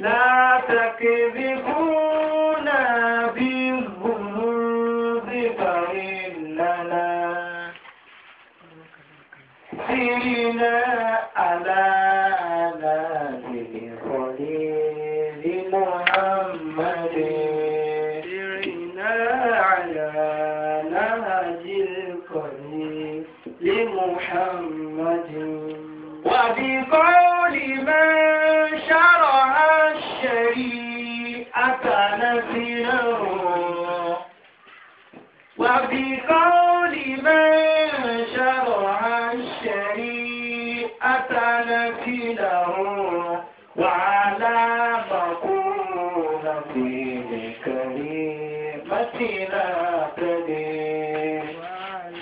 لا تكذبونا بالغموض فإننا سرنا على نبي خليل محمد سرنا على نهج الخليل محمد وبقول وبقول من شرع الشريعة نسله وعلى مقولته كريمة لا تدين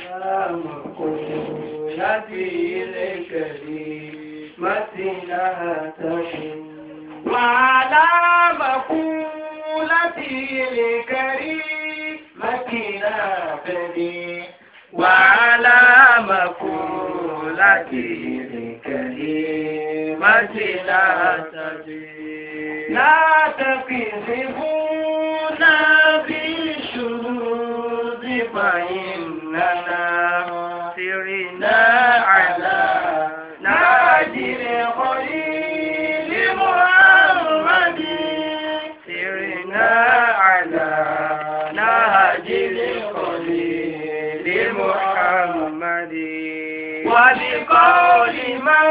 وعلى مقولته الكريم وسلها تحن وعلى مقولتي لكريمتنا بدي وعلى مقولتي لكريمتنا تجي لا تكذبونا بشذوذ فإننا لمن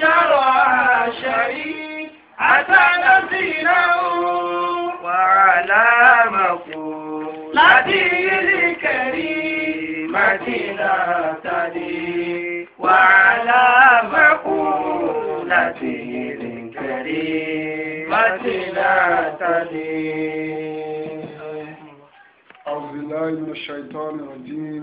شرع شريعتنا دينه وعلى مقولته الكريمة نهتدي وعلى مقولته الكريمة نهتدي أعوذ بالله من الشيطان الرجيم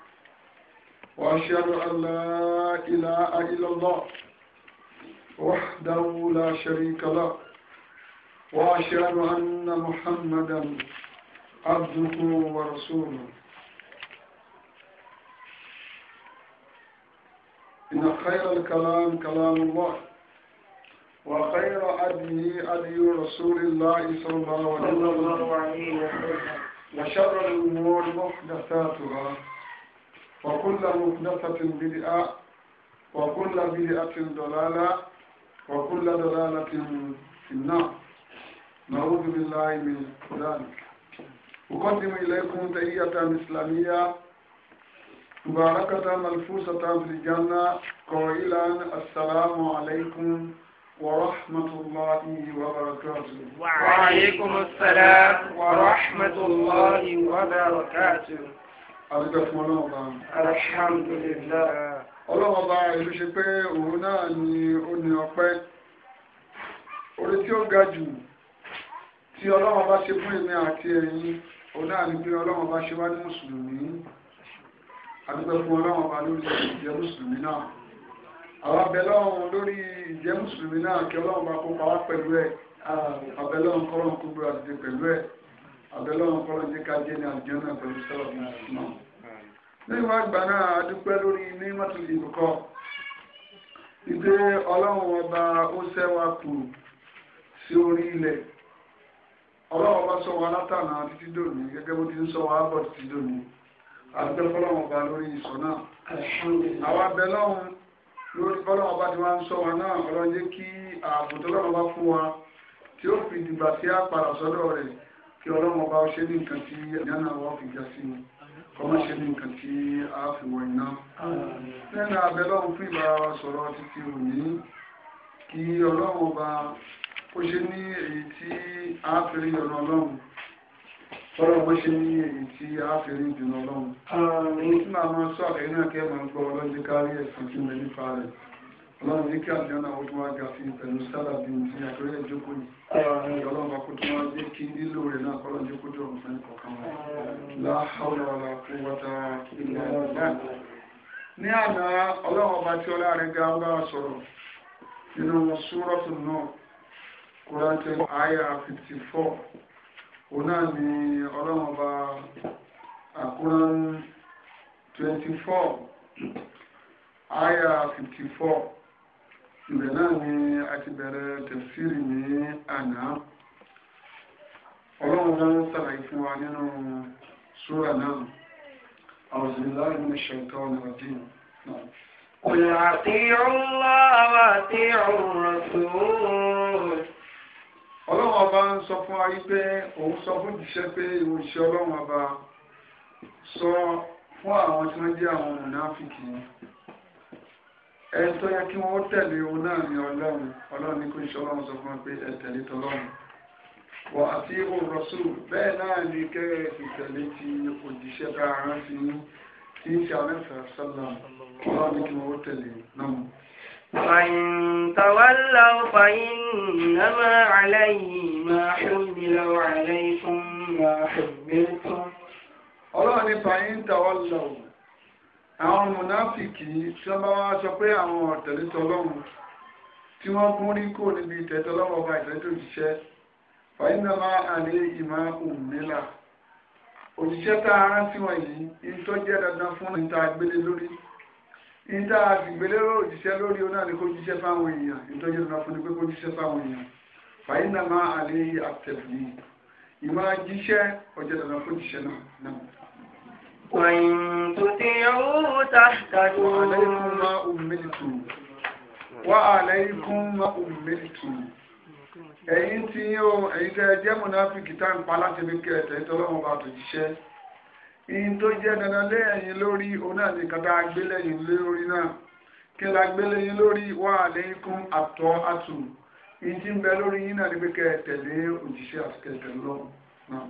وأشهد أن لا إله إلا الله وحده لا شريك له وأشهد أن محمدا عبده ورسوله إن خير الكلام كلام الله وخير أدي أدي رسول الله صلى الله عليه وسلم وشر الأمور محدثاتها وكل مفلسة بدئة وكل بدئة ضلالة وكل ضلالة في النار نعوذ بالله من ذلك أقدم إليكم تحية إسلامية مباركة ملفوسة في الجنة قائلا السلام عليكم ورحمة الله وبركاته وعليكم السلام ورحمة الله وبركاته Adúgbò fún ọlọ́run Alhamdulillah. Ọlọ́run bá ìlú ṣe pé òun náà ni ó ní ọpẹ́. Orí tí ó ga jù tí ọlọ́run bá ṣe fún èmi àti ẹ̀yin, òun náà ni pé ọlọ́run bá ṣe wá ní Mùsùlùmí. Adúgbò fún ọlọ́run bá lórí ìjẹ́ Mùsùlùmí náà. Àwọn abẹ́lọ́run lórí ìjẹ́ Mùsùlùmí náà kí ọlọ́run bá kópa wá pẹ̀lú ẹ̀. Àbẹ̀lọ́run kọ́lọ́run kó gbé pẹ̀lú ẹ̀ àbẹ̀lọ́wọ́n fọlọ́n jẹ́ ká jẹ́ ní àjẹmọ́ pẹ̀lú sọ́ọ̀bù náà. lẹ́yìn wá gbà náà a dúpẹ́ lórí ní mọ́tòlì ìbùkọ́ ìgbé ọlọ́run ọba ó sẹ́wà kù sí orí ilẹ̀ ọlọ́run ọba sọ wa látànà títí dòní gẹ́gẹ́ bó ti ń sọ wa bọ̀ títí dòní àdúgbò fọlọ́run ọba lórí ìsọ náà àwọn abẹ́lọ́run lórí fọlọ́run ọba tí wọ́n ń sọ wa náà ọlọ́run jẹ́ kí ààbò tó lọ́run ọba fún wa tí ó fi dìgbà sí àpàrà rẹ̀ kí ọlọ́run ọba ṣe ní nǹkan tí ìyáná wa fi já sí ni ọmọ ṣe ní nǹkan tí a fi wọ iná. lẹ́nu abẹ lọ́run fún ìbára wa sọ̀rọ̀ títí òní kí ọlọ́run ọba ó ṣe ní èyí tí a fi rí ọ̀nà ọlọ́run ọlọ́run bó ṣe ní èyí tí a fi rí ìdùnnà ọlọ́run. èyí tí màá máa ọlọ́run ní kí àjọ́nà ó tún wá ga sí pẹ̀lú sára bí i ti àkọrí ẹjọ́kọ́ yìí ọlọ́run akó tún wá jẹ́ kí nílò rẹ̀ náà kọ́lọ́ jẹ́ kó jọ ọ̀rùn fún ẹnìkọ̀ọ̀kan wọn láhàúlà wà láàkú wáta ilẹ̀ ẹ̀dá ní àná ọlọ́run ọba tí ọlá rẹ̀ ga ọlá sọ̀rọ̀ nínú súrọ́tù náà Kùránì àyà 54 òun náà 54 mgbe naanị ni a ti a tẹ̀síìrì ní àná ọlọ́run náà ń sàlàyé fún wa nínú súrà náà ati قل أطيعوا الله وأطيعوا الرسول ọlọ́run ọba ń sọ fún ayé bụ òun sọ fún jíṣẹ́ ọba sọ ẹni tó yẹ kí wọ́n tẹ̀lé òun náà ní ọlọ́run ọlọ́run ní kò ń ṣe ọlọ́run sọ fún pé ẹ tẹ̀lé tọlọ́run wọ àti ìhùn rọ́sùl bẹ́ẹ̀ náà ní kẹ́rẹ́ ti tẹ̀lé ti òjíṣẹ́ bá ara sí ní tí ń ṣe alẹ́fẹ́ sọ́lá ọlọ́run ní kí wọ́n tẹ̀lé náà. فإن تولوا فإنما عليه ما حمل وعليكم ما حملتم. ọlọ́run ní فإن تولوا àwọn mùnáfìkì tí wọ́n bá wá sọ pé àwọn ọ̀tẹ̀lé tọlọ́run tí wọ́n kún rí kò níbi ìtẹ́tọ́lọ́wọ́ ọba ìtẹ́tọ́ òṣìṣẹ́ fàyínà máa àlè ìmọ̀ òmìnira òṣìṣẹ́ tá a rántí wọn yìí ìtọ́ jẹ́ dandan fún ìta àgbélé lórí ìta àgbélé òṣìṣẹ́ lórí onáà ní kó jíṣẹ́ fáwọn èèyàn ìtọ́ jẹ́ dandan fún ní pé kó jíṣẹ́ fáwọn èèyàn fàyínà máa àlè àtẹ̀lé jíṣẹ́ ọjọ́ dandan fún jíṣẹ́ náà náà. وإن تطيعوا تهتدوا وعليكم ما أملتم وعليكم ما tí yóò tá ń pa láti ní bá tó jíṣẹ́ ìyìn tó jẹ́ dandan lé ẹ̀yin lórí òun náà ní kàtà agbélẹ̀yìn lórí náà kí la gbélẹ̀yìn lórí wà lẹ́yìnkún àtọ́ àtù ìyìn tí ń bẹ lórí yín náà ní pé kẹ́ òjíṣẹ́ àti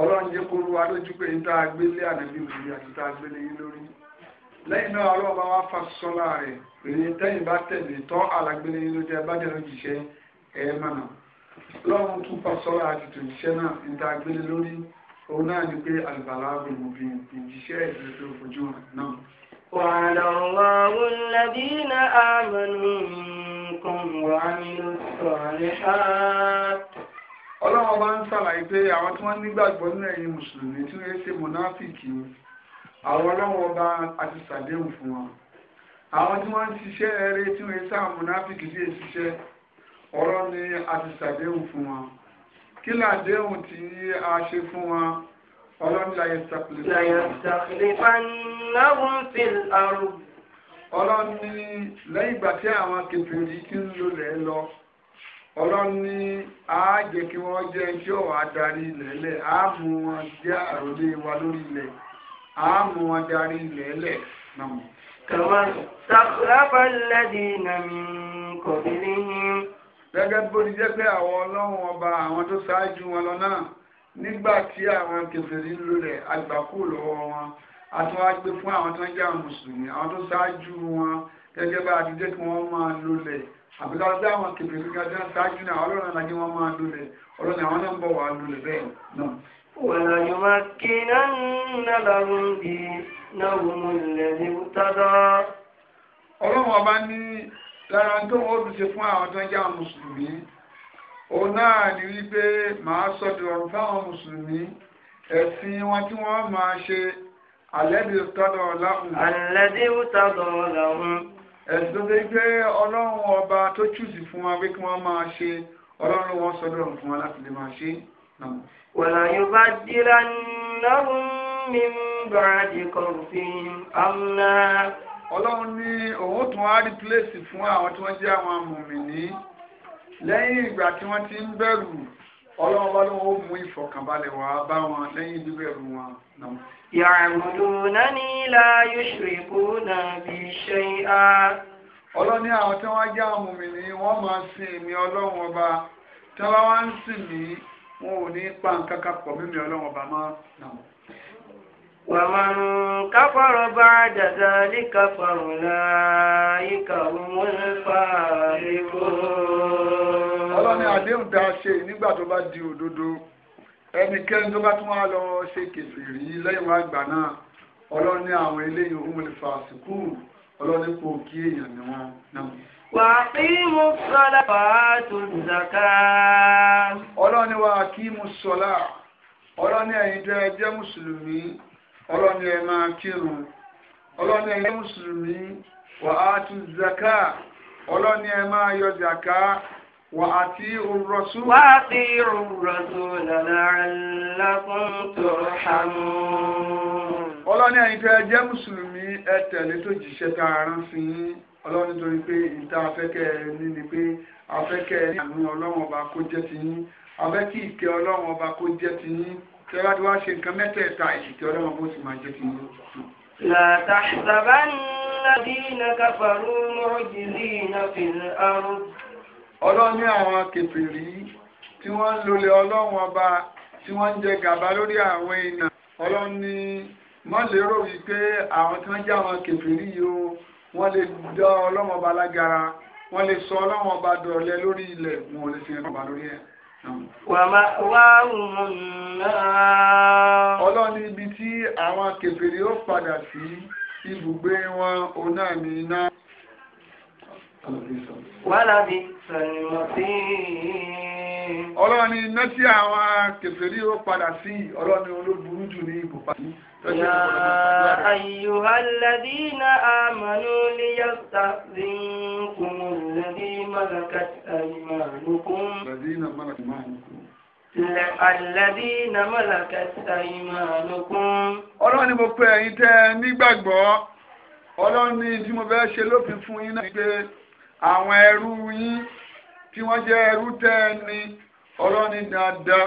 ọlọ́run jẹ́ kó ruwa lójú pé ní tá a gbé lé ànábì òbí àti tá a gbé lé yín lórí lẹ́yìn náà ọlọ́run bá wá fa sọ́lá rẹ̀ èyí tẹ́yìn bá tẹ̀lé tọ́ alágbélé yín lójú ẹbájẹ́ ló jìṣẹ́ ẹ̀ mọ̀nà ọlọ́run tún fa sọ́lá àti tó jìṣẹ́ náà ní tá a gbé lórí òun náà ni pé àlùbàlà gbogbo bí ìjìṣẹ́ ìdúró fojú hàn náà. وعلى الله الذين آمنوا منكم وعملوا الصالحات ọlọ́run bá ń sàlàyé pé àwọn tí wọ́n nígbàgbọ́ nínú ẹ̀yin mùsùlùmí tí wọ́n ṣe mọ̀náfíìkì àwọn ọlọ́run ọba àti sàdéhùn fún wọn àwọn tí wọ́n ń ṣiṣẹ́ eré tí wọ́n ṣe mọ̀náfíìkì bí èṣiṣẹ́ ọ̀rọ̀ ni a ti sàdéhùn fún wọn kí làdéhùn tí a ṣe fún wọn ọlọ́run láyé sàkùlẹ̀ ọlọ́run ní lẹ́yìn ìgbà tí àwọn kẹfìrí ti ń ọlọ́run ní ààjẹ kí wọ́n jẹ́ iṣẹ́ ọ̀wà darí ilẹ̀ lẹ̀ àmú wọn jẹ́ àròlé wa lórí ilẹ̀ àmú wọn darí ilẹ̀ lẹ̀ náà. kàwọn sàkúrábà lẹ́dínà mi kò bí níyìn. gẹ́gẹ́ bó ti jẹ́ pé àwọn ọlọ́run ọba àwọn tó ṣáájú wọn lọ náà nígbà tí àwọn kèfèrí lulẹ̀ àgbàkú lọ́wọ́ wọn àti wọn gbé fún àwọn tó ń jẹ́ àwọn mùsùlùmí àwọn tó ṣáájú wọn gẹ́gẹ́ bá a kí wọ́n máa lulẹ̀ àbíkọ́ bí àwọn kìbìrì gàdá ṣáájú náà ọlọ́run alájí wọn máa lulẹ̀ ọlọ́run àwọn náà ń bọ̀ wá lulẹ̀ bẹ́ẹ̀ náà. وَلَيُمَكِّنَنَّ لَهُمْ دِينَهُمُ الَّذِي ارْتَضَىٰ ọlọ́run ọba ní lára tó wọ́n ti ṣe fún àwọn tó ń jẹ́ àwọn mùsùlùmí òun náà ní wípé màá sọ̀dọ̀ ọ̀run fáwọn mùsùlùmí ẹ̀sìn wọn tí wọ́n máa ṣe àlẹ́bí tọ́dọ̀ ọ̀làhùn. àlẹ́bí tọ́dọ̀ ọ̀làhùn ẹ̀sùn tó ṣe pé ọlọ́run ọba tó chúùsì fún wa pé kí wọ́n máa ṣe ọlọ́run wọn sọ́dọ̀ fún wa láti lè máa ṣe náà. wàlá yóò bá dira náà mi ń bá àdìkọ̀ọ̀fin àmúlá. ọlọ́run ní òun tún á rí pílẹ̀sì fún àwọn tí wọ́n jẹ́ àwọn amòmìnì lẹ́yìn ìgbà tí wọ́n ti ń bẹ̀rù ọlọ́run bá lóun ó mú ìfọ̀kànbalẹ̀ wá bá wọn lẹ́yìn bíbẹ̀rù wọn náà ya'budunani la yushrikuna bi shay'a. ọlọ́ni àwọn tí wọ́n já mùmí ni wọ́n máa sin èmi ọlọ́run ọba tí wọ́n wá ń sìn mí wọn ò ní pa nǹkan kan pọ̀ mímí ọlọ́run ọba mọ́ náà. ومن كفر بعد ذلك فأولئك هم الفاسقون. Ọlọ́run ni àdéhùn tá a ṣe nígbà tó bá di òdodo. ẹnikẹ́ni tó bá tún wá lọ ṣe kèfèrí lẹ́yìn wá gbà náà ọlọ́ni àwọn eléyìí ohun ìfà àsìkò ọlọ́run kò kí èèyàn ni wọ́n náà. wà á kí mú sọ́lá wà á tó wà á kí mú sọlá ọlọ́ni ẹ̀yin tẹ́ وأطيعوا الرسول وأطيعوا الرسول لعلكم ترحمون ọlọ́ni ẹ̀yin tẹ́ ẹ jẹ́ mùsùlùmí ẹ tẹ̀lé tó jíṣẹ́ tá a rán sí yín ọlọ́ni torí pé ìta afẹ́kẹ́ ní ni pé afẹ́kẹ́ àmì ọlọ́run ọba kó jẹ́ ti yín afẹ́kẹ́ ìkẹ́ ọlọ́run ọba kó jẹ́ ti yín tẹ́wá tí wàá ṣe nǹkan mẹ́tẹ̀ẹ̀ta ìṣìkẹ́ ọlọ́run ọba ó sì máa jẹ́ ti yín. لا تحسبن الذين كفروا معجزين في الأرض ọlọ́run ní àwọn kèfèrí tí wọ́n ń lólè ọlọ́run ọba tí wọ́n ń jẹ gàba lórí àwọn èèyàn ọlọ́run ní wọ́n lérò wípé àwọn tí wọ́n jẹ́ àwọn kèfèrí yìí o wọ́n lè dá ọlọ́run ọba lágara wọ́n lè sọ ọlọ́run ọba dọ̀lẹ́ lórí ilẹ̀ wọn ò lè fi ẹ̀kọ́ ọba lórí ẹ̀. ọlọ́run ibi tí àwọn kèfèrí ó padà sí ibùgbé wọn òun náà ní iná wàhálà mi sọ̀rìmọ̀tì. ọlọ́run ni iná tí àwọn kèfèrí ó padà sí ọlọ́run olóburú jù ní ibùba. يا أيها الذين آمنوا ليستأذنكم الذي ملكت أيمانكم الذين ملكت أيمانكم الذين ملكت أيمانكم ọlọ́run ni mo pe ẹ̀yin tẹ́ nígbàgbọ́ ọlọ́run ni tí mo fẹ́ ṣe lópin fún yín náà àwọn ẹrú yín tí wọ́n jẹ́ ẹrú tẹ́ ẹni ọlọ́ni dáadáa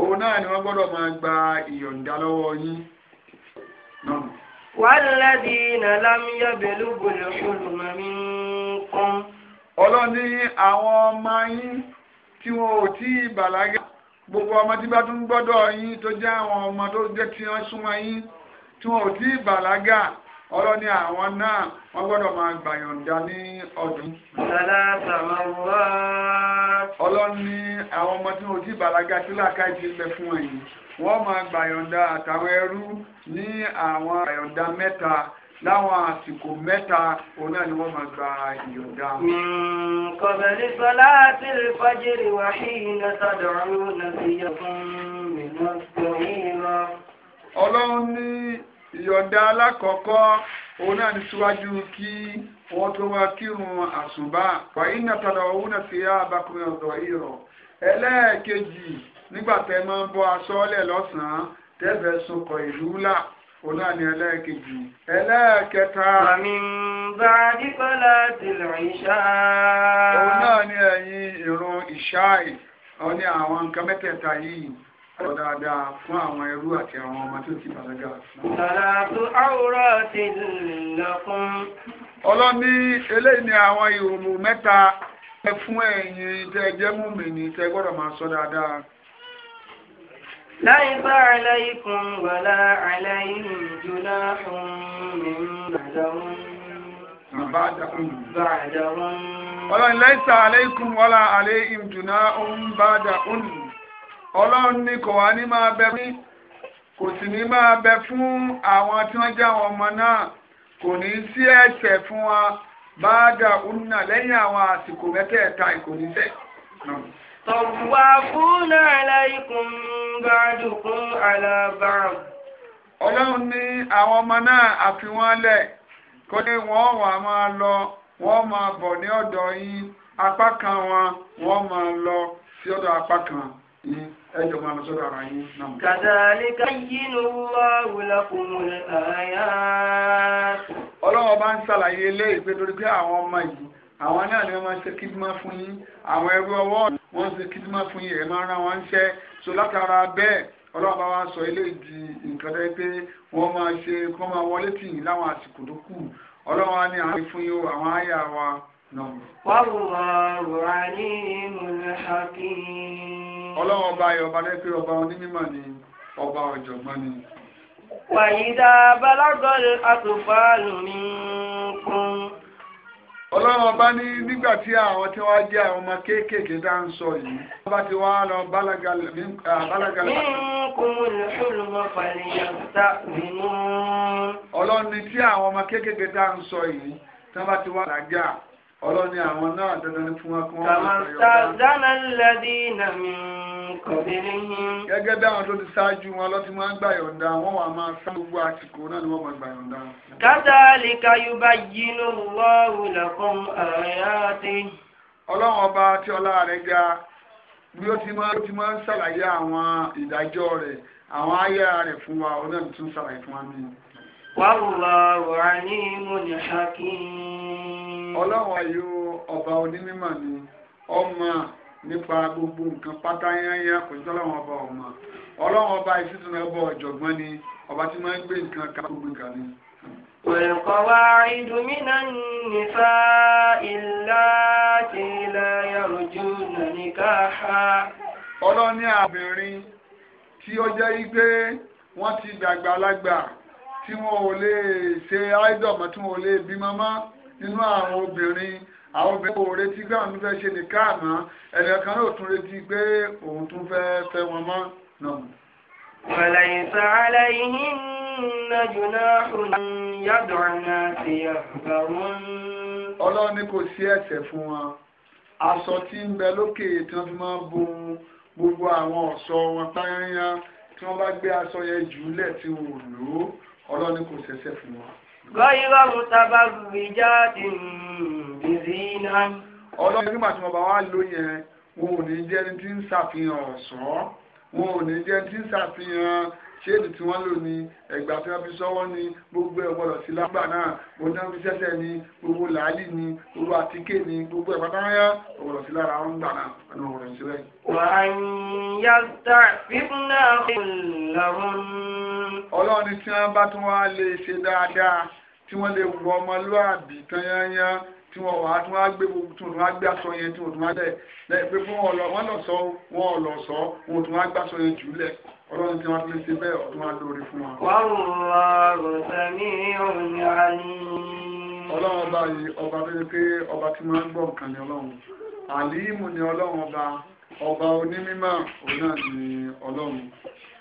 òun náà ni wọ́n gbọ́dọ̀ máa gba ìyọ̀ǹda lọ́wọ́ yín náà. wàlẹ́dìínà lámúyẹ̀bẹ̀lú gbòòlò olùmọ̀mí kan. ọlọ́ni àwọn ọmọ yín tí wọn ò tí ì bàlágà gbogbo ọmọ tí bá tún gbọ́dọ̀ yín tó jẹ́ àwọn ọmọ tó jẹ́ tí wọ́n súnmọ́ yín tí wọn ò tí ì bàlágà ọlọ́ni àwọn náà wọ́n gbọ́dọ̀ máa gbàyànjá ní ọdún. Sàlátà máa wá. Ọlọ́run ní àwọn ọmọ tí mo ti bàlágà tí làákà ti lẹ fún ẹ̀yìn. Wọ́n máa gbàyànjá àtàwọn ẹrú ní àwọn gbàyànjá mẹ́ta láwọn àsìkò mẹ́ta òun náà ni wọ́n máa gba ìyọ̀dá. Kọ̀bẹ̀lì sọlá àti ìfọ́jìrì wà sí iná sọ̀dọ̀ ọ̀run náà fi yọ fún mi lọ́sọ̀rọ̀ yìí lọ. Ọlọ́run ní ìyọ̀dá alákọ̀ọ́kọ́ òun náà ni síwájú kí wọ́n tó wá kírun àsùbá fàyín nàtàlà òun náà fi yá abakùnrin ọ̀dọ̀ ìrọ̀ ẹlẹ́ẹ̀kejì nígbà tẹ́ máa ń bọ́ aṣọ lẹ̀ lọ́sàn-án tẹ́fẹ̀ sunkọ̀ ìlú là òun náà ni ẹlẹ́ẹ̀kejì ẹlẹ́ẹ̀kẹta. àmì ń bá tìlọ̀ ìṣá. òun náà ni ọ ní àwọn nǹkan mẹ́tẹ̀ẹ̀ta sọ dáadáa fún àwọn ẹrú àti àwọn ọmọ tó ti bàlágà. Ọlọ́ni eléyìí ni àwọn ìhòòhò mẹ́ta ẹ fún ẹ̀yin tẹ́ jẹ́ mùmínì tẹ́ gbọ́dọ̀ máa sọ dáadáa. ليس عليكم ولا عليهم جناح مما بعدهم. Ọlọ́run lẹ́sà aleikum wọ́lá aleim jùnà òun bá dà òun ọlọ́run ní kò wá ní máa bẹ fún kò sì ní máa bẹ fún àwọn tí wọ́n já àwọn ọmọ náà kò ní sí ẹ̀ṣẹ̀ fún wa bá dà ònà lẹ́yìn àwọn àsìkò mẹ́tẹ̀ẹ̀ta ìkòníṣẹ́. tọ̀wá fún aláìkùn gbádùkún alábàrún. ọlọ́run ní àwọn ọmọ náà àfi wọ́n lẹ̀ kó ní wọ́n wà máa lọ wọ́n máa bọ̀ ní ọ̀dọ̀ yín apá kan wọn wọ́n máa lọ sí ọ̀dọ̀ apá kan yín ẹjọ yínú Allahu lakumul ayat. ọlọ́wọ́ bá ń ṣàlàyé eléyìí pé torí pé àwọn ọmọ yìí àwọn náà ni wọ́n máa ń ṣe kídímà fún yín àwọn ẹrú ọwọ́ wọ́n ṣe kídímà fún yín ẹ̀ máa rán wọn ṣẹ́ so látara bẹ́ẹ̀ ọlọ́wọ́ bá wá sọ eléyìí di nǹkan tẹ́ pé wọ́n máa ṣe kó máa wọlé tì yín láwọn àsìkò tó kù ọlọ́wọ́ á àwọn fún yín àwọn àyà wa náà. wàhùn hakim ọlọ́run ọba ayọ̀ ọba lẹ́pẹ́ ọba onímọ̀ ni ọba ọ̀jọ̀gbọ́n ni. wàyídà balágọ́lẹ̀ àtòfáàlù mi kún. ọlọ́run ọba ní nígbà tí àwọn tí wọ́n jẹ́ àwọn ọmọ kéékèèké dá ń sọ yìí. wọ́n ti wá lọ bálágalẹ̀. mi kún olùkúlùmọ̀ pàlìyàn tá mi mú. ọlọ́run ní tí àwọn ọmọ kéékèèké dá ń sọ yìí tí wọ́n bá ti wá làjà ọlọ́ni àwọn náà dandan ní fún wa kí wọ́n máa fẹ́ yọ. kàmásàdánà lẹ́dí iná mi kọ̀bìnrin yín. gẹ́gẹ́ bí àwọn tó ti ṣáájú wọn lọ́tí máa ń gbà yọ̀ǹda wọ́n wà máa sá gbogbo àsìkò náà ni wọ́n máa gbà yọ̀ǹda. kadhalika yubayyinu Allahu lakum ayati. ọlọ́run ọba tí ọlá rẹ̀ ga bí ó ti máa ń ṣàlàyé àwọn ìdájọ́ rẹ̀ àwọn ayé wallahu alimun hakim ọlọ́wọ̀ yóò ọba onímọ̀ ni ọmọ nípa gbogbo nǹkan pátá yányá kò sí ọlọ́wọ̀n ọba ọmọ ọlọ́wọ̀n ọba ìsísùn ọba ọ̀jọ̀gbọ́n ni ọba tí máa ń gbé nǹkan ká gbogbo nǹkan ni. والقواعد من النساء اللاتي لا يرجون نكاحا ọlọ́ni àbìnrin tí ó jẹ́ wípé wọ́n ti dàgbàlagbà tí wọn ò lè ṣe áìdọ̀mọ́ tí wọn ò lè bímọ mọ́ nínú àwọn obìnrin àwọn obìnrin kò retí pé àwọn fẹ́ ṣe nìkan àná ẹnìkan kan náà tún retí pé òun tún fẹ́ fẹ́ wọn mọ́ náà. وليس عليهن جناح يدعن في يخبرن Ọlọ́run ní kò sí ẹ̀ṣẹ̀ fún wọn aṣọ tí ń bẹ lókè tí wọ́n fi máa ń bo gbogbo àwọn ọ̀ṣọ́ wọn táyányá tí wọ́n bá gbé aṣọ yẹn jù ú lẹ̀ tí wọ́n lò ó Ọlọ́run ní kò ṣẹ̀ṣẹ̀ fún wọn gọ́yìnbá mùtàbá gbìjáde bìzínà. ọlọ́run nígbà tí wọ́n bá wá lò yẹn wọn ò ní jẹ́ ní tí ń ṣàfihàn ọ̀ṣọ́ wọn ò ní jẹ́ tí ń ṣàfihàn ṣéèdì tí wọ́n lò ní ẹ̀gbà tí wọ́n fi sọ́wọ́ ní gbogbo ẹ̀gbọ́dọ̀ sí lágbà náà gbogbo náà fi ṣẹ́ṣẹ́ ní gbogbo làálì ní gbogbo àtíkè ní gbogbo ẹ̀pátáyá ọ̀gbọ̀dọ̀ sí lára àwọn gbà náà ẹnu ọ̀rọ̀ ìṣẹ́lẹ̀. ọlọ́run tí wọ́n bá tún wá lè ṣe dáadáa tí wọ́n lè wọ ọmọlúàbí tán yányá tí wọ́n wà á tún wá gbé gbogbo tí wọ́n tún wá gbé aṣọ yẹn tí wọ́n tún wá lẹ̀ lẹ́yìn pé fún wọn lọ sọ wọn ò lọ sọ wọn tún wá gbé yẹn jù lẹ̀ ọlọ́run tí wọ́n fi ṣe bẹ́ẹ̀ ọ̀tún wá lórí fún wọn. ọlọ́run ọba yìí ọba tó ṣe pé ọba tí máa gbọ́ nǹkan ni ọlọ́run àlímù ni ọlọ́run ọba ọba onímímọ̀ òun náà ni ọlọ́run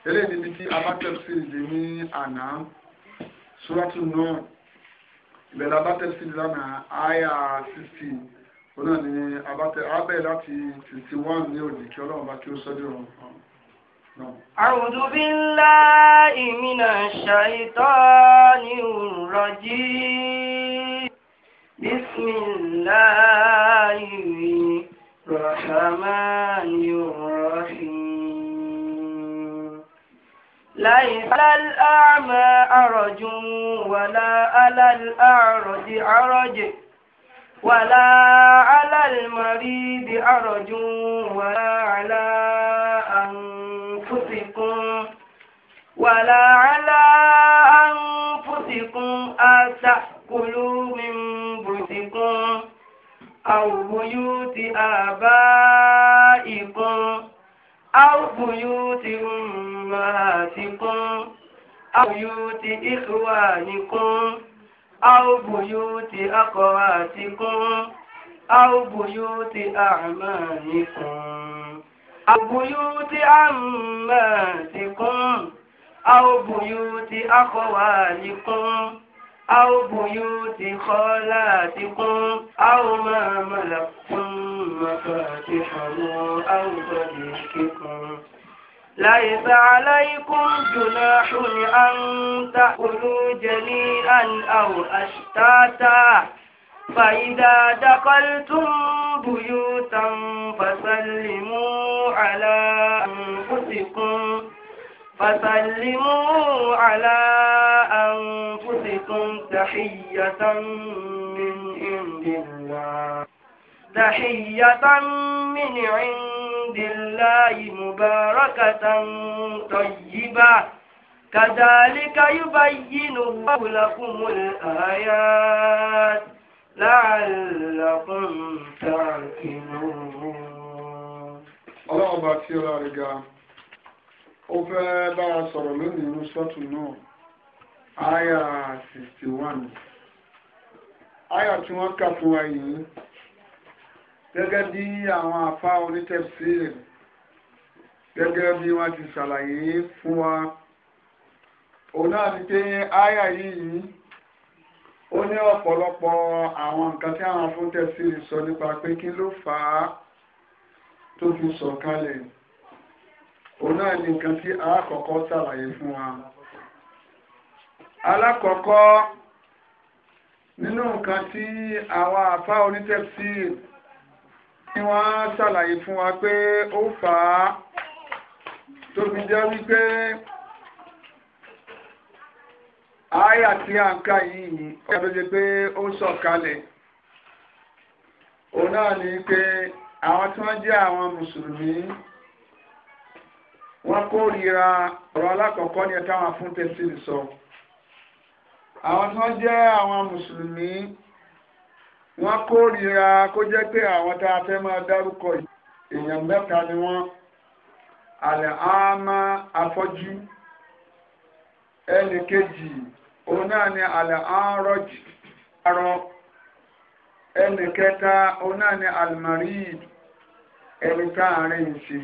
eléyìí níbi tí abátẹ́sí ìdí ní àná sóràtún ìbẹ̀rẹ̀ abátẹ́sí lánàá àyà sixty onáà ní abátẹ́ abẹ́ láti sixty ní òdì kí ọlọ́run bá kí ó sọ́jú ọ̀run kan. أعوذ بالله من الشيطان الرجيم بسم الله الرحمن الرحيم ليس على الأعمى أرج ولا على الأعرج عرج ولا على المريض أرج ولا على أنفسكم ولا على أنفسكم أن تأكلوا من بيوتكم أو بيوت آبائكم أو بيوت أمهاتكم أو بيوت إخوانكم أو بيوت أخواتكم أو بيوت أعمامكم أو بيوت عماتكم أو بيوت أخوالكم أو بيوت خالاتكم أو ما ملكتم مفاتحه أو صديقكم ليس عليكم جناح أن تأكلوا جميعا أو أشتاتا فإذا دخلتم بيوتا فسلموا على أنفسكم فسلموا على أنفسكم لكم تحية من عند الله تحية من عند الله مباركة طيبة كذلك يبين الله لكم الآيات لعلكم تعقلون الله tí ọlá rẹ̀ ga ó fẹ́ bá a Aya 61. Aya tí wọ́n kà fún wa yìí, gẹ́gẹ́ bí àwọn àfá onítẹ̀sílì, gẹ́gẹ́ bí wọ́n ti ṣàlàyé fún wa. Òun náà ni pé aya yìí, ó ní ọ̀pọ̀lọpọ̀ àwọn nǹkan tí àwọn fún tẹ̀sílì sọ nípa pé kí ló fà á tó fi sọ̀kalẹ̀. Òun náà ni nǹkan tí a kọ́kọ́ ṣàlàyé fún wa alákọ̀ọ́kọ́ nínú nǹkan tí àwọn àfá onítẹ̀sí tí wọ́n ṣàlàyé fún wa pé ó fà á tó fi jẹ́ wípé àyà tí a ń ká yìí ó yàtọ̀ jẹ́ pé ó sọ̀kalẹ̀ òun náà ni pé àwọn tí wọ́n jẹ́ àwọn mùsùlùmí wọ́n kórìíra ọ̀rọ̀ alákọ̀ọ́kọ́ ni ẹ̀ táwọn afúntẹ́sí sọ. So àwọn tí wọ́n jẹ́ àwọn mùsùlùmí wọ́n kórìíra kó jẹ́ pé àwọn tá a fẹ́ máa dárúkọ èèyàn mẹ́ta ni wọ́n àlẹ́ àmà afọ́jú ẹnì kejì òun náà ni àlẹ́ àárọ̀jì arọ ẹnì kẹta òun náà ni àlùmọ̀rí ẹni tá a rìn sí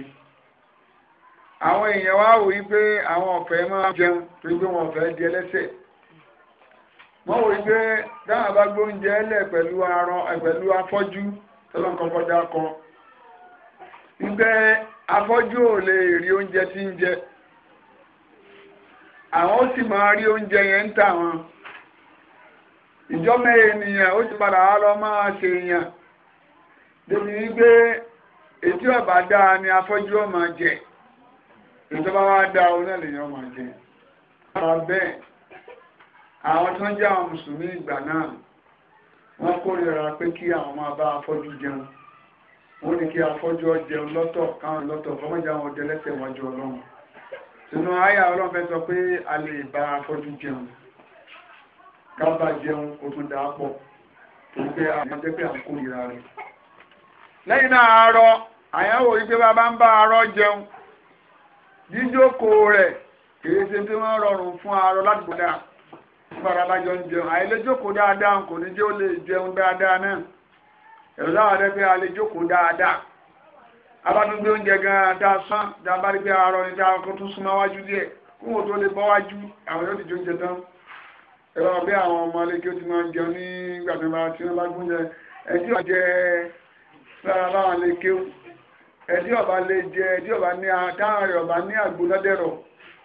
àwọn èèyàn wá wò wí pé àwọn ọ̀fẹ́ máa jẹun torí pé wọn ọ̀fẹ́ di ẹlẹ́sẹ̀. wọ́n wò pé dáhà bá gbóúnjẹ ẹlẹ̀ pẹ̀lú arọ pẹ̀lú afọ́jú tọ́lọ́nkọ́kọ́já kan nígbẹ́ afọ́jú ò lè rí oúnjẹ tí ń àwọn ó sì máa rí oúnjẹ yẹn tà wọn ìjọ́mẹ́ ènìyàn ó padà lọ máa ṣe débi wípé ọ̀bà dáa ni afọ́jú ó máa jẹ ìjọba wa dáa ó náà máa àwọn tó ń jẹ́ àwọn mùsùlùmí ìgbà náà wọ́n kórìíra pé kí àwọn máa bá afọ́jú jẹun wọ́n ni kí afọ́jú jẹun lọ́tọ̀ káwọn lọ́tọ̀ fọmọjà àwọn ọdẹ lẹ́sẹ̀ wájú ọlọ́run sínú àyà ọlọ́run fẹ́ sọ pé a lè bá afọ́jú jẹun ká jẹun kó tún dáa pọ̀ torí pé àwọn jẹ́ pé rẹ̀ lẹ́yìn náà arọ àyẹ̀wò yìí pé bàbá ń bá arọ ìfarabájọ ń jẹun àìlẹ́jọ́kò dáadáa kò ní jẹ́ ó lè jẹun dáadáa náà ẹ̀rọ láwàdẹ́ pé àlejòkò dáadáa abádúgbé oúnjẹ gan-an dáa sán dábàá rí pé àárọ̀ ní dáa kó tún súnmọ́ wájú díẹ̀ kún òun tó lè bọ́ wájú àwọn yóò dìjọ oúnjẹ tán ẹ̀rọ bí àwọn ọmọ alẹ́ kí ó jẹun ní gbàgbẹ́mà tí wọ́n bá gúnjẹ ẹ̀dí ọ̀jẹ́ sára láwọn alẹ́ kí ó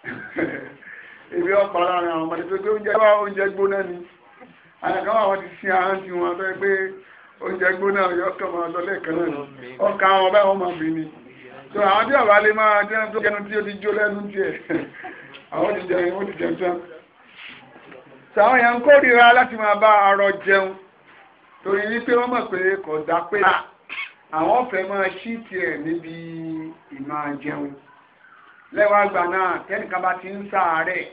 ebi ọ̀pá láàrin àwọn ọmọdé tó gbé oúnjẹ wá oúnjẹ gbóná ni àyàkọ́ àwọn ti sin ahọ́n tí wọ́n tó gbé oúnjẹ gbóná yọkàn máa lọ lẹ́ẹ̀kan náà ọkà àwọn ọba àwọn ọmọbìnrin ni so àwọn tí ọba lè máa jẹun tó jẹun tí ó ti jó lẹ́nu tiẹ̀ àwọn ti jẹun ó ti jẹun tán sàwọn èèyàn ń kórìíra láti máa bá arọ jẹun torí wípé wọ́n mọ̀ pé kò dá pé àwọn ọ̀fẹ́ máa ṣí tiẹ̀ níbi ìmáa jẹun lẹ́wọ̀n àgbà náà tẹ́nìkan bá ti ń sáà rẹ̀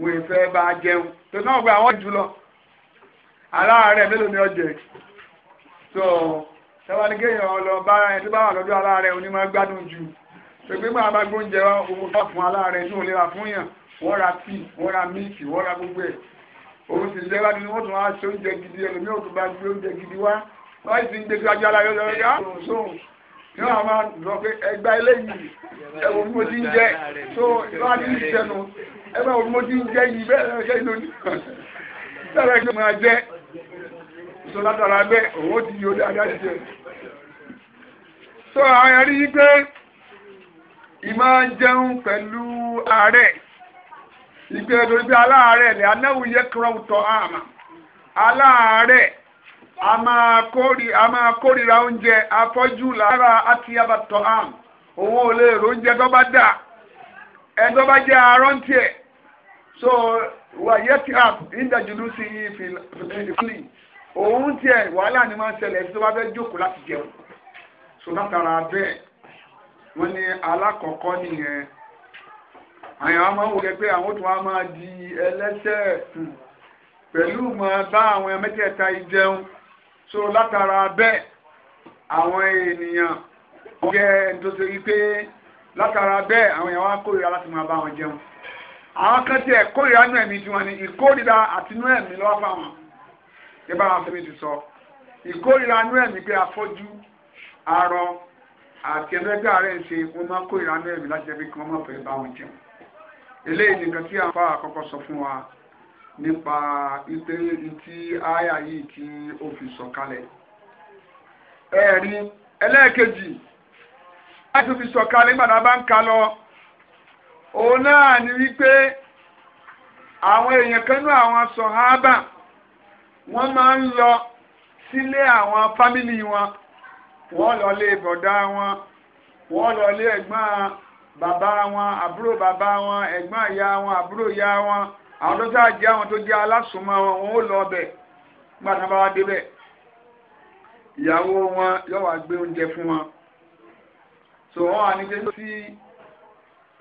wọn ìfẹ́ bá jẹun tó náà gba àwọn jùlọ aláàárẹ̀ mélòó ni ọjẹ́ tó sábàlígéèyàn lọ bá ẹni tó bá wà lọ́dọ̀ aláàárẹ̀ òní máa gbádùn jù pẹ̀pẹ́ máa bá gbóúnjẹ wá owó ká fún aláàárẹ̀ tí ò lè ra fún yàn wọ́n ra tíì wọ́n ra míìkì wọ́n ra gbogbo ẹ̀ òun sì lẹ́wà nínú wọ́n tún wá ṣe oúnjẹ gidi ẹlòmíràn tó bá gbé oúnjẹ gidi wá wọ́n sì ń gbé ní wọn máa lọ pé ẹgbà eléyìí ẹwọ bí mo ti ń jẹ tó wọn ti ń sẹnu ẹgbà wo bí mo ti ń jẹ yìí bẹ́ẹ̀ lọ ṣe inú ní sára ẹgbẹ́ máa jẹ tó látara bẹ́ẹ̀ òun ti yọ dáadáa jẹ tó àwọn ẹrí yìí pé ìmọ̀ jẹun pẹ̀lú ààrẹ ìgbẹ́ torí pé aláàárẹ̀ lè anáwó yẹ kúrọ̀ àmà aláàárẹ̀. a máa kórìíra a máa oúnjẹ afọ́jú lára atiyaba tọ́hán òun ò lè ro oúnjẹ tó bá dà ẹ tó bá jẹ́ arọ́ntì ẹ̀ so wàyẹ́ tí a ìdájúlù sí i fìlì òun tiẹ̀ wàhálà ni máa ń ṣẹlẹ̀ tó bá fẹ́ jókòó láti jẹun so látara bẹ́ẹ̀ wọ́n ní alákọ̀ọ́kọ́ nìyẹn àyàn máa ń wò àwọn tó máa di ẹlẹ́sẹ̀ hmm, pẹ̀lú mọ̀ bá àwọn ẹ̀mẹ́tẹ̀ẹ̀ta so látara bẹ́ẹ̀ àwọn ènìyàn jẹ́ tó ṣe wípé látara bẹ́ẹ̀ àwọn èèyàn wá kórìíra láti máa bá wọn jẹun àwọn kan tiẹ̀ kórìíra nú ẹ̀mí tiwọn ni ìkórìíra àti nú ẹ̀mí lọ́wọ́ fáwọn gẹ́gẹ́ bá wọn fẹ́mi ti sọ ìkórìíra nú ẹ̀mí pé afọ́jú arọ àti ẹlẹ́gbẹ́ ààrẹ ń ṣe wọ́n máa kórìíra nú ẹ̀mí láti ẹbí kí wọ́n máa fẹ́ bá wọn jẹun eléyìí nìkan tí àwọn afọ àkọ́kọ́ sọ fún wa nípa ipé tí àyà yìí tí ó fi sọ̀kalẹ̀ ẹ̀rí ẹlẹ́ẹ̀kejì láti fi sọ̀kalẹ̀ nígbàdá bá ń ka lọ òun náà ni wípé àwọn èèyàn kan ní àwọn sọ̀háábà wọ́n máa ń lọ sílé àwọn fámìlì wọn wọ́n lọ lé bọ̀dá wọn wọ́n lọ lé ẹ̀gbọ́n bàbá wọn àbúrò bàbá wọn ẹ̀gbọ́n ìyá wọn àbúrò ìyá wọn àwọn tó sáà jẹ́ àwọn tó jẹ́ alásùnmọ́ wọn wọn ó lọ ọbẹ̀ nígbà tí wọ́n bá wá débẹ̀ ìyàwó wọn yóò wá gbé oúnjẹ fún wọn so wọn wà ní pé sí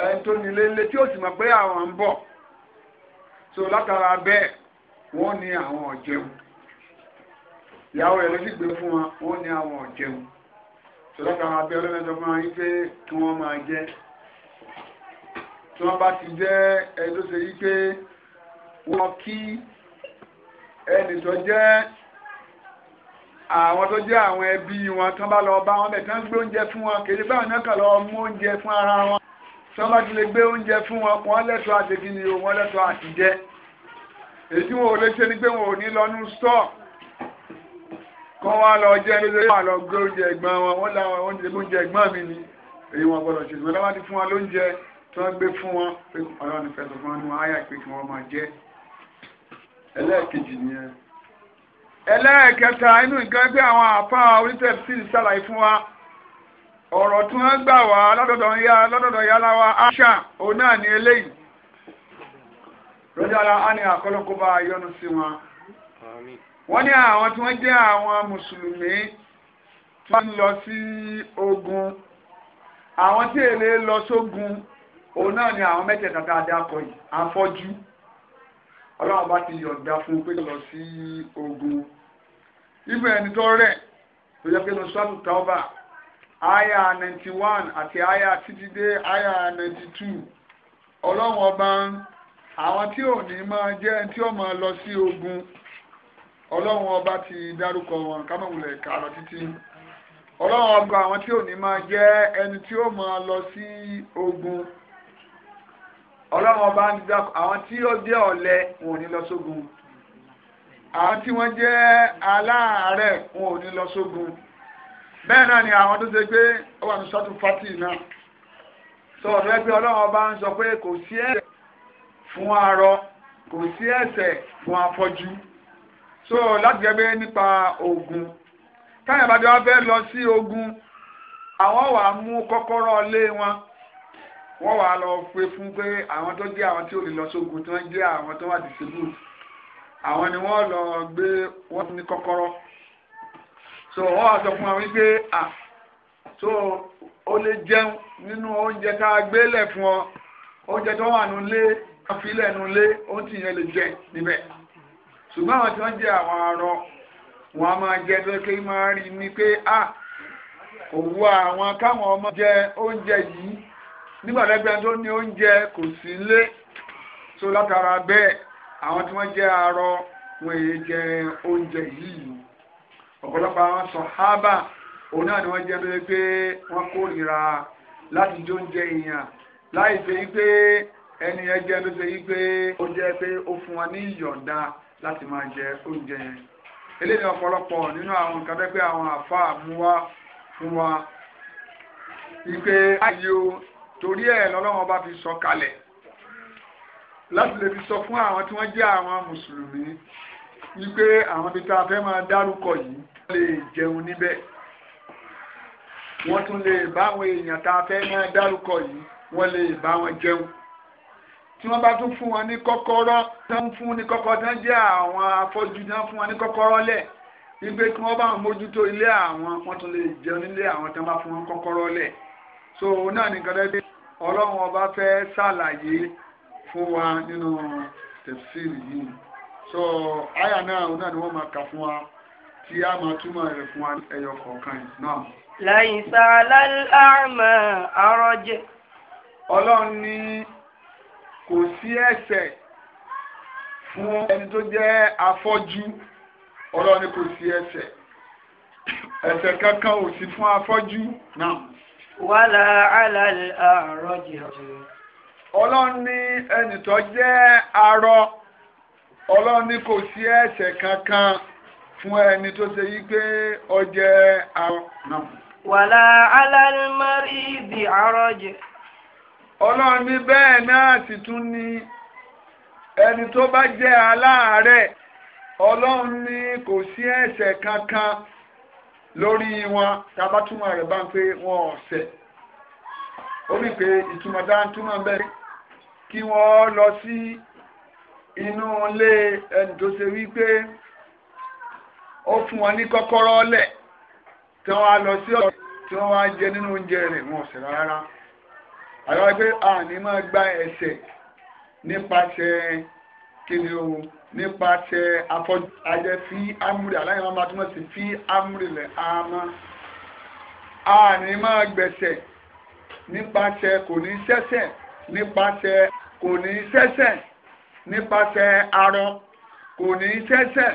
ẹni tó nílé lé tí ó sì mọ̀ pé àwọn ń bọ̀ so látara bẹ́ẹ̀ wọ́n ní àwọn ọ̀jẹun ìyàwó rẹ̀ ló sì gbé fún wọn wọ́n ní àwọn ọ̀jẹun so látara bẹ́ẹ̀ ọlọ́mẹ́sọ fún wọn wípé kí wọ́n máa jẹ tí wọ́n bá ti jẹ́ ẹni tó ṣe wípé wọ́n kí ẹnì tó jẹ́ àwọn tó jẹ́ àwọn ẹbí wọn tán bá lọ bá wọn bẹ̀ tán gbé oúnjẹ fún wọn kèdè báwọn náà kàn lọ mú oúnjẹ fún ara wọn tán bá ti lè gbé oúnjẹ fún wọn wọn lẹ́tọ̀ọ́ àti kí ni o wọn lẹ́tọ̀ọ́ àti jẹ èyí tí wọn ò lè ṣe ni pé wọn ò ní lọ ní stọọ kọ́ wá lọ jẹ́ lóṣèlú wà lọ gbé oúnjẹ ẹ̀gbọ́n wọn wọ́n láwọn oúnjẹ oúnjẹ ẹ̀gbọ́n mi ni èyí wọn gbọ́dọ̀ ṣe ìgbọ́n láwọn ti fún wọn lóúnjẹ tí wọ́n gbé fún wọn pé ọlọ́run fẹ́ sọ fún wọn ní wọn áyà pé kí wọ́n máa jẹ ẹlẹ́ẹ̀kejì ni ẹ ẹlẹ́ẹ̀kẹta inú nǹkan pé àwọn àfa onítẹ̀sí ṣàlàyé fún wa ọ̀rọ̀ tí wọ́n gbà wá lọ́dọ̀dọ̀ ya lọ́dọ̀dọ̀ ya láwa aṣa òun náà ni eléyìí rọ́jà ara á ní àkọ́lọ́kọ́ba yọ́nú sí wọn wọ́n ní àwọn tí wọ́n jẹ́ àwọn mùsùlùmí tí wọ́n lọ sí ogun àwọn tí èlé lọ sógun òun náà ni àwọn mẹ́tẹ̀ẹ̀ta tá a dákọ̀ yìí afọ́jú. So ọlọ́run bá ti yọ̀ǹda fún pé lọ sí ogun ibẹ̀ ẹni tó rẹ̀ tó yẹ pé lọ sọ́tù tọ́ba aya ninety one àti aya títí dé aya ninety two ọlọ́run ọba àwọn tí ò ní máa jẹ́ tí ó máa lọ sí ogun ọlọ́run ọba ti dárúkọ wọn kámọ̀wulẹ̀ ká títí ọlọ́run ọba àwọn tí ò ní máa jẹ́ ẹni tí ó máa lọ sí ogun ọlọ́run ọba ń gbà àwọn tí ó jẹ́ ọ̀lẹ wọn ò ní lọ sógun àwọn tí wọ́n jẹ́ aláàárẹ̀ wọn ò ní lọ sógun bẹ́ẹ̀ náà ni àwọn tó ṣe pé ó wà ní sọ́tù fátì náà sọ ọ̀dọ́ ẹgbẹ́ ọlọ́run ọba ń sọ pé kò sí ẹ̀ṣẹ̀ fún arọ kò sí ẹ̀ṣẹ̀ fún afọ́jú so láti gẹ́gẹ́ nípa ogun táyà bá dé wá fẹ́ lọ sí ogun àwọn wà mú kọ́kọ́rọ́ ilé wọn wọ́n wà lọ fún e fún pé àwọn tó jẹ́ àwọn tí ò lè lọ sógun tí wọ́n jẹ́ àwọn tó wà distribute àwọn ni wọ́n lọ gbé wọ́n ní kọ́kọ́rọ́ so wọ́n wà sọ fún wa wípé à so ó lè jẹun nínú oúnjẹ tá a gbé lẹ̀ fún ọ oúnjẹ tó wà nù lé àfilẹ̀ nù lé ó ti yẹn lè jẹ níbẹ̀ ṣùgbọ́n àwọn tí wọ́n jẹ́ àwọn arọ wọn a máa jẹ tó ké máa rí ni pé à òwú àwọn káwọn ọmọ jẹ oúnjẹ yìí nígbàdẹ́gbẹ́ tó ní oúnjẹ kò sí lé so látara bẹ́ẹ̀ àwọn tí wọ́n jẹ́ arọ wọ́n èyí jẹ oúnjẹ yìí ọ̀pọ̀lọpọ̀ àwọn sọ̀hábà òun náà ni wọ́n jẹ́ pé pé wọ́n kórìíra láti jó oúnjẹ èèyàn láì ṣe yí pé ẹni yẹn jẹ́ ló ṣe yí pé ó jẹ́ pé ó fún wọn ní ìyọ̀ǹda láti máa jẹ oúnjẹ yẹn eléyìí ọ̀pọ̀lọpọ̀ nínú àwọn nǹkan bẹ́ẹ̀ pé àwọn àfa àmúwá fún wa yí pé ayò torí ẹ̀ lọ́lọ́wọ́n bá fi sọ kalẹ̀ láti lè fi sọ fún àwọn tí wọ́n jẹ́ àwọn mùsùlùmí wípé àwọn ibi tá a fẹ́ máa dárúkọ yìí lè jẹun níbẹ̀ wọ́n tún lè bá àwọn èèyàn tá a fẹ́ máa dárúkọ yìí wọ́n lè bá wọn jẹun tí wọ́n bá tún fún wọn ní kọ́kọ́rọ́ tán fún ní kọ́kọ́rọ́ tán jẹ́ àwọn afọ́jú tán fún wọn ní kọ́kọ́rọ́ lẹ̀ wípé kí wọ́n bá wọn mójútó ilé àwọn wọ́n tún lè jẹun nílé àwọn tán bá fún wọn kọ́kọ́rọ́ lẹ̀ so náà nìkan lẹ́gbẹ́ ọlọ́run ọba fẹ́ ṣàlàyé fún wa nínú tẹ̀síìlì yìí so àyà náà òun náà ni wọ́n máa kà fún wa tí a máa túmọ̀ rẹ̀ fún wa ẹyọ kọ̀ọ̀kan yìí náà. lẹ́yìn sàlá àmà àrọ́jẹ. ọlọ́run ní kò sí ẹ̀ṣẹ̀ fún ẹni tó jẹ́ afọ́jú ọlọ́run ní kò sí ẹ̀ṣẹ̀ ẹ̀ṣẹ̀ kankan ò sí fún afọ́jú náà. wàlà àlàlẹ̀ àrọ́jì. ọlọ́run ní ẹnì tó jẹ́ arọ ọlọ́run ní kò sí ẹ̀ṣẹ̀ kankan fún ẹni tó ṣe yí pé ọ jẹ́ arọ náà. wàlà àlàlẹ̀ mọ́rí ìdí àrọ́jì. ọlọ́run ní bẹ́ẹ̀ náà sì tún ní ẹni tó bá jẹ́ aláàárẹ̀ ọlọ́run ní kò sí ẹ̀ṣẹ̀ kankan. lórí wọn tàbá túmọ̀ rẹ̀ bá ń pé wọn ọ̀sẹ̀ ó bí pé ìtumọ̀ dá ń túmọ̀ bẹ́ẹ̀ kí wọ́n lọ sí inú ilé ẹni tó ṣe wípé ó fún wọn ní kọ́kọ́rọ́ lẹ̀ tí wọ́n á lọ sí ọ̀rọ̀ tí wọ́n wá jẹ nínú oúnjẹ rẹ̀ wọn ọ̀sẹ̀ rárá àwọn ẹgbẹ́ àní máa gba ẹ̀ṣẹ̀ nípasẹ̀ kíni o nípasẹ̀ afọ́jú ayẹ fi amúrí aláìmọ́ máa túnmọ̀ sí fi amúrí lẹ̀ àmọ́ àní máa gbẹ̀sẹ̀ nípasẹ̀ kò ní sẹ́sẹ̀ nípasẹ̀ kò ní sẹ́sẹ̀ nípasẹ̀ arọ kò ní sẹ́sẹ̀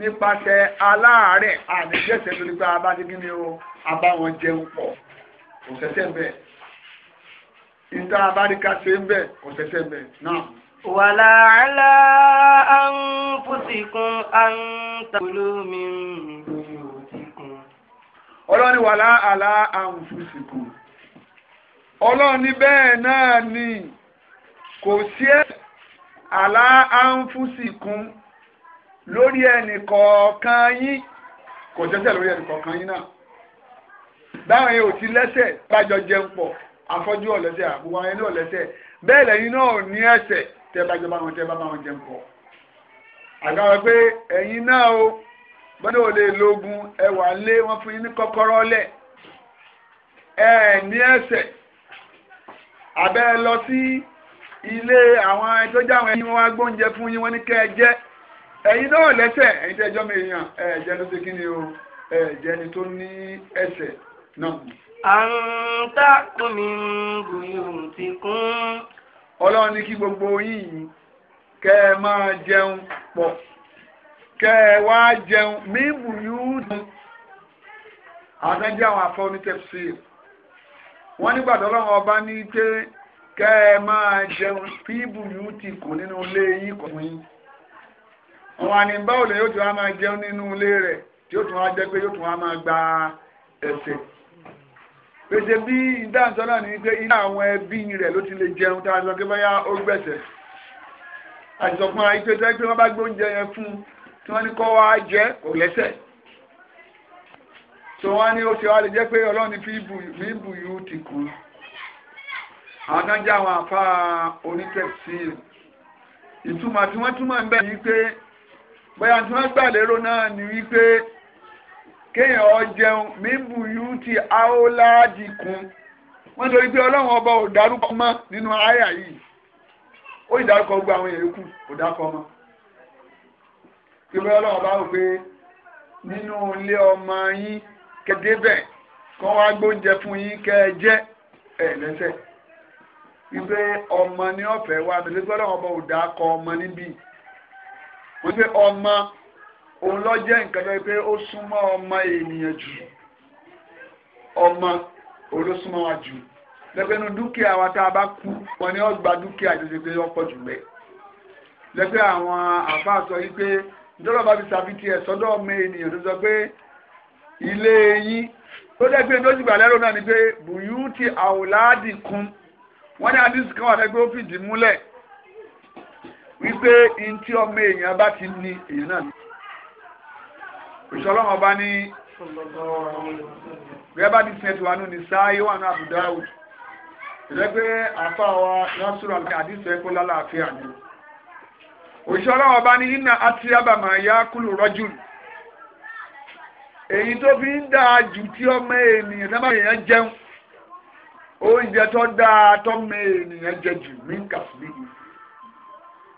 nípasẹ̀ aláàárẹ̀ àní gbẹ̀sẹ̀ tó ní pé a bá ti kíni o a bá wọn jẹun pọ̀ kò sẹ́sẹ̀ bẹ́ẹ̀ ìta abáríkà ṣe ń bẹ̀ kò sẹ́sẹ̀ bẹ́ẹ̀ náà. ولا على أنفسكم أن تقولوا من بيوتكم ọlọ́ni wàlá àlá àǹfùsìkù ọlọ́ni bẹ́ẹ̀ náà ni kò sí àlá àǹfùsìkù lórí ẹnìkọ̀ọ̀kan yín kò jẹ́sẹ̀ lórí ẹnìkọ̀ọ̀kan yín náà dáhùn yẹn ò ti lẹ́sẹ̀ bájọ jẹun pọ̀ afọ́jú ọ̀lẹ́sẹ̀ àbúwá yẹn náà bẹ́ẹ̀ lẹ́yìn náà ní ẹ̀ṣẹ̀ tẹ́ bá jọ bá wọn tẹ́ bá wọn jẹun pọ̀ àgbà wọn pé ẹ̀yin náà o gbọ́dọ̀ ò lè lógun ẹwà lé wọn fún yín ní kọ́kọ́rọ́ lẹ̀ ẹ ní ẹsẹ̀ àbẹ́ lọ sí ilé àwọn tó jẹ́ àwọn ẹ̀yin wọn wá gbóúnjẹ fún yín wọn ní kẹ́ ẹ jẹ ẹ̀yin náà lẹ́sẹ̀ ẹ̀yin tẹ́jọ́ mi èèyàn ẹ jẹ́ ló ṣe kí ni o ẹ jẹ́ ni tó ní ẹsẹ̀ náà. àǹtà kùnmí ń gbìyànjú ti kún. ọlọ́run ní kí gbogbo yìí kẹ́ ẹ máa jẹun pọ̀ kẹ́ ẹ wá jẹun mímú yúùdù àtẹ́jẹ́ àwọn afọ́nitẹ́sí wọ́n nígbàtọ́ ọlọ́run ọba ní pé kẹ́ ẹ máa jẹun fíìbù yìí ti kù nínú ilé yìí kò ní àwọn àníbáwò lè yóò tún wá máa jẹun nínú ilé rẹ̀ tí yóò tún wá jẹ́ pé yóò tún wá máa gba ẹ̀sẹ̀ pèsè bí ìdáǹsọ́ náà ní pé iná àwọn ẹbí rẹ̀ ló ti lè jẹun tá a sọ pé bóyá ó gbẹ̀sẹ̀ àtìsọ̀kùn ara ìpè tó yẹ pé wọ́n bá gbé oúnjẹ yẹn fún un tí wọ́n ní kọ́ wá jẹ́ kò lẹ́sẹ̀ tó wọ́n ní ó ṣe wá lè jẹ́ pé ọlọ́run ní fi bù yú ti kú àwọn kan jẹ́ àwọn àfa onítẹ̀sí ìtumọ̀ tí wọ́n túmọ̀ ń bẹ̀ ní pé bóyá tí wọ́n gbà lérò náà ní wípé kéèyàn ọ mímú yóò ti áóláàdì kún wọ́n torí pé ọlọ́run ọba ò dárúkọ mọ́ nínú àyà yìí ó ìdárúkọ gbogbo àwọn èèyàn kù kò dákọ mọ́ ìwé ọlọ́run ọba rò pé nínú ilé ọmọ yín kẹdẹ́bẹ̀ kọ́ wá gbóúnjẹ fún yín kẹ́ ẹ̀ jẹ ẹ lẹ́sẹ̀ wípé ọmọ ní ọ̀fẹ́ wa àbẹ̀lẹ́gbẹ́ ọlọ́run ọba ò dákọ ọmọ níbí wípé ọmọ òun lọ jẹ́ nǹkan tó yẹ pé ó súnmọ́ ọmọ ènìyàn jù ọmọ òun ló súnmọ́ wa jù lẹ́gbẹ̀ẹ́nu dúkìá wa tá a bá kú wọn ni wọ́n gba dúkìá tó ṣe pé wọ́n pọ̀ jù bẹ́ẹ̀ lẹ́gbẹ́ àwọn àfáà sọ yí pé ìjọba bá fi ṣàfihàn ẹ̀ sọ́dọ̀ ọmọ ènìyàn tó sọ pé ilé yín tó jẹ́ pé tó lẹ́rọ náà ni pé bùyúùtì àwòláàdì kún wọ́n ní àdìsí kan wà lẹ́gbẹ́ ó fìdí múlẹ̀ wípé ntí ọmọ èèyàn bá ti ní èèyàn náà ìṣọ́lọ́mọ bá ní gẹ́bà ní sẹ́ẹ̀tì wa nù ní sáyé wà ní àbùdá òjò ìrẹ́gbẹ́ àfáwà násùrù àti àdìsọ ẹ̀kọ́ lálàáfíà ni òṣìṣọ́lọ́wọ́ bá ní iná àti àbàmà ya kúlù rọ́jù èyí tó fi ń dáa jù tí ọmọ ènìyàn náà èèyàn jẹun oúnjẹ tó dáa tọ́mọ ènìyàn jẹ jù mí kàfíìnì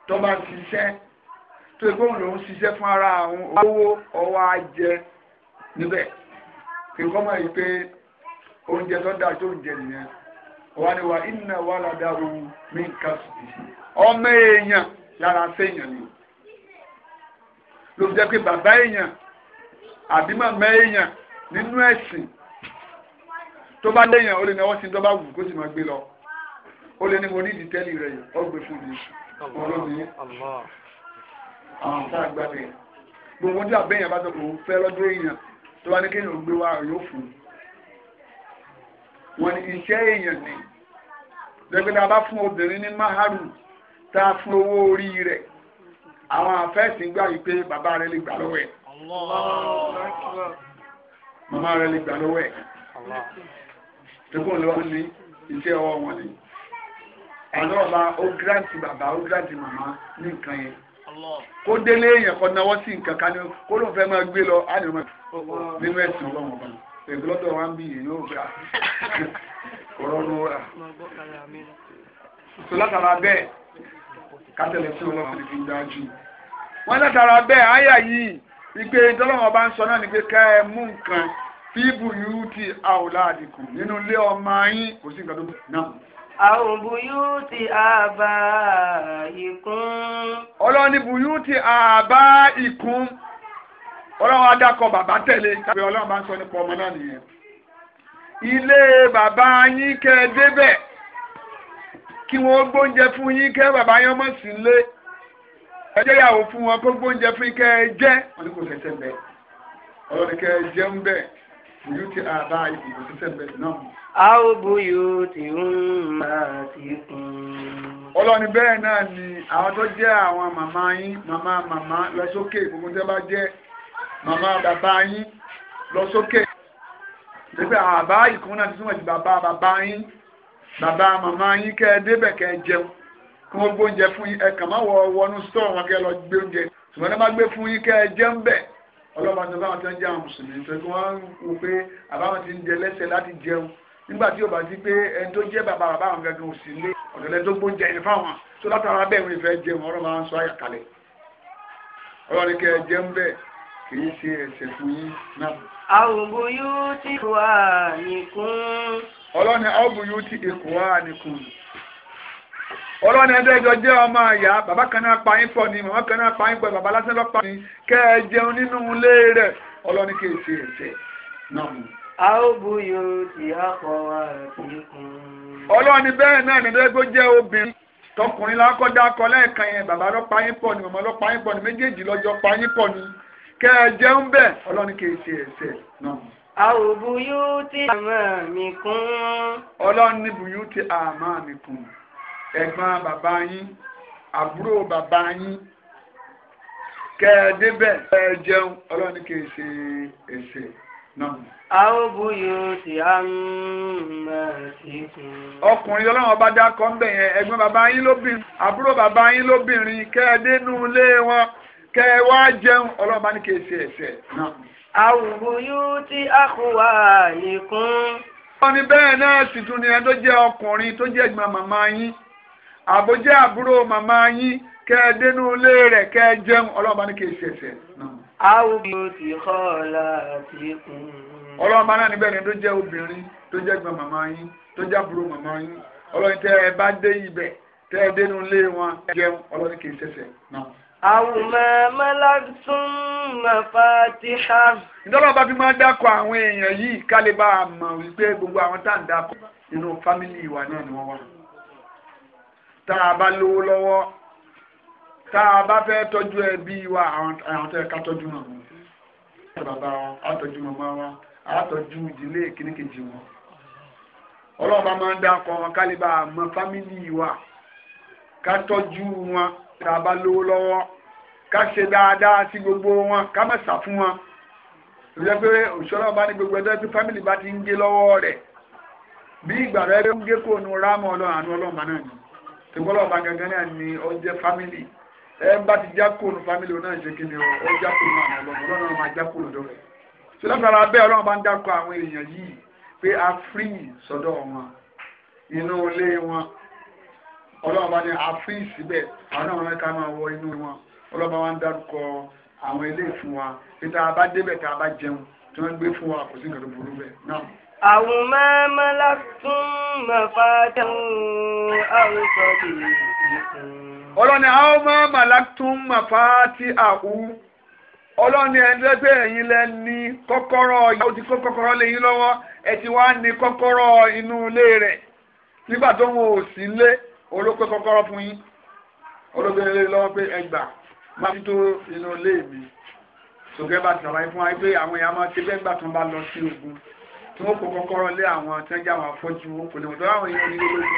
tó bá ṣiṣẹ́ tó ẹgbẹ́ òun lòún ṣiṣẹ́ fún ara àwọn owó ọwọ́ ajẹ́ níbẹ̀ kí n kọ́ mọ̀ yìí pé oúnjẹ tó dáa tó ń nìyẹn wà ní wà iná wà ládàá ohun mí ń kà sí ọmọ èèyàn lára séèyàn ni ló fi jẹ́ pé bàbá èèyàn àbí màmá èèyàn nínú ẹ̀sìn tó bá ó lè náwó sí tó bá àwọn ọ̀tá àgbàbẹ̀ gbogbo tí àbẹ́yàn bá tọ́kùn fẹ́ lọ́dún èèyàn tó bá ní kéèyàn gbé wá yóò fún wọn ni iṣẹ́ èèyàn ni lẹ́gbẹ̀dá bá fún obìnrin ní máhàrù tá a fún owó orí rẹ̀ àwọn afẹ́sì gbà yìí pé bàbá rẹ̀ lè gbà lọ́wọ́ ẹ̀ màmá rẹ̀ lè gbà lọ́wọ́ ẹ̀ tókùn lọ́wọ́ ní iṣẹ́ ọwọ́ wọn ni àdọ́ọ̀bá ó gírántì bàbá ó gírántì màmá ní nǹkan yẹn kó délé èèyàn kan náwó sí nǹkan kan ní kó ló fẹ́ máa gbé lọ ánìmọ́ nínú ẹ̀sìn ọlọ́run ọba èyí lọ́dọ̀ wa bí èyí yóò gbà wa. sọ látara bẹ́ẹ̀ kátẹ́lẹ̀ sí dájú. wọ́n látara bẹ́ẹ̀ àyà yìí ìgbé bá ń sọ náà pé ká ẹ mú nǹkan fíìbù yìí àwọn buyúti àbá ikún. ọlọ́run ní buyúti àbá ikún ọlọ́run adakọ̀ bàbá tẹ̀lé tàbí ọlọ́run bá ń sọ nípa ọmọ náà nìyẹn. ilé bàbá yín kẹ́ ẹ débẹ̀ kí wọ́n gbóúnjẹ fún yín kẹ́ bàbá yín ọmọ sí lé ẹ jẹ́ ìyàwó fún wọn kó gbóúnjẹ fún yín kẹ́ ẹ jẹ́ ọlọ́run kẹ́ ẹ jẹun bẹ́ẹ̀ buyúti àbá ikún kò sẹ́sẹ́ bẹ́ẹ̀ náà àwòbúyò tí ó ń máa ti kún. ọlọ́ni bẹ́ẹ̀ náà ni àwọn tó jẹ́ àwọn màmá yín màmá màmá lọ sókè gbogbo tó bá jẹ́ màmá bàbá yín lọ sókè. pẹ̀lú àbá ìkún náà ti túmọ̀ sí bàbá bàbá yín bàbá màmá yín kẹ́ ẹ débẹ̀ kẹ́ ẹ jẹun kí wọ́n gbóúnjẹ fún yín ẹ kàn má wọ wọnú stọọ wọn kẹ́ ẹ lọ gbé oúnjẹ ṣùgbọ́n ẹ má gbé fún yín kẹ́ ẹ jẹ bẹ̀ ọlọ́pàá tó bá wọn ti ń jẹ àwọn mùsùlùmí tó kí wọ́n wò pé àbáwọn ti ń jẹ lẹ́sẹ̀ láti jẹun nígbà tí ó bá di pé ẹni tó jẹ́ bàbá bàbá àwọn gẹ́gẹ́ òsì lé ọ̀dọ̀lẹ́ tó gbóúnjẹ ẹni fáwọn tó látara bẹ́ẹ̀ wọn ìfẹ́ jẹun ọ̀rọ̀ máa ń sọ àyà kalẹ̀ ọ̀rọ̀ ni kẹ́ ẹ jẹ́ ń bẹ̀ kì í ṣe ẹ̀ṣẹ̀ fún yín náà. àwòbù yóò ti wà nìkún. ọlọ́ni àwòbù yóò ti èkó wà nìkún. ọlọ́ni ẹ̀dẹ́jọ jẹ́ ọmọ àyà bàbá kan náà pa yín pọ̀ ni màmá kan náà pa yín pọ̀ bàbá lásán lọ́pàá ni kẹ́ ẹ jẹun nínú ilé rẹ̀ ọlọ́ni kì í ṣe ẹ̀ṣẹ̀ náà. ọlọ́run ni bẹ́ẹ̀ náà ní dẹ́gbó jẹ́ obìnrin tọkùnrin lákọ́jà akọ lẹ́ẹ̀kan yẹn bàbá ló payín pọ̀ ni màmá ló payín pọ̀ ni méjèèjì lọ́jọ́ pọ̀ ni kẹ́ ẹ jẹun bẹ́ẹ̀ ọlọ́run kì í ṣe ti àmà mi kún. ọlọ́run ti àmà mi kún bàbá yín àbúrò àwọn bóyá ti á máa ti kún. ọkùnrin ọlọ́run ọba dákọ̀ ń bẹ̀yẹn ẹ̀gbọ́n bàbá yín lóbìnrin àbúrò bàbá yín lóbìnrin kẹ́ ẹ dénú ilé wọn kẹ́ ẹ wá jẹun ọlọ́run bá ní kí èsì ẹ̀sẹ̀. àwọn bóyá ti àkùwà nìkún. wọ́n ní bẹ́ẹ̀ náà sì tún ni ẹni tó jẹ́ ọkùnrin tó jẹ́ ẹ̀gbọ́n màmá yín àbójẹ́ àbúrò màmá yín kẹ́ ẹ dénú ilé rẹ̀ kẹ́ ẹ jẹun ọlọ́run bá ní kí èsì ẹ̀sẹ̀. àwọn ọlọ́run bá náà níbẹ̀ tó jẹ́ obìnrin tó jẹ́ gbọ́n màmá yín tó jẹ́ àbúrò màmá yín ọlọ́run tẹ́ ẹ bá dé ibẹ̀ tẹ́ ẹ dénú ilé wọn jẹun ọlọ́run kì í ṣẹ̀ṣẹ̀ náà. àwọn mẹ́lẹ́tún mẹ́fàtíhà. ìdọ́lọ́ bá fi máa dákọ̀ àwọn èèyàn yìí ká lè bá a mọ̀ wípé gbogbo àwọn tá à ń dákọ̀ nínú fámìlì wa náà ni wọ́n wà. tá a bá lówó lọ́wọ́ tá a bá fẹ́ tọ́jú ẹbí wa àwọn tó yẹ ká tọ́jú mọ̀ wọn. wọn àtọ́jú ìdílé kìnnìkejì wọn ọlọ́run máa ń dákọ̀ wọn ká a mọ wa ká tọ́jú wọn tá a bá lówó lọ́wọ́ ká ṣe dáadáa sí gbogbo wọn ká má sà fún wọn ìjọba pé òṣèlú bá ní gbogbo ẹjọ́ tí bá ti ń gé lọ́wọ́ rẹ̀ bí ìgbà rẹ̀ ń gé kó nu rámọ̀ ọlọ́run àánú náà ni tìgbọ́lọ́ ọba gangan náà ni ó ti já nu náà ṣe kí ni ó já sọlọ́kàrà bẹ́ẹ̀ ọlọ́run bá ń dákọ̀ àwọn èèyàn yìí pé a fírì sọ́dọ̀ wọn inú ilé wọn ọlọ́run bá ní a fírì síbẹ̀ àwọn náà wọn máa wọ inú wọn ọlọ́run bá wá ń dákọ̀ àwọn ilé fún wa pé tá a bá débẹ̀ tá a bá jẹun tí wọ́n gbé fún wa kò sí nǹkan burú bẹ́ẹ̀ náà. àwọn máa ń mọ́lá tún mọ̀fà dáhùn ọlọ́ni àwọn máa ń mọ̀lá tún mọ̀fà ọlọ́ni ẹ̀ńdẹ́gbẹ́ ẹ̀yin lẹ ní kọ́kọ́rọ́ ìyá ó ti kó kọ́kọ́rọ́ lé yín lọ́wọ́ ẹ ti wá ní kọ́kọ́rọ́ inú ilé rẹ̀ nígbà tó wọn ò sí lé olóògbé kọ́kọ́rọ́ fún yín olóògbé lé lọ́wọ́ pé ẹgbà máa fi tó inú ilé mi ṣògbẹ́ bá ti sàlàyé fún wa pé àwọn èèyàn máa ṣe bẹ́ẹ̀ gbà tó ń bá lọ sí ogun tí wọ́n kó kọ́kọ́rọ́ lé àwọn tẹ́jà wọn afọ́jú wọn kò lè wọ́n tó láwọn èèyàn onílélógún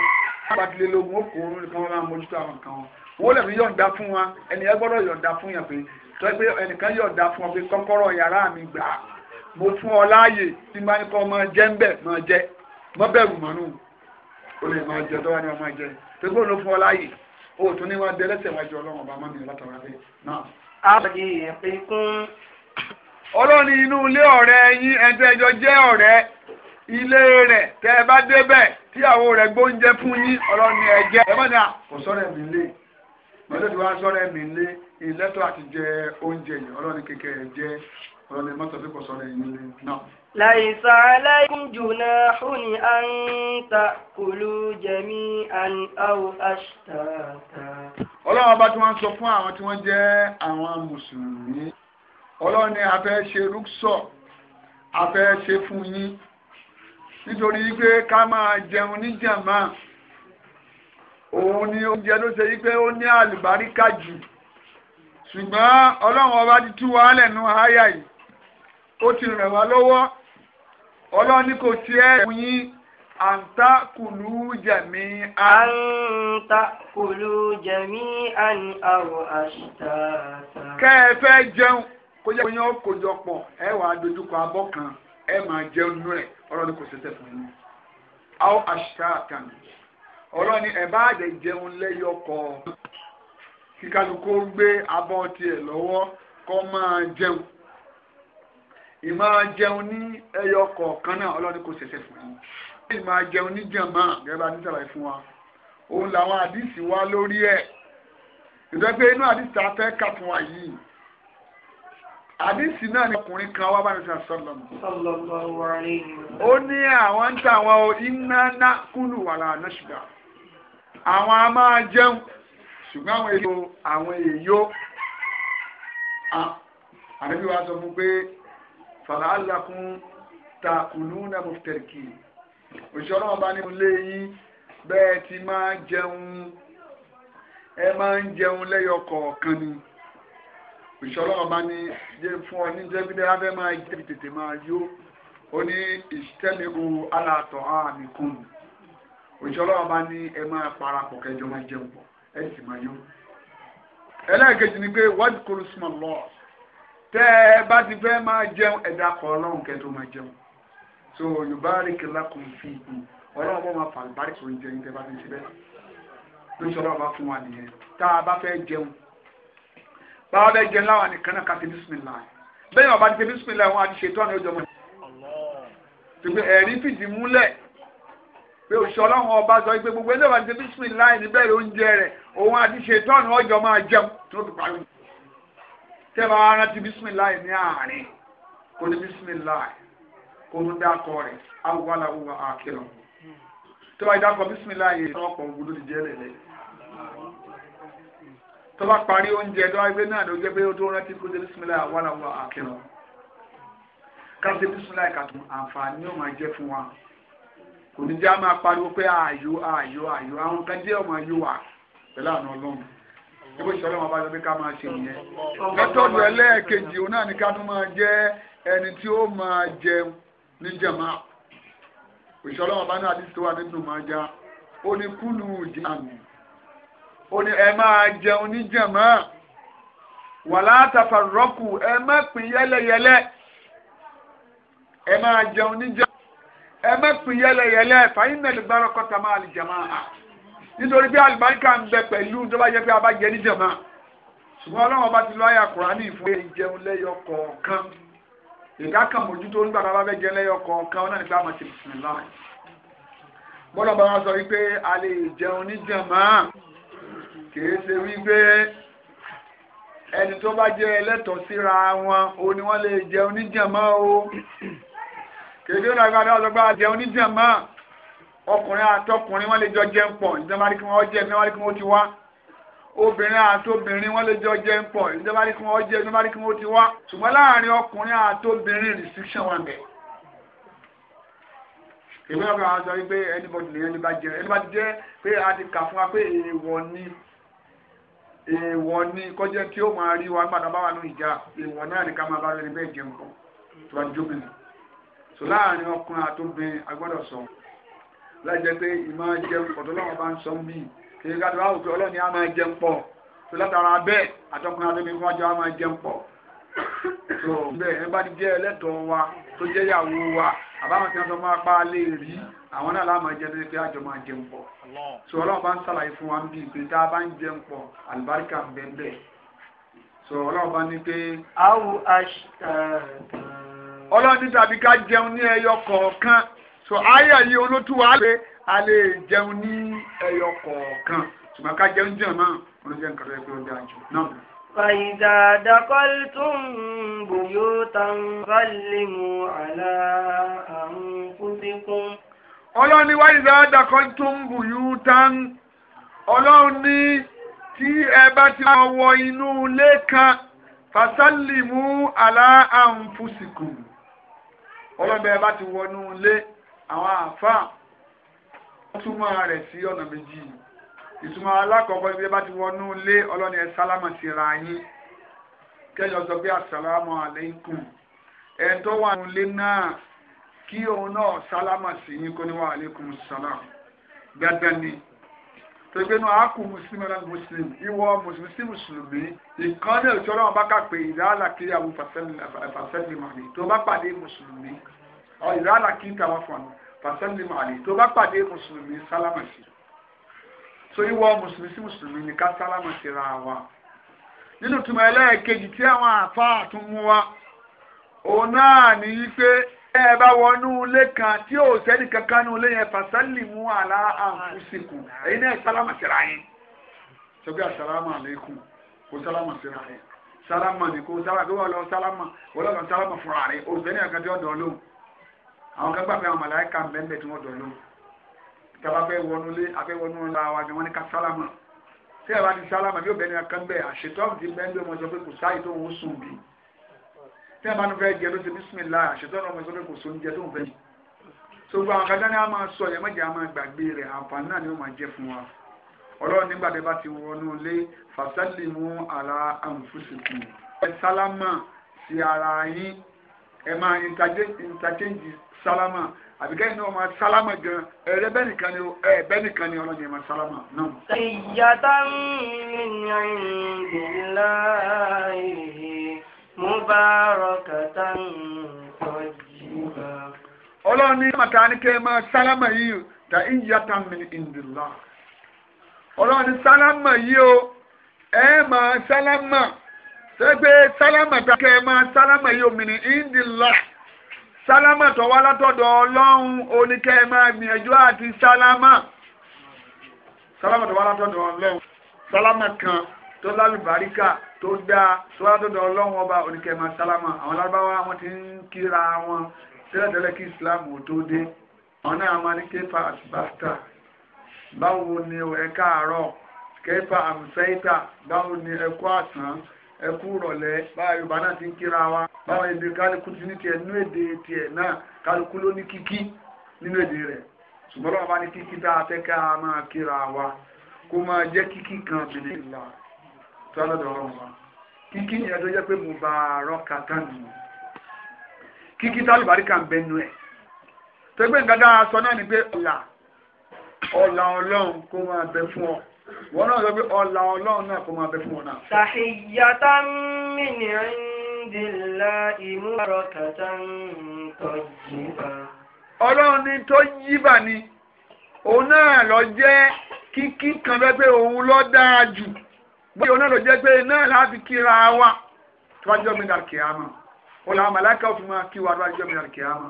abatilélógún ó kó orun nìkan wọn máa mójútó àwọn kan wọn wọ́n lè fi yọ̀ǹda fún wa ẹni ẹ gbọ́dọ̀ yọ̀ǹda fún yàn pé tọ́pẹ́ ẹnìkan yóò dá fún ọ pé kọ́kọ́rọ́ yàrá mi gbà á mo fún ọ láàyè tí máa ń kọ́ máa jẹ́ ń bẹ̀ máa jẹ́ mọ́ bẹ̀rù mọ́nú o lè máa jẹ tọ́wọ́ ni wọ́n máa jẹ pé kó ló fún ọ láàyè o ò tún ní wọn dẹ́lẹ́sẹ̀ wájú ọlọ́run ọba mọ́mí látara rẹ̀ náà. àbí ìpínkún. ọlọ́ni inú ilé ọ̀rẹ́ yín ẹ̀ńtẹ́jọ́ jẹ́ ọ̀rẹ́ ilé rẹ̀ tẹ́ ẹ bá débẹ̀ tíyàwó rẹ̀ gbóúnjẹ fún yín ọlọ́ni ẹ̀jẹ̀ ẹ̀ mọ́ni à kò sọ́rọ̀ ẹ̀mí lé mọ́tò tí wàá sọ̀rọ̀ ẹ̀mí lé ìlẹ́tọ̀ àti jẹ oúnjẹ yìí ọlọ́ni kékeré jẹ ọlọ́ni mọ́tò tí kò sọ̀rọ̀ ẹ̀mí lé náà. ليس عليكم جناح أن تأكلوا جميعا أو أشتاتا Ọlọ́run bá tí wọ́n sọ fún àwọn tí wọ́n jẹ́ àwọn mùsùlùmí Ọlọ́run ni a fẹ́ ṣe rúksọ̀ a fẹ́ ṣe fún yín nítorí pé ká máa jẹun ní jàmáà òun ni oúnjẹ ló ṣe wípé ó ní àlùbáríkà jù ṣùgbọ́n ọlọ́run ọba ti tú wa lẹ́nu àáyà yìí ó ti ràn wá lọ́wọ́ ọlọ́run ní kò tiẹ̀ fún yín àǹtá kùlù jẹ̀mí kùlù jẹ̀mí àwọ̀ àṣìtàtà. kẹ́ ẹ fẹ́ jẹun kó jẹ́ kò ẹ wà á dojúkọ abọ́ kan ẹ máa jẹun nú ọlọ́run kò ṣe ọlọ́ni ẹ̀ bá àjẹ jẹun lẹ́yọ kọ̀ọ̀ kí kálukú gbé abọ́ tiẹ̀ lọ́wọ́ kó máa jẹun ìmáa jẹun ní ẹyọ kọ̀ọ̀kan náà ọlọ́ni kò ṣẹ̀ṣẹ̀ fún yín ìmáa jẹun ní jàmá gẹ́gẹ́ bá ní sàlàyé fún wa òun làwọn àdìsí wá lórí ẹ̀ ìgbẹ́gbẹ́ inú àdìsí tá a fẹ́ kà fún wa yìí àdìsí náà ni ọkùnrin kan wá bá ní sàn sọlọ mọ. ó ní àwọn ń tà wọn iná náà kúlù wàrà náà ṣùgbọ́n àwọn a máa jẹun ṣùgbọ́n àwọn èyí àwọn èyí àdébí wa sọ fún pé fàlàlà fún takùlù náà mo fẹ̀rẹ̀ kì í òṣìṣẹ́ ọlọ́run bá nínú ilé yín bẹ́ẹ̀ ti máa jẹun ẹ máa ń jẹun lẹ́yọ kọ̀ọ̀kan ni òṣìṣẹ́ ọlọ́run bá ní jẹ́ fún ọ ní jẹ́ bídẹ́ abẹ́ máa jẹ́ tètè máa yó ó ní ìṣẹ́mi o alàtọ̀ àmì kùn òṣìṣọ́lọ́wọ́ bá ní ẹ máa parapọ̀ kẹjọ máa jẹun pọ̀ ẹ sì máa yó ẹlẹ́ẹ̀kejì ni pé wọ́n ti kóró súnmọ́ lọ́ọ̀ tẹ́ ẹ bá ti fẹ́ máa jẹun ẹ̀dá kọ́ ọlọ́run kẹ́ máa jẹun so yorùbá rí kìlá kan fi ìgbì ọlọ́run bọ́ máa fà lùbárí sórí jẹun tẹ́ bá ti ṣe bẹ́ẹ̀ lóṣọ́lọ́wọ́ bá fún wa nìyẹn tá a bá fẹ́ jẹun bá a bẹ́ jẹun láwa nìkan náà ká ti pé òṣìṣẹ́ ọlọ́run ọba sọ pé gbogbo ẹlẹ́wà ti bísí láì níbẹ̀rẹ̀ oúnjẹ rẹ̀ òun àti ṣètọ́nù ọjọ́ máa jẹun tí ó ti parí tẹ́lá ara ti bísí láì ní àárín kò ní bísí láì kò ní dákọ rẹ̀ awùwá làwùwá àkìlọ̀ tó bá dákọ bísí láì ọ̀pọ̀ òwúlò ti jẹ́ lẹ̀lẹ́ tó bá parí oúnjẹ tó bá gbé náà ló jẹ́ pé ó tó rántí kó bísí láì àwùwá àkìlọ̀ ká kò ní jẹ́ a máa pariwo pé ààyò ààyò ààyò àwọn kan jẹ́ ọmọ ayò wa pẹ̀lú àna ọlọ́run ibo ìṣọ́lẹ̀ wọn bá yọ pé ká máa ṣe ìyẹn lọ́tọ̀ọ̀dù ẹlẹ́ẹ̀kejì òun náà ni ká tún máa jẹ́ ẹni tí ó máa jẹun ní jàmá ìṣọ́lẹ̀ wọn bá ní àdìsí tó wà nínú máa já ó ní kúlù jàmù ó ní ẹ máa jẹun ní jàmá wàlá tafarọ́kù ẹ má pín yẹ́lẹ́yẹ́lẹ́ ẹ máa jẹun ní jàmá ẹ má pín yẹlẹyẹlẹ fàyín náà lè gbára kọta máa lè jẹ máa hà nítorí pé àlùbáríkà ń bẹ pẹ̀lú tó bá jẹ́ pé a bá jẹ ní jẹ̀má ṣùgbọ́n ọlọ́run ọba ti lọ àyà kùránì fún ẹ jẹun lẹ́yọ kọ̀ọ̀kan ìdá kan mójútó nígbà tá bá fẹ́ jẹun lẹ́yọ kọ̀ọ̀kan náà nígbà máa ti bìsìn láì bọ́lá bá wa sọ wípé a lè jẹun ní kìí ṣe wípé ẹni tó bá jẹ́ ẹlẹ́tọ̀ọ́ síra wọn òun ni wọ́n lè jẹun ní o kèké náà gba ní ọ̀sọ́gbà àti ẹ̀hún níjàmá ọkùnrin àtọkùnrin wọ́n lè jọ jẹun pọ̀ ìjọba ní kí wọ́n jẹ ìjọba ní kí wọ́n ti wá obìnrin àtobìnrin wọ́n lè jọ jẹun pọ̀ ìjọba ní kí wọ́n jẹ ìjọba ní kí wọ́n ti wá ṣùgbọ́n láàárín ọkùnrin àtobìnrin restriction wà bẹ̀. èmi náà kàn sọ pé anybody lè ẹni bá jẹ ẹni bá ti jẹ pé a ti kà fún wa pé èèwọ̀ ni èèwọ̀ ni kọjá tí ó máa rí wa gbàdọ̀ bá ìjà èèwọ̀ náà ni ká máa bá rẹ̀ bẹ́ẹ̀ jẹun pọ̀ tó bá jókòó so láàrin ọkùnrin àtòbìnrin agbọ́dọ̀ sọ láìjẹ́ pé ìmọ̀ jẹun pọ̀ tó lọ́wọ́ bá ń sọ mí kí ká tó bá wù pé ọlọ́ni á máa jẹun pọ̀ tó látara bẹ́ẹ̀ àtọkùnrin àtòbìnrin fún ọjọ́ á máa jẹun pọ̀ so bẹ́ẹ̀ ẹ bá ti jẹ́ ẹlẹ́tọ̀ọ́ wa tó jẹ́ ìyàwó wa àbáwọn tí wọ́n tó máa pa lè rí àwọn náà láàmà jẹ́ pé àjọ máa jẹun pọ̀ so ọlọ́run bá ń sàlàyé fún wa ń bí ìpè tá a bá ń jẹun pọ̀ àlùbáríkà ń bẹ́ẹ̀ bẹ́ẹ̀ so ọlọ́run bá ní pé. àwọn aṣ ọlọ́run ní tàbí ká jẹun ní ẹyọ kọ̀ọ̀kan so ayé yìí olótúwa lè a lè jẹun ní ẹyọ kọ̀ọ̀kan ṣùgbọ́n ká jẹun jẹun náà olóṣèlú nǹkan tó yẹ pé ó dáa jù náà. فإذا دخلتم بيوتا فسلموا على أنفسكم ọlọ́run ní wáyé ìzáàdà kan tó ń bù yú tán ọlọ́run tí ẹ bá ti máa wọ inú ilé kan fàṣálìmù àlá àǹfùsìkùn ọlọ́bẹ̀ẹ́ bá ti wọnú ilé àwọn àáfàá wọ́n túmọ̀ rẹ̀ sí ọ̀nà méjì ìtumọ̀ alákọ̀ọ́kọ́ ibi bá ti wọnú ilé ọlọ́ni ẹ sálámà sí ra yín kẹ́yìn ọ̀sọ̀ bí àsàlámù àlékún ẹ̀ tó wà nù ilé náà kí òun náà sálámà sí yín kó ní wà àlékún sálám gbẹ́gbẹ́ ni tẹgbẹ́nu àákù mùsùlùmí mùsùlùmí ìwọ mùsùlùmí sí mùsùlùmí ìkànnì òjò ọlọ́run bá kàpé ìdáàlà kiri àwọn fàṣẹ́lì màlì tó bá pàdé mùsùlùmí ìdáàlà kiri táwọn fọ̀nù fàṣẹ́lì màlì tó bá pàdé mùsùlùmí sálámàṣì so ìwọ mùsùlùmí sí mùsùlùmí ní ká sálámàṣì ra wa nínú túmọ̀ ẹlẹ́ẹ̀kejì tí àwọn àfa àtúnmú wa òun náà ní wípé ẹ bá wọnú ilé kan tí ò sẹ́ni kankan nínú ilé yẹn fàṣẹ́lì mú àlá àǹfùsìkù èyí náà sálámà síra yín sọ́gbà sálámà lẹ́kùn kó sálámà síra yín sálámà ní kó sálámà kó wọ́n lọ sálámà wọ́n lọ sálámà fúnra rẹ̀ òsèlè àkàtì ọ̀dọ̀ lóhùn àwọn kan gbàgbé àwọn màláìka mẹ́mẹ́ tí wọ́n dọ̀ lóhùn tàbá fẹ́ wọnúlé afẹ́ wọnú la wa ni wọ́n ní ká sálámà tí bá ti sálámà bí obìnrin kan bẹ́ẹ̀ àṣetọ́ ti bẹ́ẹ̀ ń gbé wọn tẹ́ bá ń fẹ́ jẹ ló ti bísímìlá ṣètọ́nà ọmọ ìsọ́fẹ́ kò sóun jẹ tó ń fẹ́ jẹ sogbo àwọn kájá ní a máa sọ yẹn a máa gbàgbé rẹ̀ àǹfààní náà ni ó máa jẹ́ fún wa ọlọ́run nígbà tí bá ti wọnú ilé fàṣẹ́lìmù ara àǹfùsìkù ẹ sálámà sí ara yín ẹ máa interchange sálámà àbíkẹ́yìn náà máa sálámà gan ẹ̀rẹ́ bẹ́ẹ̀ nìkan ni ẹ̀ bẹ́ẹ̀ nìkan ni ọlọ́run yẹn máa sálámà náà. ìyá táwọn ń gbìyànjú láàyè mubarakatan tayyiba. ọlọ́run ní màtá ní kẹ́ ẹ máa sálámà yìí ta ìyàtà min indillah. ọlọ́run ní sálámà yìí o ẹ máa sálámà sẹ́gbẹ́ sálámà ta kẹ́ ẹ máa sálámà yìí o min indillah sálámà tó wá látọ̀dọ̀ ọlọ́run oníkẹ́ ẹ máa gbìyànjú àti sálámà sálámà tó wá látọ̀dọ̀ ọlọ́run sálámà kan tó lálùbáríkà tó dáa sọ́wọ́dọ̀dọ̀ ọlọ́run ọba oníkẹ́mà sálámà àwọn alábáwá wọn ti ń kíra wọn tẹ́lẹ̀tẹ́lẹ̀ kí islam ò tó dé ọ̀nà àmà ní kéfà àtìbáta báwo ni ẹ káàárọ̀ kéfà àmùsẹ́ìta báwo ni ẹ kú àsán ẹ kú rọ̀lẹ́ báwo yorùbá náà ti ń kíra wa báwo èdè kálukú ti ní tiẹ̀ nínú èdè tiẹ̀ náà kálukú ló ní kíkí nínú èdè rẹ̀ ṣùgbọ́n lọ́wọ́ bá ní kíkí tá a fẹ́ ká máa kíra wa kó máa jẹ́ kíkí kan bìnnìlá tó lọ́dọ̀ kíkí ni ẹjọ́ jẹ́ pé mo bá arọ́ kàtà nù tó gbé nǹkan dáa sọ náà ni pé ọ̀là ọ̀là ọlọ́run kó máa bẹ fún ọ wọ́n náà sọ pé ọ̀là ọlọ́run náà kó máa bẹ fún ọ náà. tahiyyatan min indillahi mubarakatan tayyiba. ọlọ́run ni tó yí bà ni òun náà lọ jẹ́ kíkí kan lọ òun ló dáa jù bóyá onáà ló jẹ́ pé náà láti kíra wa tíwájú ọmọ ìdàrú kìámà ó làwọn màláìka ó fi máa kí wa tíwájú ọmọ ìdàrú kìámà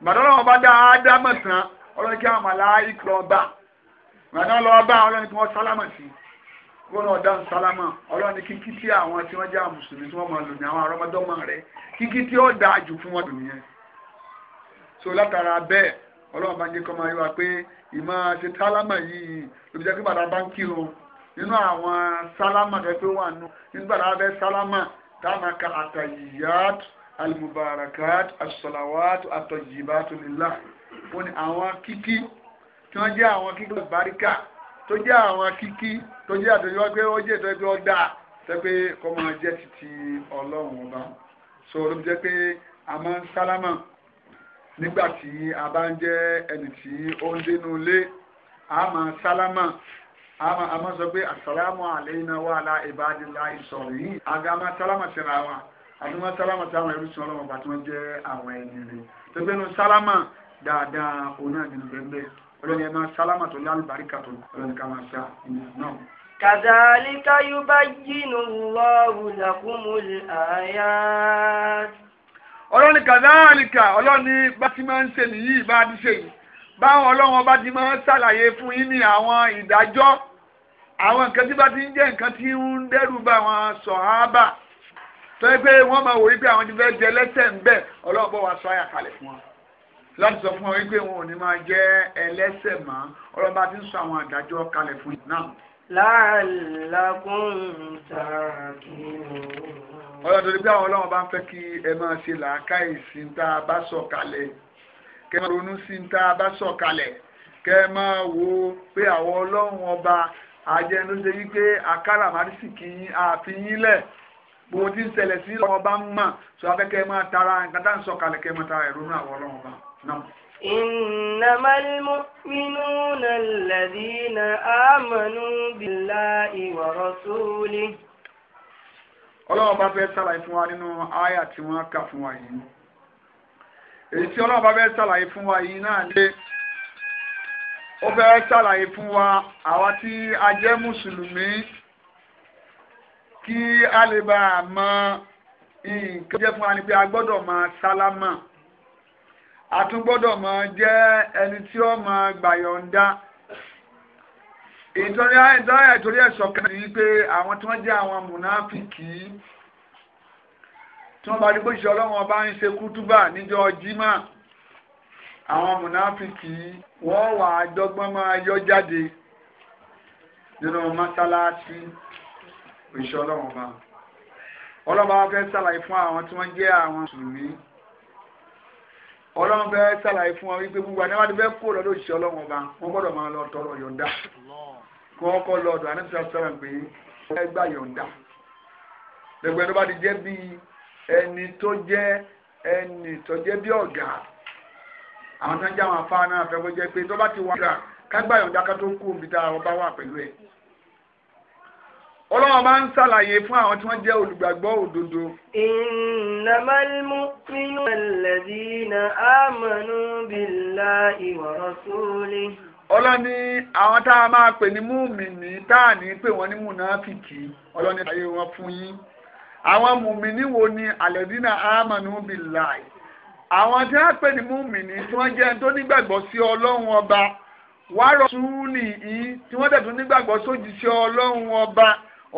ìbàdàn náà wọn bá dá ádámọ̀ tán ọlọ́ni kí àwọn màláìka lọ bá ìbàdàn lọ bá ọlọ́ni kí wọ́n sálámà sí wọn náà dáhùn sálámà ọlọ́ni kíkí tí àwọn tí wọ́n jẹ́ àwọn mùsùlùmí tí wọ́n máa lò ní àwọn arọ́mọdọ́mọ rẹ kíkí tí ó dáa jù fún wọn nìyẹn so látara bẹ́ẹ̀ ọlọ́run bá ń jẹ́ kọ́ máa yọ wa pé ìmọ̀ ṣe sálámà yìí lóbi nínú àwọn sálámà tẹ́tẹ́ wà nù nígbà tá a fẹ́ sálámà tá a máa ka àtàyíyàt almubarakat asalawat atọ̀yìbátulilá ó ní àwọn kíkí tí wọ́n jẹ́ àwọn kíkí bàríkà tó jẹ́ àwọn kíkí tó jẹ́ àtẹ̀yọ́ pé ó jẹ́ ìtọ́jú ọ̀dà tẹ́pẹ́ kọ́ máa jẹ́ títí ọlọ́run ọba so ló jẹ́ pé a máa ń sálámà nígbà tí a bá ń jẹ́ ẹni tí ó ń dénú ilé a máa sálámà àmà àmà sọ pé àsàlámù àlẹ́yìnà wà lá ìbádìlá ìsọ̀rọ̀ yìí àgàmà sálámà síra wa àdúmọ̀ sálámà sí àwọn ẹrúsìn ọlọ́wọ́ bàtí wọ́n jẹ́ àwọn ẹni rẹ̀ tẹ́gbẹ́nu sálámà dáadáa òun náà nínú bẹ́ẹ̀ ọlọ́ni ẹ máa sálámà tó lálùbáríkà tó ọlọ́ni ká máa sá ìyẹn náà. كذلك يبين الله لكم الآيات ọlọ́ni kàdáàlìkà ọlọ́ni bá ti máa ń ṣe nìyí bá ti ṣe yìí báwọn ọlọ́wọ́n bá ti máa ń ṣàlàyé fún yín ní àwọn ìdájọ́ àwọn nǹkan tí bá ti ń jẹ́ nǹkan tí ń dẹ́rù bá àwọn sọ̀hábà tó yẹ pé wọ́n máa wò wípé àwọn ti fẹ́ jẹ ẹlẹ́ṣẹ̀ ń bẹ̀ ọlọ́ọ̀bọ̀ wa sọ àyà kalẹ̀ fún wọn láti sọ fún wọn wípé wọn ò ní máa jẹ ẹlẹ́ṣẹ̀ mọ́ ọlọ́ba ti ń sọ àwọn àdájọ́ kalẹ̀ fún yìí náà. láàlákùn tààkì ọlọ́dọ̀ ni pé àwọn ọlọ́run bá ń fẹ́ kí ẹ máa ṣe làákàyè sí ń tá a bá sọ kalẹ̀ kẹ́ máa ronú sí ń tá a bá sọ kalẹ̀ kẹ́ máa wo pé àwọn ọlọ́run ọba ajẹnu ṣe wípé akáràmásìkì àfihìnlẹ̀ gbogbo tí ń ṣẹlẹ̀ sí lọ́wọ́ bá ń mà sọ abẹ́kẹ́ máa tara nǹkan tá ń sọ kalẹ̀ kẹ́ máa tara ìrònú àwọn ọlọ́run bá náà. إنما المؤمنون الذين آمنوا بالله ọlọ́run bá fún wa nínú tí wọ́n kà fún wa yìí èyí tí ọlọ́run bá fún wa yìí ó fẹ́ ṣàlàyé fún wa àwa tí a jẹ́ mùsùlùmí kí a lè bá a mọ nǹkan jẹ́ fún wa ni pé a gbọ́dọ̀ máa sálámà a tún gbọ́dọ̀ máa jẹ́ ẹni tí ó máa gbàyọ̀ǹda ìtọ́rí àìdáyà ìtọ́rí ẹ̀sọ́ kan ní pé àwọn tí wọ́n jẹ́ àwọn mùnáfìkì tí wọ́n bá rí bó ṣe ọlọ́run ọba ń ṣe kútúbà níjọ́ jimá àwọn mùnáfíkì wọ́n wà dọ́gbọ́n máa yọ jáde nínú mọ́sálásí òṣìṣẹ́ ọlọ́run bá ọlọ́run bá fẹ́ sàlàyé fún àwọn tí wọ́n jẹ́ àwọn sùnmí ọlọ́run fẹ́ sàlàyé fún wọn wípé gbogbo àná wàdí fẹ́ kó lọ́dọ̀ òṣìṣẹ́ ọlọ́run bá wọ́n gbọ́dọ̀ máa lọ tọrọ yọ̀ǹda kí wọ́n kọ́ lọ́dọ̀ àníṣe sọ̀rọ̀ pé ẹ gbà yọ̀ǹda lẹ́gbẹ̀ẹ́ tó bá ti jẹ́ bí ẹni tó jẹ́ ẹni tó jẹ́ bí ọ̀gá àwọn tó ń jẹ́ àwọn afá náà fẹ́ kó jẹ́ pé tó bá ti wà rà kágbà yọ̀ǹda ká tó ń kú omi tá wà pẹ̀lú ẹ̀. Ọlọ́run bá ń ṣàlàyé fún àwọn tí wọ́n jẹ́ olùgbàgbọ́ òdodo. Innamal mu'minuna alladhina amanu billahi wa rasulihi. Ọlọ́ni àwọn tá a máa pè ní múmìnì tá à ní pè wọ́n ní múnáfìkì ọlọ́ni ayé wọn fún yín. Àwọn múmìnì wo ni alladhina amanu billahi? àwọn tí wọ́n pè ní múmìnì tí wọ́n jẹ́ tó nígbàgbọ́ sí ọlọ́run ọba wárọ̀ súnì yìí tí wọ́n dẹ̀ tún sójì sí ọlọ́run ọba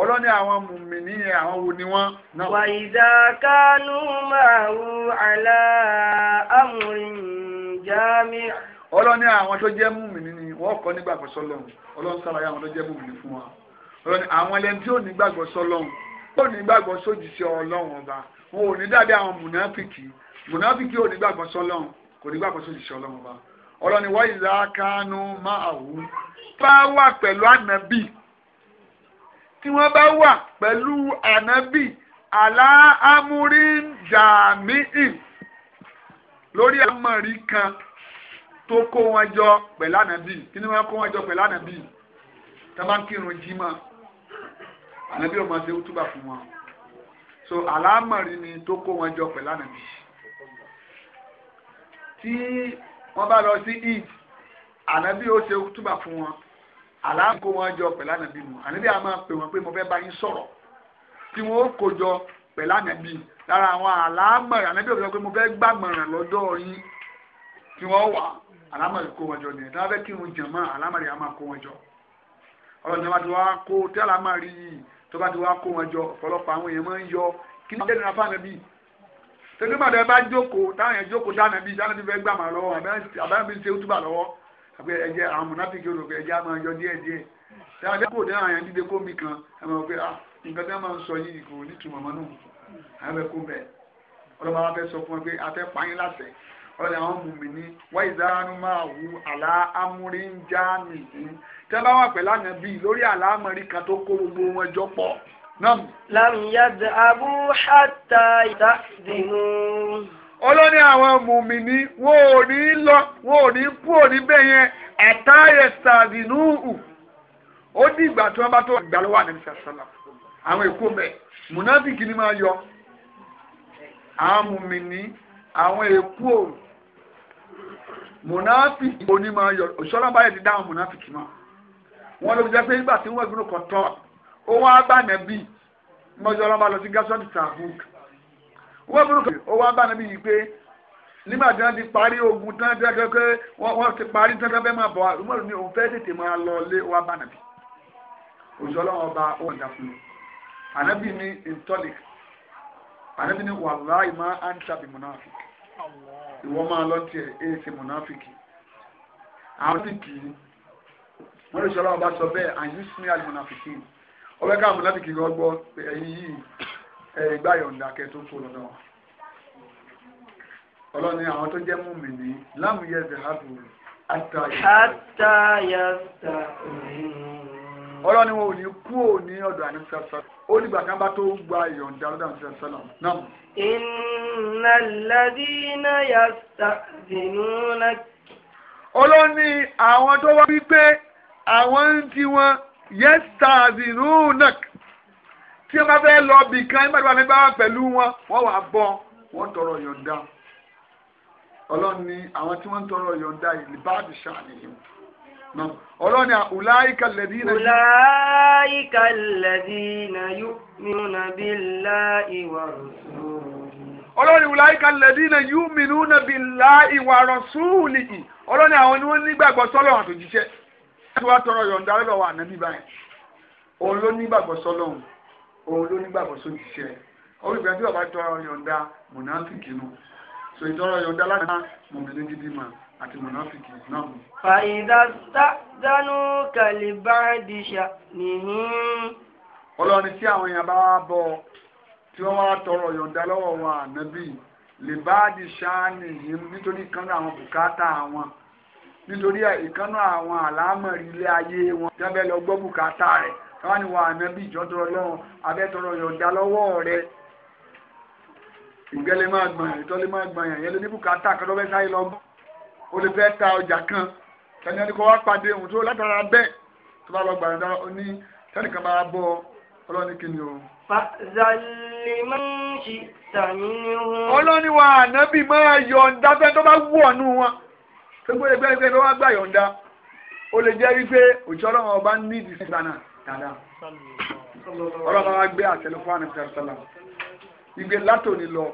ọlọ́ni àwọn mùmìnì yẹn àwọn wo ni wọ́n. wà ìdá kánú máa wù àlá amúrin jámi. ọlọ́ni àwọn tó jẹ́ mùmìnì ni wọ́n kọ́ nígbàgbọ́ sọlọ́run ọlọ́run sàlàyé àwọn tó jẹ́ mùmìnì fún wa ọlọ́ni àwọn ẹlẹ́ni tí ò nígbàgbọ́ sọlọ́run tó nígbàgbọ́ sójì sí ọlọ́run ọba wọn ò ní dàbí àwọn mùnáfìkì mùnàfíkì ò nígbàgbọ́ sọ́lọ́run kò nígbàgbọ́ sódì sọ́lọ́run ọba ọ̀rọ̀ ni wọ́n ìlà kánú máa wù bá wà pẹ̀lú ànábì tí wọ́n bá wà pẹ̀lú ànábì àlá amúrin jàmíì lórí àmọ̀rí kan tó kó wọn jọ pẹ̀lú ànábì kí ni wọ́n kó wọn jọ pẹ̀lú ànábì tá ń kírun jímọ̀ ànábì ò máa túbà fún wọn so àlámọ̀rí ni tó kó wọn jọ pẹ̀lú ànábì tí wọ́n bá lọ sí eid ànábì ó ṣe túbà fún wọn àlàáfíà kó wọn jọ pẹ̀lú ànábì mu ànábì á máa pè wọ́n pé mo fẹ́ bá yín sọ̀rọ̀ tí wọ́n ó kó jọ pẹ̀lú ànábì lára àwọn àlámọ̀ràn ànábì ó sọ pé mo fẹ́ gbàmọ̀ràn lọ́dọ̀ yín tí wọ́n wà àlámọ̀ràn kó wọn jọ nìyẹn tí wọ́n fẹ́ kí wọn jẹ̀ mọ́ àlámọ̀ràn á kó wọn jọ ọlọ́run bá ti wá kó tí àlámọ̀ràn yìí tó bá ti wá kó wọn jọ ọ̀pọ̀lọpọ̀ àwọn èèyàn máa ń yọ kí ní tẹ́lẹ̀ bàtà bá jókòó táwọn yẹn jókòó sáà nàbí sáà nàbí fẹ́ gbà máa lọ́wọ́ àbẹ́rẹ́ mi ṣe ó túbà lọ́wọ́ àbẹ́ ẹ̀jẹ̀ àwọn mọ̀nàfíkì olùkọ́ ẹ̀jẹ̀ àmọ́ ọjọ́ díẹ̀ díẹ̀ táwọn yẹn kò dé àwọn yẹn dídé kómi kan ẹ̀ mọ̀ pé ah nǹkan tí wọ́n máa ń sọ yìí kò ní tùmọ̀ mọ́ àwọn ẹ̀kọ́ bẹ̀ ọlọ́mọ wa fẹ́ sọ fún wọn pé a fẹ́ pààyàn láṣẹ ọlọ́dẹ àwọn mùmíní wọ́n ìdánù máa wù àlá amúrínjá nìyí tẹ́ bá wà pẹ̀lú ànábì lórí àlámọ̀rí kan tó kó gbogbo wọn jọ pọ̀ náà. lam yad'abu hat tàdínú. olórí àwọn mùmìnì wọn ò ní lọ wọn ò ní kú òní bẹ́ẹ̀ yẹn àtàyè tàdínú hù ó ní ìgbà tí wọ́n bá tó gbà lọ́wọ́ àdébísà sọ́lá àwọn èkó mẹ́ mùnáfíkì ni máa yọ àwọn mùmìnì àwọn èkó mùnáfíkì òní máa yọ òṣọ́lá báyẹ̀ ti dá àwọn mùnáfíkì máa wọ́n ló fi jẹ́ pé nígbà tí wọ́n gbọ́dọ̀ kọ̀ tọ́ ó wá bá nẹ́bí wọ́n burúkú o wá bá nàbí yìí pé nígbà tí wọ́n ti parí ogun tán tí wọ́n pé wọ́n ti parí tán fẹ́ máa bọ̀ àrùmọ́ ní òun fẹ́ tètè máa lọ lé wá bá nàbí òṣù ọlọ́run ọba ó wọ̀n dàkú ànábì ní intolic ànábì ní wàláì má antabi monafik ìwọ máa lọ tiẹ̀ èyí ti monafiki àwọn ti kì í wọ́n lè ṣọlọ́run ọba sọ bẹ́ẹ̀ and you smell monafiki ọbẹ̀ ẹgbà yọ̀ǹda kẹ tó kó lọ́dọ̀ ọlọ́ni àwọn tó jẹ́ múmi ní lámúyẹ zahabu àtàyàtà ọlọ́ni wọn ò ní kú ò ní ọ̀dọ̀ àníṣà ó nígbà kan bá tó gba yọ̀ǹda lọ́dọ̀ àníṣà sọ́dọ̀ náà. inna alladhina yasta'dhinunaka. ọlọ́ni àwọn tó wá wípé àwọn ń tiwọn yasta'dhinunaka tí wọ́n bá fẹ́ lọ bì kan nígbà tí wọ́n bá wà pẹ̀lú wọn wọ́n wà bọ́ wọ́n tọrọ yọ̀ǹda ọlọ́run ni àwọn tí wọ́n ń tọrọ yọ̀ǹda yìí bá ti ṣàníyàn náà ọlọ́run ni ulaika alladhina. ulaika alladhina yu'minuna billahi wa rasulihi. ọlọ́run ulaika alladhina yu'minuna billahi wa rasulihi ọlọ́run ni àwọn ni wọ́n nígbàgbọ́ sọ́lọ́ àtòjíṣẹ́ tí wọ́n tọrọ yọ̀ǹda lọ́wọ́ ànábì báyìí òun ló nígbàgbọ́ sọ́lọ́run òun ló nígbàgbọ́ sójú iṣẹ́ ọwọ́ ìgbà tí bàbá tọrọ yọ̀ǹda mùnáfìkì nù so ìtọrọ yọ̀ǹda lánàá mọ̀mìnì gidi mà àti mùnáfìkì náà mú. dánú kàlí báńdì ṣá ọlọ́run tí àwọn èèyàn bá bọ̀ tí wọ́n wá tọrọ yọ̀ǹda lọ́wọ́ wa ànábì lè bá di ṣáá nítorí kan náà àwọn bùkátà wọn nítorí ìkànnà àwọn àlámọ̀ ilé ayé wọn jábẹ́ lọ gbọ́ bùkátà rẹ̀ káwá ni wà ànábì ìjọ́tọ̀ ọlọ́run abẹ́tọ̀rọ̀ yọ̀ǹda lọ́wọ́ rẹ ìgbẹ́lẹ́ máa gbọ̀n yàn ìtọ́lẹ́ máa gbọ̀n yàn yẹn lé ní bùkátà kan lọ́fẹ́ sáyé lọ bọ́ ó lè fẹ́ ta ọjà kan tẹ̀lé ẹni kó wá pàdé òun tó látara bẹ́ẹ̀ tó bá lọ gbàdá dára ó ní tẹ́lẹ̀ kan máa bọ́ ọlọ́ni kí ni o. ọlọ́ni wa ànábì máa yọ̀ǹda fẹ́ tó bá wù ọ̀nù wọn tó gbọ́dọ̀ gbẹ́gbẹ́ tó wá gbà yọ̀ǹda ó lè jẹ́ wípé òjò ọlọ́run ọba ní ìdìsí dáadáa ọlọ́ba wa gbé àtẹlẹ fún àná sẹ́rẹ́ sọ́la ìgbé látòní lọ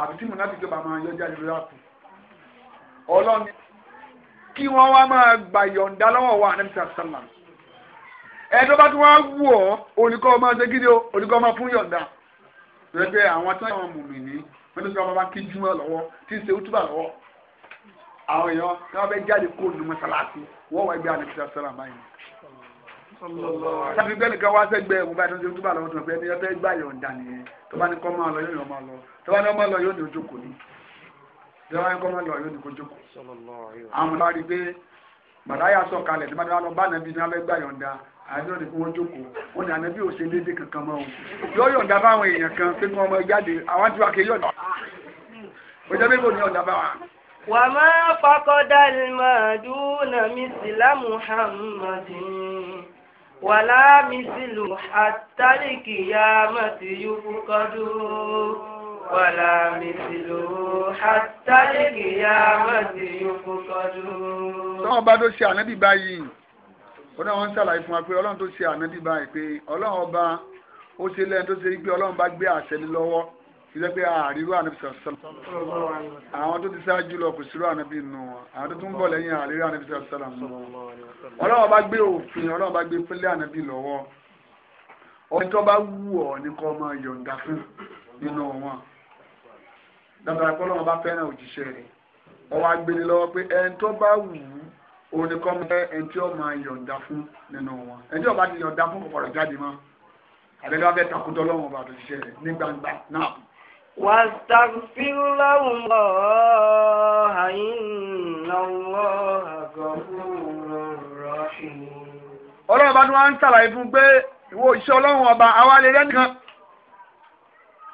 àbí tí mùnàfi tó bá máa yọjú àdúrà àpò ọlọ́ni kí wọ́n wá máa gbà yọ̀ǹda lọ́wọ́ wa àná sẹ́rẹ́ sọ́la ẹ̀ẹ́dọ́ bá tún wá wù ọ́ olùkọ́ ọmọ ṣe gidi o olùkọ́ ọmọ fún yọ̀ǹda lẹ́gbẹ́ àwọn tí wọ́n mú mi ní wọ́n ní sọ wọn bá kí júmọ́ lọ́wọ́ tí ń ṣe útúbà lọ́wọ́ àwọn èèyàn tí wọ́n bẹ jáde kó nu mọ́sálásí wọ́n wá ẹgbẹ́ àná sẹ́rẹ́ báyìí tàbí gbẹ́ni kan wá sẹ́gbẹ́ ẹ̀mú báyìí tó ń ṣe túbà tó ń pẹ́ ẹni ọtẹ́ gbà yọ̀ ǹda nìyẹn tó bá ní kọ́ máa lọ yóò ní ọmọ lọ tó bá ní ọmọ lọ yóò ní ojú kò ní tó bá ní kọ́ máa lọ yóò ní ojú kò. àwọn ọmọ rí pé màdáyà sọ kalẹ̀ tó bá ní wọn lọ bá nàbí ní alẹ́ gbà yọ̀ ǹda àti wọn ni kí wọ́n jókòó wọn ni ànàbí ò ṣe déédé kankan mọ́ o yóò yọ̀ǹda fáwọn èèyàn kan pé kí wọ́n mọ jáde àwọn tí wàá kì í yọ̀ǹda òjò bí kò ní yọ̀ǹda fáwọn. wàá máa fakọ́dá ìmọ̀ àdúrà mísìlá muhammadin wàlá mísìlù àtàlìkì ya mọ̀tí yúkú kọ́dú wàlá mísìlù àtàlìkì ya mọ̀tí yúkú kọ́dú. sọ́wọ́n bá tó ṣe ànábì báyìí wọ́n náà wọ́n ń ṣàlàyé fún wa pé ọlọ́run tó ṣe ànábì báyìí pé ọlọ́run ọba ó ṣe lẹ́yìn tó ṣe rí pé ọlọ́run bá gbé àṣẹ lé lọ́wọ́ sílẹ̀ pé àríwá ànábì sàlám àwọn tó ti ṣáájú lọ kò sírò ànábì nù wọn àwọn tó tún bọ̀ lẹ́yìn àríwá ànábì sàlám nù wọn ọlọ́wọ́ bá gbé òfin ọlọ́wọ́ bá gbé pélé ànábì lọ́wọ́ ọ̀hún tó bá wù ọ́ ní kọ́ máa yọ̀ǹda fún nínú wọn dàbàrà pé ọlọ́wọ́ bá fẹ́ràn òjíṣẹ́ rẹ̀ ọwọ́ agbélé lọ́wọ́ pé ẹni tó bá wù ú òun ni kọ́ mọ́ ẹni tí ó máa واستغفر لهم الله إن الله غفور رحيم ọlọ́run bá ní wọ́n ń ṣàlàyé fún pé ìwọ iṣẹ́ ọlọ́run ọba àwa alẹ́rẹ́ nìkan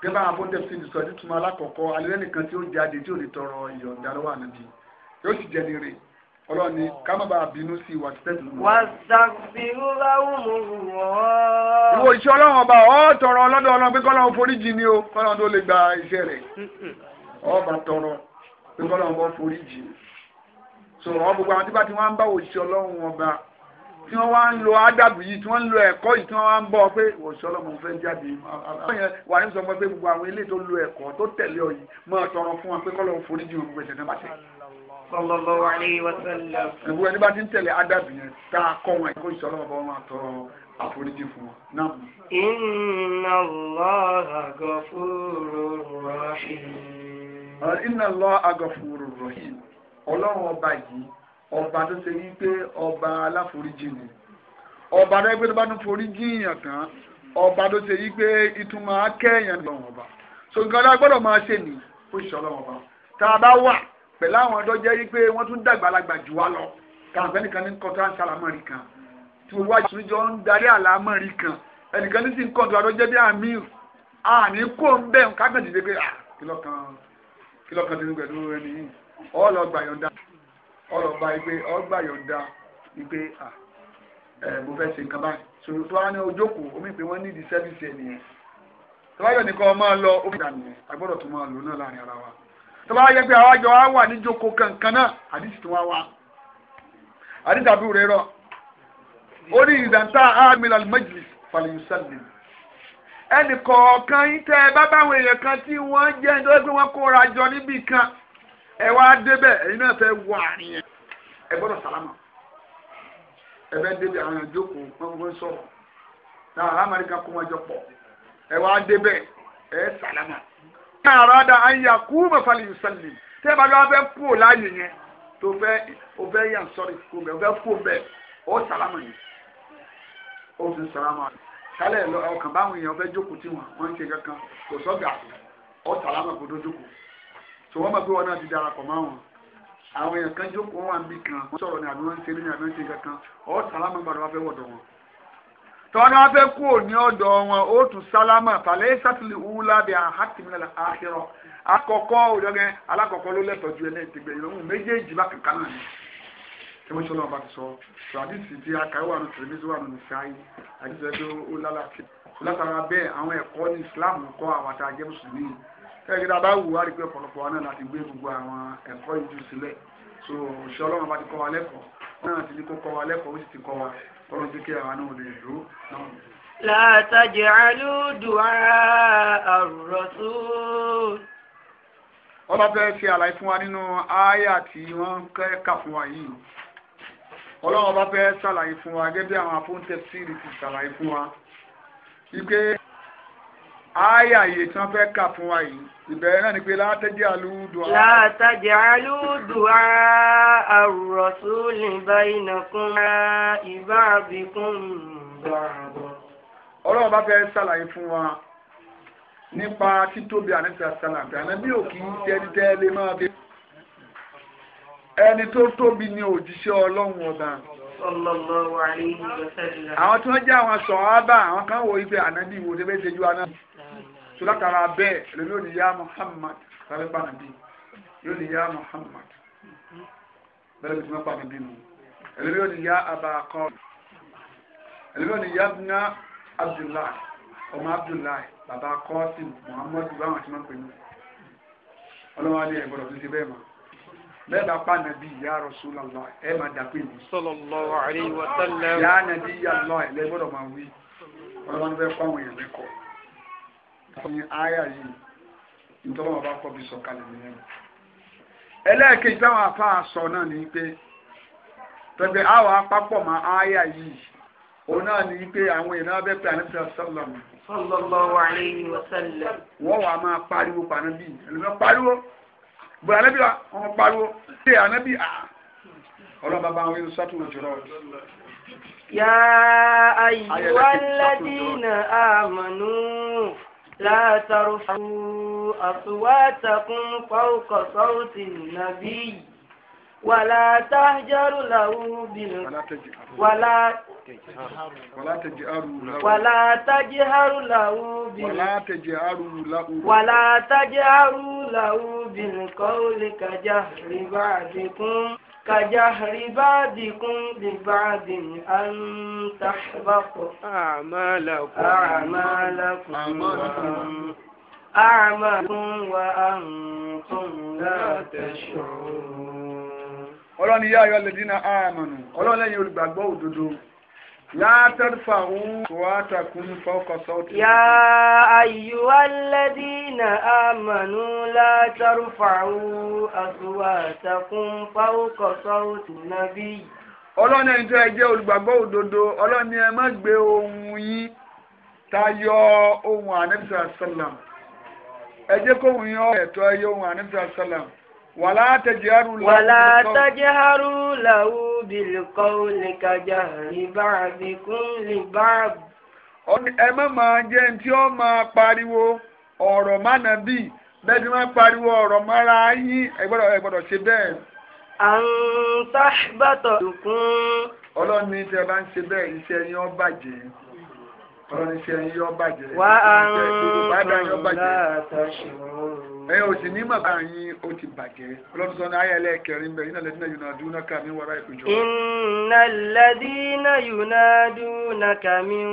gẹ́gẹ́ bá àwọn abóńdẹ̀ sí ìdìsọ́ ìdìtúmọ̀ alákọ̀ọ́kọ́ alẹ́rẹ́ nìkan tí ó jáde tí ò ní tọrọ ìyọ̀ǹda lọ́wọ́ ànábì yóò sì jẹ́ ní rè é ọlọ́run ni ká má bàa bínú sí wà tẹ́tù. wà sàbírú ráhùn mú wọ́. ìwọ ọlọ́run ọba ọ̀ tọrọ ọlọ́dọ̀ ọlọ́run pé kọ́lọ́run foríjì ni o kọ́lọ́run tó lè gba iṣẹ́ rẹ̀ ọba tọrọ pé kọ́lọ́run bọ́ foríjì sọ̀rọ̀ wọn gbogbo àwọn tí bá ti wá ń bá òṣìṣẹ́ ọlọ́run ọba tí wọ́n wá ń lo ádàbù yìí tí wọ́n ń lo ẹ̀kọ́ yìí tí wọ́n wá ń bọ́ pé òṣìṣẹ́ ọlọ́run fẹ́ jáde àwọn yẹn wà ní sọ pé gbogbo àwọn ilé tó lo ẹ̀kọ́ tó tẹ̀lé ọ yìí mọ́ ọ fún wọn pé kọ́lọ́run foríjì wọn gbogbo ẹ̀ṣẹ̀ náà bá sallallahu ẹni bá ti ń tẹ̀lé ádàbì yẹn kọ́ wọn tọrọ àforíjì fún wọn náà. inna Allaha ghafurur rahim. inna Allaha ghafurur ọba yìí ọba tó ṣe wípé ọba aláforíjì ọba tó bá foríjì yàn ọba tó ṣe ìtumọ̀ akẹ́yàn ni ọba máa ṣe ní pẹ̀lú àwọn ọ̀dọ́ jẹ́ wípé wọ́n tún dàgbàlagbà jù wá lọ kàǹfẹ́ nìkan ní kọ́ńtà ń sàlámọ́rì kan tí gbogbo àjùmọ̀ jọ ń darí àlámọ́rì kan ẹnìkan ní sì ń kọ́ńtà ọ̀dọ́ jẹ́ bí àmì àní kò ń bẹ̀ ń kágbọ̀n dìde pé kìlọ̀kan ti ní pẹ̀lú ẹni yìí ọ̀ọ́lọ́ gbà yọ̀ǹda ọ̀rọ̀ gba ìgbé ọgbà yọ̀ǹda ìgbé mo fẹ́ ṣe nǹkan báyìí sọ̀rọ̀ tó wá ní ojókòó omi pé wọ́n nídìí sẹ́fíìsì ẹ̀ nìyẹn tọ́wáyọ̀ nìkan máa lọ omi ìgbà nìyẹn agbọ́dọ̀ tó máa lò náà láàrin ara wa tó bá yẹ pé àwọn àjọ wa wà ní joko kankan náà àdìsí tí wọ́n wá àdìsí àbí rẹ̀ rọ̀ ó ní ìdántà àmìlà majlis falyusallim ẹnì kọ̀ọ̀kan yín tẹ́ ẹ bá báwọn èèyàn kan tí wọ́n jẹ́ ẹni tó yẹ pé wọ́n kóra jọ níbì kan ẹ wá débẹ̀ ẹ̀yin náà fẹ́ wọ àárín ẹ gbọ́dọ̀ sálámà ẹ fẹ́ débẹ̀ àwọn èèyàn jókòó wọ́n fẹ́ náà alámàrí kan kó wọn jọ pọ̀ ẹ wá débẹ̀ ẹ sálámà ká àràdà àyà kú mọ̀fàlì ìsàlì tí ẹ bá lọ́wọ́ fẹ́ kú ò láàyè yẹn tó fẹ́ o fẹ́ yàn sọ́rí kú bẹ́ẹ̀ o fẹ́ kú bẹ́ẹ̀ o sàlámà yẹn o sì sàlámà kálẹ̀ lọ ọkàn báwọn èèyàn fẹ́ jókòó tí wọn wọ́n ń ṣe kankan kò sọ́gà o sàlámà kò tó jókòó tó wọ́n mọ̀ pé wọn náà ti darapọ̀ mọ́ wọn àwọn èèyàn kan jókòó wọn wà kan wọ́n sọ̀rọ̀ ní àbí wọ́n ń ṣe kankan o sàlámà gbàdúrà fẹ́ wọ̀dọ̀ wọn tọ́ni wọn fẹ́ kú ní ọ̀dọ̀ wọn ó tún sálámà fàlẹ́ sátìlì wúlá bí àhàtìmílẹ̀ àhìrọ̀ àkọ́kọ́ òdọ́gẹ́ alákọ̀ọ́kọ́ ló lẹ́tọ̀ọ́ ju ẹlẹ́ẹ̀tẹ̀gbẹ̀ ìrọ̀hún méjèèjì bá kankan náà tí wọ́n ṣọlọ́ ọba ti sọ ṣàdísì tí akáwé wà ní tìrìmísì wà ní sáyé àdísì ẹgbẹ́ ó lálàkì látara bẹ́ẹ̀ àwọn ẹ̀kọ́ ní Islam kọ́ àwàtà ajẹ́ mùsùlùmí kẹ́kẹ́ tá a bá wù wá rí pé ọ̀pọ̀lọpọ̀ wa náà láti gbé gbogbo àwọn ẹ̀kọ́ yìí jù sílẹ̀ so ṣọlọ́ ọba ti kọ́ wa lẹ́kọ̀ọ́ La ti ní kó kọ́ wa lẹ́kọ̀ọ́ ó sì ti kọ́ wa ọlọ́run jẹ́ kí àwọn náà lè àlàyé fún wa nínú àyà tí wọ́n kẹ́ka fún wa yìí ọlọ́run bá fẹ́ ṣàlàyé fún wa gẹ́gẹ́ bí àwọn afóńtẹ́sírì ti ṣàlàyé fún wa wípé àyà yìí tí wọ́n fẹ́ kà fún wa yìí ìbẹ̀rẹ̀ náà ni pé látẹ́jẹ́ àlúdù á. látẹ́jẹ́ àlúdù á ar ìbáàbíkún bàbọ̀. ọlọ́run bá fẹ́ ṣàlàyé fún wa nípa títóbi àníta sàlàǹtà ànábì ò kì í ṣe máa bẹ. ẹni tó tóbi ni òjíṣẹ́ ọlọ́run ọba. sallallahu alaihi wasallam. àwọn tí wọ́n jẹ́ àwọn sọ̀hábà àwọn kan wò ibi ànábì wò débẹ́ ṣe ju ànábì sọlátara bẹ́ẹ̀ lónìí òní yá Muhammad sábẹ́ pàmìbí yóò ní yá Muhammad bẹ́ẹ̀ bí wọ́n pàmìbí mu ẹlẹ́bí òní yá abakọ́ ẹlẹ́bí òní yá bíná Abdullahi ọmọ Abdullahi bàbá kọ́sìn Muhammad báwọn àti máa ń pè ní ọlọ́wọ́n á ní ẹ̀gbọ́dọ̀ tó ti bẹ́ẹ̀ mọ́ bẹ́ẹ̀bà ya Rasulullah ẹ máa dàpé mi. sallallahu alaihi wa ya nàbí ya lọ ẹ lẹ́gbọ́dọ̀ máa wí ọlọ́run bẹ́ẹ̀ fáwọn èèyàn mẹ́kọ̀ọ́ ní àyà yìí ìtọ́lọ́wọ́ bá kọ́ bí sọ̀kalẹ̀ nìyẹn. ẹlẹ́ẹ̀kejì táwọn afá sọ náà ni pé pẹ̀pẹ̀ àwọn apapọ̀ mọ́ àyà yìí òun náà ni pé àwọn èèyàn abẹ́ pé àníbi sọ́lọ̀ mi. sallallahu alayhi wa sallam. wọ́n wàá máa pariwo pànábì ẹ̀lùmọ́ pariwo bọ̀ ànábì wọn pariwo ṣé ànábì à ọlọ́ba bá wọn yóò sátúmọ̀ jùlọ. ya ayyuhalladhina amanu. لا ترفعوا أصواتكم فوق صوت النبي ولا تهجروا له بال ولا ولا تجهروا له ولا تجهروا له بال ولا تجهروا له ولا تجهروا له بالقول كجهر بعضكم كجهر بعضكم لبعض أن تحبط أعمالكم أعمالكم أعمالكم وأنتم لا تشعرون. ọlọ́ni yá ayọ́ lẹ́dínà àmánù ọlọ́ni lẹ́yìn olùgbàgbọ́ òdodo. لا ترفعوا أصواتكم فوق صوت يا أيها الذين آمنوا لا ترفعوا أصواتكم فوق صوت النبي ọlọ́ni ẹni tó ẹ jẹ́ olùgbàgbọ́ òdodo ọlọ́ni ẹ má gbé ohùn yín tayọ ohùn àníbísà sálàm ẹ jẹ́ kóhùn yín ọ̀rọ̀ ẹ̀tọ́ ẹyẹ ohùn àníbísà sálàm ولا تجهروا له ولا تجهروا له بالقول كجهر بعضكم لبعض ẹ má máa jẹ́ ẹni tí ó máa pariwo ọ̀rọ̀ mánà bí bẹ́ẹ̀ tí wọ́n pariwo ọ̀rọ̀ mọ́ra yín ẹ gbọ́dọ̀ ẹ gbọ́dọ̀ ṣe bẹ́ẹ̀. àrùn tábàtọ̀ lùkún. ọlọ́run ní tí ẹ bá ń ṣe bẹ́ẹ̀ iṣẹ́ yín ó bàjẹ́ ọlọ́run iṣẹ́ yín ó bàjẹ́. wà á ń tún láàtà ṣòro. ẹ ò sì ní màbá yín ó ti bàjẹ́ ọlọ́run sọ ní ayé ẹlẹ́ẹ̀kẹrin bẹ́ẹ̀ iná lẹ́dínà yunadunaka min wara'i hujurat. iná lẹ́dínà yunadunaka min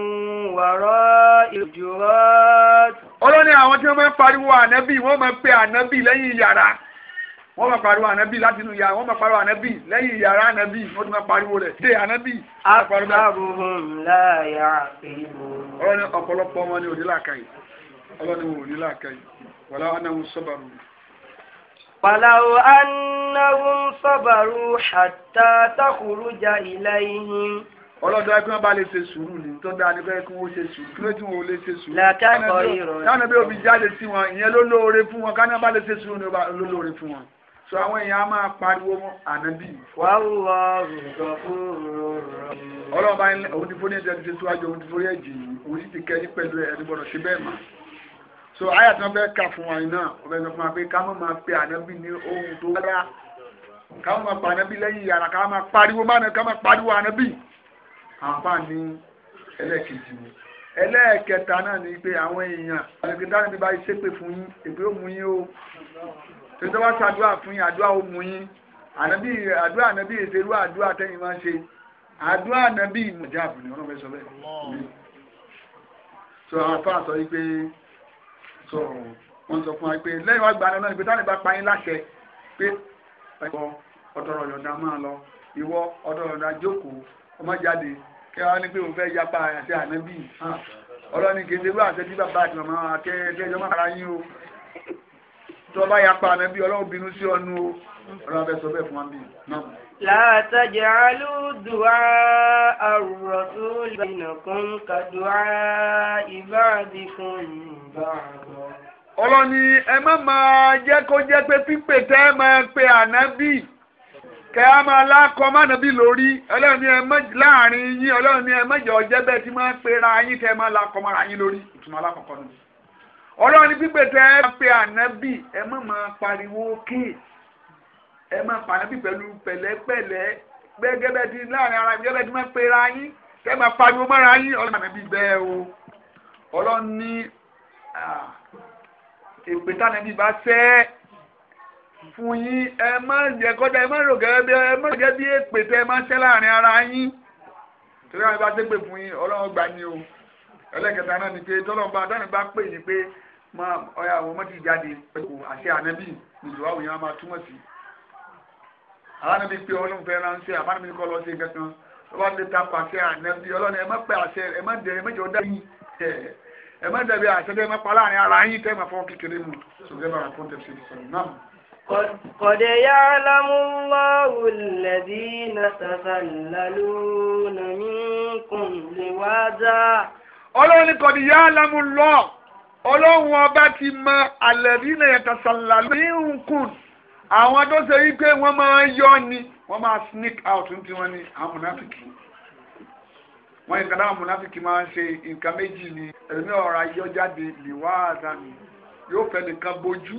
wara'i hujurat. ọlọ́ni àwọn tí wọ́n máa ń pariwo ànábì wọ́n máa ń pe ànábì lẹ́yìn yàrá wọ́n máa pariwo ànábì láti inú yàrá wọ́n máa pariwo ànábì lẹ́yìn yàrá ànábì wọ́n ti máa pariwo ولو أنهم صبروا ولو أنهم صبروا حتى تخرج إليهم ọlọ́dọ̀ ẹgbẹ́ bá lè ṣe sùúrù ní tó dáa ní bẹ́ẹ̀ kí wọ́n ṣe sùúrù kí ló tí wọn lè ṣe sùúrù. làkàkọ ìrọ̀lẹ́. káwọn ẹbí òbí jáde sí wọn ìyẹn ló lóore fún wọn káwọn bá lè ṣe sùúrù ní ló lóore fún wọn. sọ àwọn èèyàn á máa pariwo ànábì. wàhùwà ọlọ́ọ̀bá òun ti fóní ẹ̀jẹ̀ ti so àyà tí wọ́n fẹ́ kà fún wa yìí náà wọ́n fẹ́ sọ fún wa pé ká má máa pe ànábì ní ohun tó rárá ká má máa pa ànábì lẹ́yìn yàrá ká máa pariwo má ká máa pariwo ànábì àǹfààní ẹlẹ́ẹ̀kejì ni ẹlẹ́ẹ̀kẹta náà ni pé àwọn èèyàn àlèkìtà níbi bá iṣẹ́ pé fún yín èpè ó mú yín o tètè wá ṣàdúrà fún yín àdúrà ó mú yín ànábì àdúrà ànábì ètèrú àdúrà tẹ́yìn máa ṣe àdúrà ànábì ìmọ̀jáàbù ni wọ́n fẹ́ sọ bẹ́ẹ̀ so àwọn afáà yìí pé so wọ́n sọ fún wa pé lẹ́yìn wá gbani náà ìgbésẹ̀ àlebá pa yín láṣẹ pé ìwọ ọ̀dọ̀rọ̀ yọ̀ǹda máa lọ ìwọ ọ̀dọ̀rọ̀ yọ̀ǹda jókòó ọmọ jáde kí wọ́n ní pé òun fẹ́ yapa àti ànábì ah, ọlọ́ni kì í ṣe bí àṣẹ bí bàbá àti màmá akẹ́kẹ́ ẹjọ́ máa ra yín o tó bá yapa ànábì ọlọ́run bínú sí ọnu o ọlọ́run fẹ́ sọ bẹ́ẹ̀ fún wa bí náà. لا تجعلوا دعاء الرسول بينكم كدعاء بعضكم بعضا ọlọ́ni ẹ má máa jẹ́ kó jẹ́ pé pípè tẹ́ ẹ máa pe ànábì kẹ́ ẹ máa lákọ mánàbí lórí ọlọ́ni ẹ má láàrin yín ọlọ́ni ẹ má jẹ́ ọjẹ́ bẹ́ẹ̀ tí máa ń pera yín tẹ́ ẹ máa lákọ mára yín lórí ìtumọ̀ alákọ̀ọ́kọ́ nù ọlọ́ni pípè tẹ́ ẹ máa pe ànábì ẹ má máa pariwo kéè ẹ máa pa ànábì pẹ̀lú pẹ̀lẹ́pẹ̀lẹ́ gbẹ́gẹ́bẹ́ di láàrin ara ìjọba ẹni máa ń pera yín kẹ́ máa pariwo mọ́ra yín ọlọ́run ànábì bẹ́ẹ̀ o ọlọ́run ní èpè tánàbì bá sẹ́ fún yín ẹ má jẹ kọ́dà ẹ má rò gẹ́gẹ́ bí ẹ má rò gẹ́gẹ́ bí èpè tẹ́ ẹ má sẹ́ láàrin ara yín torí àwọn ìbá tẹ́gbẹ̀ fún yín ọlọ́run gbà ní o ẹlẹ́kẹta náà ni pé tọ́lọ́ba tánàbà pè yín pé ọyà àwọn ọmọ ti jáde pẹ̀lú àṣẹ ànábì nìjọba òyìnbó máa túmọ̀ sí i àwọn ànábì pé ọlọ́run fẹ́ ránṣẹ́ àwọn ànábì kọ́ lọ sí nǹkan kan wọ́n lè ta pàṣẹ ànábì ọlọ́run ẹ má pẹ́ àṣẹ ẹ má dẹ̀ ẹ má jẹ́ dá yín ẹ má dẹ̀ àṣẹ dẹ́ ẹ má pa láàrin ara yín tẹ́ ẹ má fọ́ kékeré mu ṣùgbọ́n bàbá fún tẹ̀sí sọ̀rọ̀ náà. قد يعلم الله الذين تسللون منكم لواذا ọlọ́run ní kọ́ni yá lámú lọ ọlọ́run ọba ti mọ àwọn tó ṣe yí pé wọ́n máa yọ ni wọ́n máa sneak out ní tiwọn ni àwọn mùnáfìkì wọ́n yìí kàdá àwọn mùnáfìkì máa ń ṣe nǹkan méjì ni ẹ̀mí ọ̀rọ̀ ayọ́jáde lè wá àdánù yóò fẹ́ nìkan bójú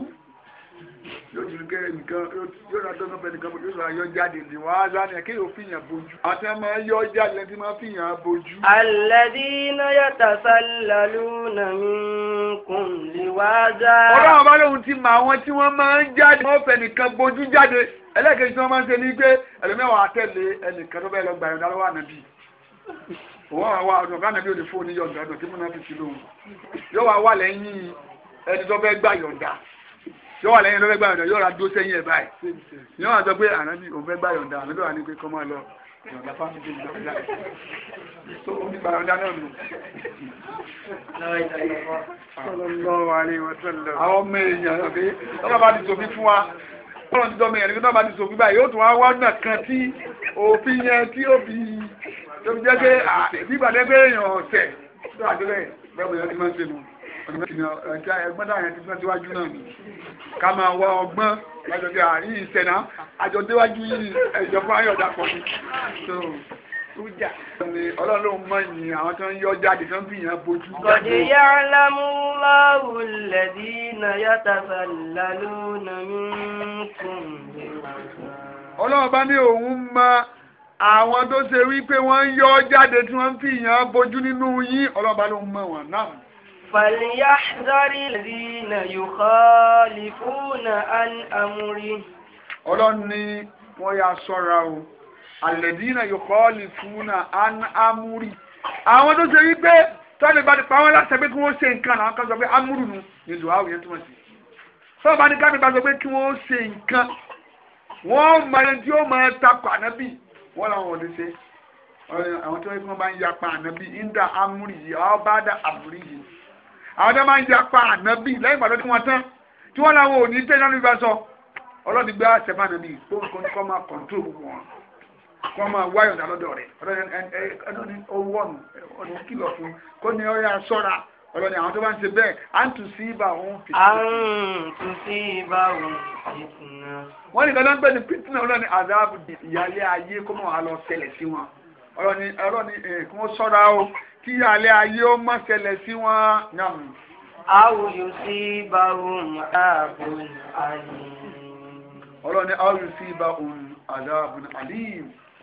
yóò ti kẹ́ nǹkan yóò ra dọ́nà bẹ́ẹ̀ nìkan yóò sọ ayọ́ jáde ní wàá lánàá kí yóò fi yàn bojú. àti ẹ̀ máa yọ jáde ẹ̀ tí máa fi yàn bojú. alladhina yatasallaluna minkum liwaza. ọ̀rọ̀ àwọn ọmọlẹ́hùn ti mọ àwọn tí wọ́n máa ń jáde. wọ́n fẹ́ nìkan bojú jáde ẹlẹ́ẹ̀kejì tí máa ń ṣe ní pé ẹlòmẹ́wàá tẹ̀lé ẹnìkan tó bẹ́ẹ̀ lọ gbà yọ̀ǹda lọ́wọ́ yóò wà lẹ́yìn ló fẹ́ gbà yọ̀ǹda yóò ra dó sẹ́yìn ẹ̀ báyìí yóò wà sọ pé ànábì òun fẹ́ gbà yọ̀ǹda ànábì wà ní pé kọ́ máa lọ yọ̀ǹda fámìlì yọ̀ǹda tó omi gbà yọ̀ǹda náà nù. sallallahu alaihi wasallam. àwọn ọmọ èèyàn ọ̀bẹ tọ́lá bá ti sòfin fún wa tọ́lá ti sọmọ èèyàn tọ́lá bá ti sòfin báyìí yóò tún wá wá náà kan tí òfin yẹn tí ó fi tó fi jẹ́ pé bí ìgbà ẹgbọ́n dáhùn ti fẹ́ síwájú náà ká máa wá ọgbọ́n lájọ́ bí àárín ìṣẹ̀nà àjọ déwájú yìí ẹ̀jọ̀ fún ayọ̀dà pọ̀ ní. Ọlọ́run mọ̀ yìí àwọn tó ń yọ jáde tó ń bìyàn bojú. Kọ̀dé yá lámú láwù lẹ̀dí náà yàtà fàlà lónà mí kùn. Ọlọ́run bá ní òun máa àwọn tó ṣe wípé wọ́n ń yọ jáde tí wọ́n ń fi ìyàn bojú nínú yín ọlọ́ba ló ń mọ̀ wọ́n náà. فليحذر الَّذِينَ يُخَالِفُونَ عن أمره ọlọ́run ní wọ́n yà sọ́ra o àlẹ́dínà yòókọ́ọ́lì fúnà amúrì àwọn tó ṣe wípé tọ́lẹ̀ bá ti pa wọ́n láṣẹ pé kí wọ́n ṣe nǹkan làwọn kan sọ pé amúrù nu ni dùhàwù yẹn túmọ̀ sí tọ́lẹ̀ bá ní káàmì bá sọ pé kí wọ́n ṣe nǹkan wọ́n mọ tí ó mọ takọ ànábì wọ́n làwọn ò lè ṣe àwọn tí wọ́n bá ń yapa ànábì ń da amúrì yìí ọ̀ bá da àmúrì yìí àwọn tó máa ń yapa ànábì lẹ́yìn ìgbà tó ti tán tí wọ́n làwọn ò ní tẹ́lẹ̀ náà nígbà sọ ọlọ́ọ̀dì gbé àṣẹ ànábì tó ń kọ́ máa kọ̀ǹtò gbogbo wọn kọ́ máa wáyọ̀ dá lọ́dọ̀ rẹ̀ ọlọ́ọ̀ni owó ọ̀nà kìlọ̀ fún kó ní ọ̀yà sọ́ra ọlọ́ni àwọn tó bá ń ṣe bẹ́ẹ̀ à ń tún sí ibà òun fìtínà. à ń tún sí ibà òun fìtínà. wọ́n ní kí alẹ́ ayé ó má ṣẹlẹ̀ sí wọn náà. àwòyò sí ibà òun ààbùn àlìm. ọlọ́run ní àwòyò sí ibà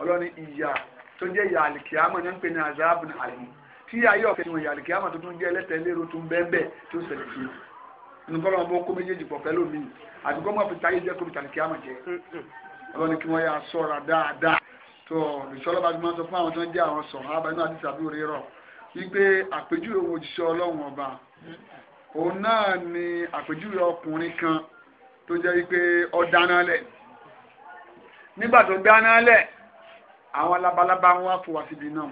òun jẹ́ ìyà àlìkìámọ̀ ní ń pè ní ààbùn àlìm tí ayé ọ̀kẹ́ ni wọ́n ìyà àlìkìámọ̀ tó tún jẹ́ ẹlẹ́tẹ̀ẹ́lérò tó ń bẹ́ẹ̀ bẹ́ẹ̀ tó ṣẹlẹ̀ sí wọn nukọlọ bọ kó méjèèjì pọ̀ pẹ̀lú mi àdúgbò máa fi táyé jẹ kó fi tàlẹ kí á máa jẹ ọlọ́ni kí wọ́n yà sọ̀rọ̀ dáadáa tó ìṣọlọ́ba gbọ́n sọ fún àwọn tó wípé àpèjúwe wo jíṣẹ́ ọlọ́run ọba òun náà ni àpèjúwe ọkùnrin kan tó jẹ́ wípé ó dáná lẹ̀ nígbà tó dáná lẹ̀ àwọn labalábá wọn á fò wá síbi náà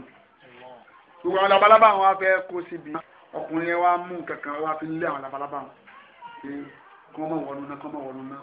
gbogbo àwọn labalábá wọn á fẹ́ kó síbi ọkùnrin yẹn wá mú nǹkan wá fi lé àwọn labalábá wọn kí wọ́n mọ̀ wọnú náà kí mọ̀ wọnú náà.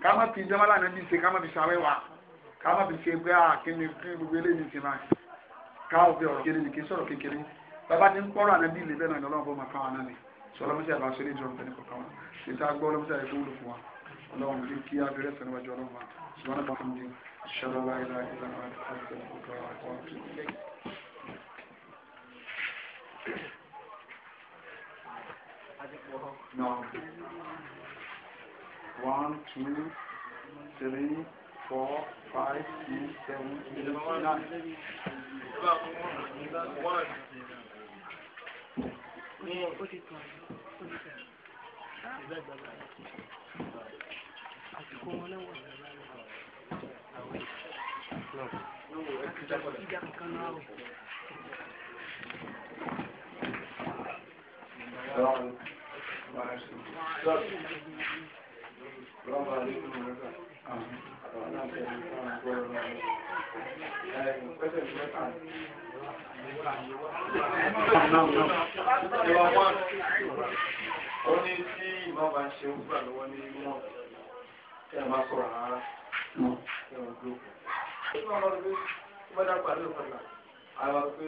ká má fi jẹ́mọ́lá nàbí ṣe ká má fi ṣàwẹ́ wa ká má fi ṣe pé àkíní kí gbogbo eléyìí ti máa ká òfin ọ̀rọ̀ kéde nìkan sọ̀rọ̀ kékeré bàbá ti ń pọ́rọ̀ ànábì ilé bẹ́ẹ̀ náà lọ́wọ́ bó máa ká wọn náà ni sọlọ́mọṣẹ́ àbá ṣe lè jọ ọ̀gbẹ́ni kọ̀ọ̀kan wọn ṣètò agbọ́ ọlọ́mọṣẹ́ àyẹ̀kọ́ wúlò fún wa ọlọ́run ní kí abẹ́rẹ́ sọ níwájú ọlọ́run wa ṣùgbọ́n náà bá fún mi ṣọlọ́ wa ilá ilá wa ṣe ọ̀gbẹ́ wa kọ́ one two three four five six seven eight nine. Àsìkò wọn náà wà láàárín àwọn àti ìjà kankan náà wẹ̀. Thank you ó ní tí ìmọ̀ bá ṣe ń gbà lọ́wọ́ ní mọ́ kí ẹ máa sọ̀rọ̀ rárá kí ẹ máa gbó. Nígbà wọn lọ sí bá dárúkọ àlẹ́ òkúta, àwọn pé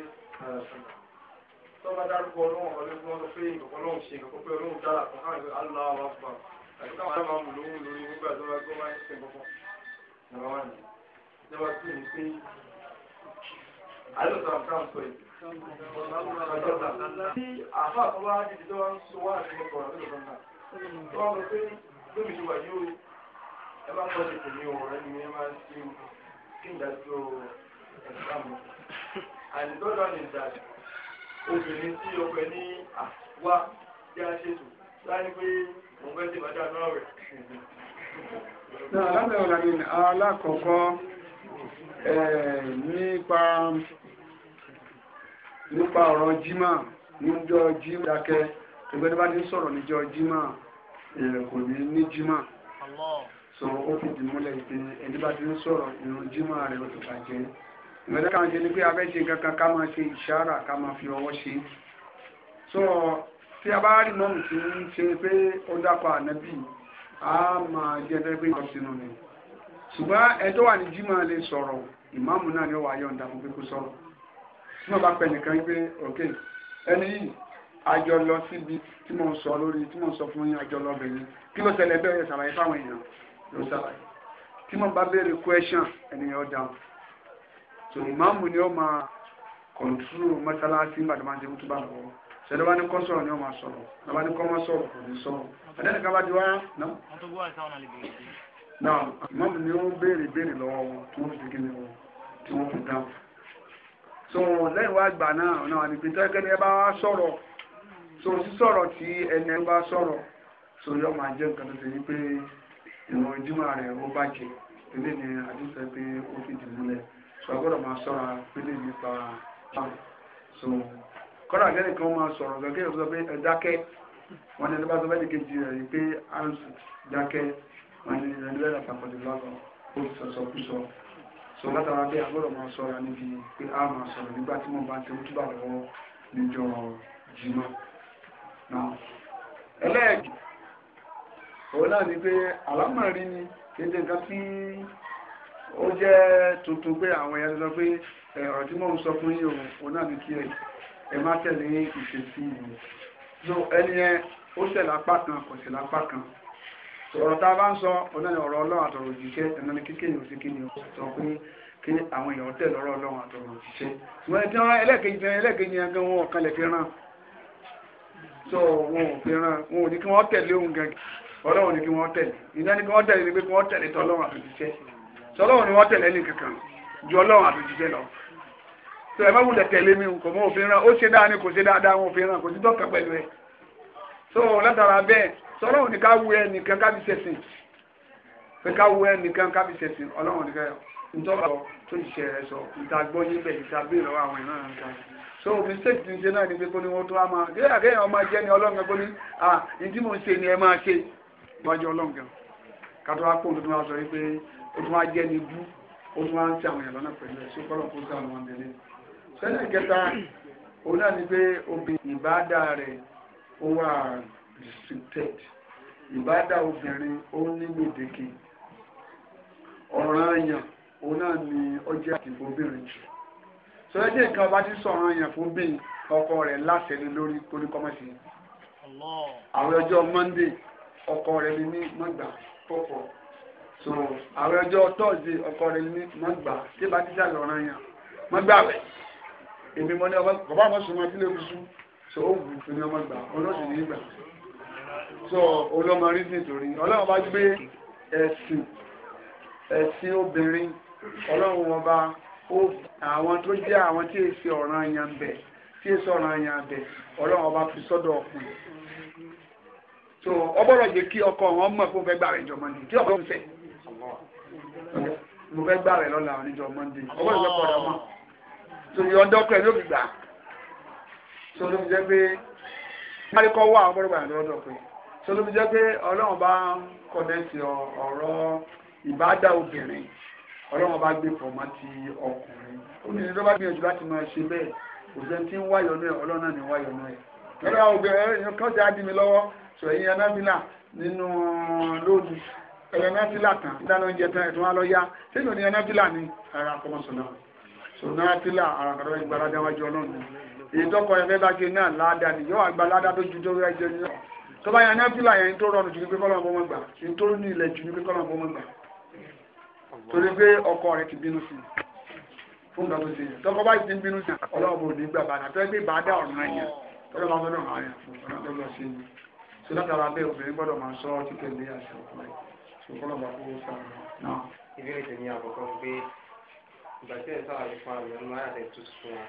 tó bá dárúkọ ọlọ́run ọlọ́run pé ìkọ̀kọ́ ọlọ́run ṣe ìkọ̀kọ́ pé ọlọ́run dára kan káàkiri aláwọ̀ àgbà àti káwọn náà máa mú lówó lórí nígbà tó bá gbọ́ máa ń ṣe gbọ́gbọ́ nígbà wà ní ìjọba tí mi pé àlọ́ sàn kàn sọ yìí. Tí àfa tó wá dìde tó wá ń so wá àti ẹ̀kọ́ àti ẹ̀kọ́ náà. Tó wá lọ pé lómi ìwà yóò ẹ bá kọ́ ṣètò ní ọ̀rẹ́ mi ẹ máa ń ṣe kí n dájú ẹ̀ka mọ́. And the other one is that obìnrin tí ọkọ ẹ ní àwa bí a ṣètò pé. Lábẹ́ ọ̀la ni alákọ̀ọ́kọ́ nípa nípa ọ̀rọ̀ jímà níjọ́ jímà dákẹ́ ẹgbẹ́ni bá ti ń sọ̀rọ̀ níjọ́ jímà kò ní ní jímà sọ ó fi dì múlẹ̀ ìpé ẹni bá ti ń sọ̀rọ̀ ìrun jímà rẹ̀ ó ti bàjẹ́ ìgbẹ́dẹ́ kan ṣe ni pé abẹ́ ṣe kankan ká máa ṣe ìṣára ká máa fi ọwọ́ ṣe sọ tí a bá rí mọ́mù tí ń ṣe pé ó dápa ànábì a máa jẹ́ ẹgbẹ́ pé ìjọ sínú ni ṣùgbọ́n ẹjọ́ wà ní jímọ̀ lè sọ̀rọ̀ ìmáàmù náà ni ó wà yọ̀ǹda fún pé kó sọ̀rọ̀ tí wọ́n bá pẹ̀ nìkan pé ok ẹni yìí àjọ lọ síbi tí mo ń sọ lórí tí mo ń sọ fún yín àjọ lọ bẹ̀yìn kí ló ṣẹlẹ̀ bẹ́ẹ̀ ṣàlàyé fáwọn èèyàn ló ṣàlàyé tí mo bá béèrè question ẹnìyàn ó dáhùn so ìmáàmù ni ó máa kọ̀ǹtúrò mọ́ṣáláṣí gbàdúrà ṣe kútúbà lọ́wọ́ tẹ̀lé bá ní kọ́ sọ̀rọ̀ ni ó máa sọ̀rọ̀ bá ní kọ́ máa sọ̀rọ̀ kò ní sọ̀rọ̀ àdéhùn kan bá di wáyà náà. náà mọ́mù ni ó béèrè béèrè lọ́wọ́ wọn tí wọ́n fi kí wọn tí wọ́n fi dáhùn. so lẹ́yìn wá gbà náà ọ̀nà àwọn ìpín tẹ́kẹ́ ni ẹ bá wá sọ̀rọ̀ so sísọ̀rọ̀ tí ẹni bá sọ̀rọ̀ so yọ máa jẹ́ nǹkan tó ti rí pé ìwọ̀n ìjùmọ̀ rẹ̀ ó bàjẹ́ ilé ni àdúgbò pé ó fi dì múlẹ̀ so agbọ́dọ̀ máa sọ̀rọ̀ pélé so kọ́dà kẹ́lẹ́ kan máa sọ̀rọ̀ gẹ́gẹ́ ìfọ́sọ pé ẹ dákẹ́ wọn ni ẹlẹ́bàá sọ́fẹ́ kejì rẹ̀ ni pé à ń dákẹ́ wọn ni ẹlẹ́bàá àpapọ̀dé lọ́dọ̀ ó sọ̀sọ̀ kú sọ sọ látara pé agbọ́dọ̀ máa sọ̀rọ̀ níbi pé a máa sọ̀rọ̀ nígbà tí wọ́n bá ti ń túbà lọ́wọ́ níjọ jimá ẹlẹ́ẹ̀kì òun náà ni pé àlámọ̀rí ni kéde nǹkan tí ó jẹ́ tuntun pé àwọn ẹ̀yà sọ pé ẹ̀rọ tí mò ń sọ fún yìí òun náà ni kí ẹ̀yìn ẹ má tẹ̀lé ìṣesí yìí so ẹni yẹn ó ṣẹlẹ̀ apá kan kò ṣẹlẹ̀ apá kan ọ̀rọ̀ tá a bá ń sọ ọ̀nàní ọ̀rọ̀ ọlọ́run àtọ̀rọ̀ òjíṣẹ́ ẹ̀nà ní kíkéyìn òsì kí ni ó sọ pé kí àwọn èèyàn tẹ̀ lọ́rọ̀ ọlọ́run àtọ̀rọ̀ òjíṣẹ́ ṣùgbọ́n ẹ̀dí wọn ẹlẹ́ẹ̀kejì náà ẹlẹ́ẹ̀kejì yẹn gan wọn ọ̀kan lè fi ràn so wọn ò fi ràn wọn ò ní kí wọ́n tẹ̀lé ohun gan ọlọ́run ní kí wọ́n tẹ̀lé ìdá ní kí wọ́n tẹ̀lé ni pé kí wọ́n tẹ̀lé tọ́lọ́run àtòjíṣẹ́ sọ ẹ má wulẹ̀ tẹ̀lé mi kò mọ òfin rán ó ṣe dáa ni kò ṣe dáadáa wọn òfin rán kò sí dọ́kà pẹ̀lú ẹ so látara bẹ́ẹ̀ sọ̀rọ̀ òní ká wu ẹ nìkan ká fi ṣẹ̀sìn pé ká wu ẹ nìkan ká fi ṣẹ̀sìn nìkan yọ sọ tó ń ṣe ẹ sọ ìta gbọ́ níbẹ̀ ìta béèrè àwọn ìran nǹkan so mistake ti ṣe náà ni pé kó ni wọ́n tó á máa kéèyàn kéèyàn máa jẹ́ ni ọlọ́run kan kó ní ah ìdí mò ń ṣe ni ẹ máa ṣe wájú ọlọ́run kan kátó wá pọ̀ tó tún wá sọ wípé ó tún wá jẹ́ ni bú ó tún wá ń ṣe àwọn èèyàn lọ́nà pẹ̀lú ẹ̀ ṣé kọ́lọ̀ kó sáà wọn délé sẹ́lẹ̀ kẹta òun náà ni pé obìnrin ìbáadá rẹ̀ ó wà restricted ìbáadá obìnrin ó ní gbèdéke ọ̀ràn àyàn òun náà ni ọjọ́ àtìgbò obìnrin jù sọ́jọ́ jẹ́ nǹkan bá ti sọ̀rọ̀ àyàn fún bíi ọkọ rẹ̀ láṣẹ ni lórí kóníkọ́mọ́sí àwọn ọjọ́ Monday ọkọ rẹ̀ ni ní mọ́gbà pọ̀pọ̀ so àwọn ọjọ́ Thursday ọkọ rẹ̀ ni ní mọ́gbà tí bá ti sàlọ̀ àyàn mọ́gbà rẹ̀ èmi mọ́ ní ọba bàbá àwọn sọmọ sílé kúsú so ó wù fún ní ọmọ gbà olóṣù ní ìgbà so olómọ rí sí ìtòrí ọlọ́run bá gbé ẹ̀sìn ẹ̀sìn obìnrin ọlọ́run wọn bá àwọn tó jẹ́ àwọn tí èsì ọ̀ràn àyàn bẹ̀ tí èsì ọ̀ràn àyàn bẹ̀ ọlọ́run ọba fi sọ́dọ̀ ọkùnrin so ọgbọ́dọ̀ jẹ́ kí ọkọ wọn mọ̀ fún fẹ́ gbà rẹ̀ jọmọ ní tí ọkọ ń fẹ́ mo fẹ́ gbà rẹ̀ lọ́la oníjọ mọ́ndé ọgbọ́dọ̀ sòyìn ọ̀dọ́ ọkọ ẹ̀ ló gbà so ló fi jẹ́ pé kárìkọ́ wà ọgbọ́dọ̀ gbà lọ́dọ̀ pé so ló fi jẹ́ pé ọlọ́run bá kọ̀dẹ́sì ọ̀rọ̀ ìbádá obìnrin ọlọ́run bá gbé pọ̀ mọ́ ti ọkùnrin obìnrin tó bá gbìyànjú láti máa ṣe bẹ́ẹ̀ òṣèlú tí ń wáyọ̀ náà ọlọ́run náà ní wáyọ̀ náà lọ́dọ̀ obìnrin kan ti á dì mí lọ́wọ́ sọ èyí anábìlà nínú lóòdù ẹ̀rọ náà ti là tán ìdáná oúnjẹ tán ẹ̀tún wá lọ yá ṣé ìgbòdì anábìlà ni ara kọ́mọ́sọ̀ náà sonatila àràkàtọ́ ìgbàládá wájú ọlọ́run ìtọ́kọ̀ ẹ̀fẹ́ bá ṣe náà ládá ni yóò àgbàládá tó ju tó rẹ̀ jẹ́ ní tó bá yan náfìlà yẹn tó rọrùn jù ní pé kọ́lọ́mù ọmọ gbà tó ní ilẹ̀ jù ní pé kọ́lọ́mù ọmọ gbà torí pé ọkọ rẹ̀ ti bínú sí fún ìgbà tó ṣe yẹn tọkọ bá ti bínú sí ọlọ́mù ò ní gbà bàdà tó ẹgbẹ́ bá dá ọ̀ràn yẹn tọ́lọ́ bá fẹ́ràn àwọn yẹn fún ọ̀ràn tó lọ sí ni so látara bẹ́ẹ̀ obìnrin gbọ́dọ̀ máa sọ ọ́ títẹ̀ lé àṣẹ ọkùnrin so kọ́lọ́mù àkókò sáà náà. ìbéèrè tèmi àkọ́kọ́ pé ìgbà tí ẹ̀ sáwà yìí fún àmì ọmọ ayà tẹ̀ tuntun fún wa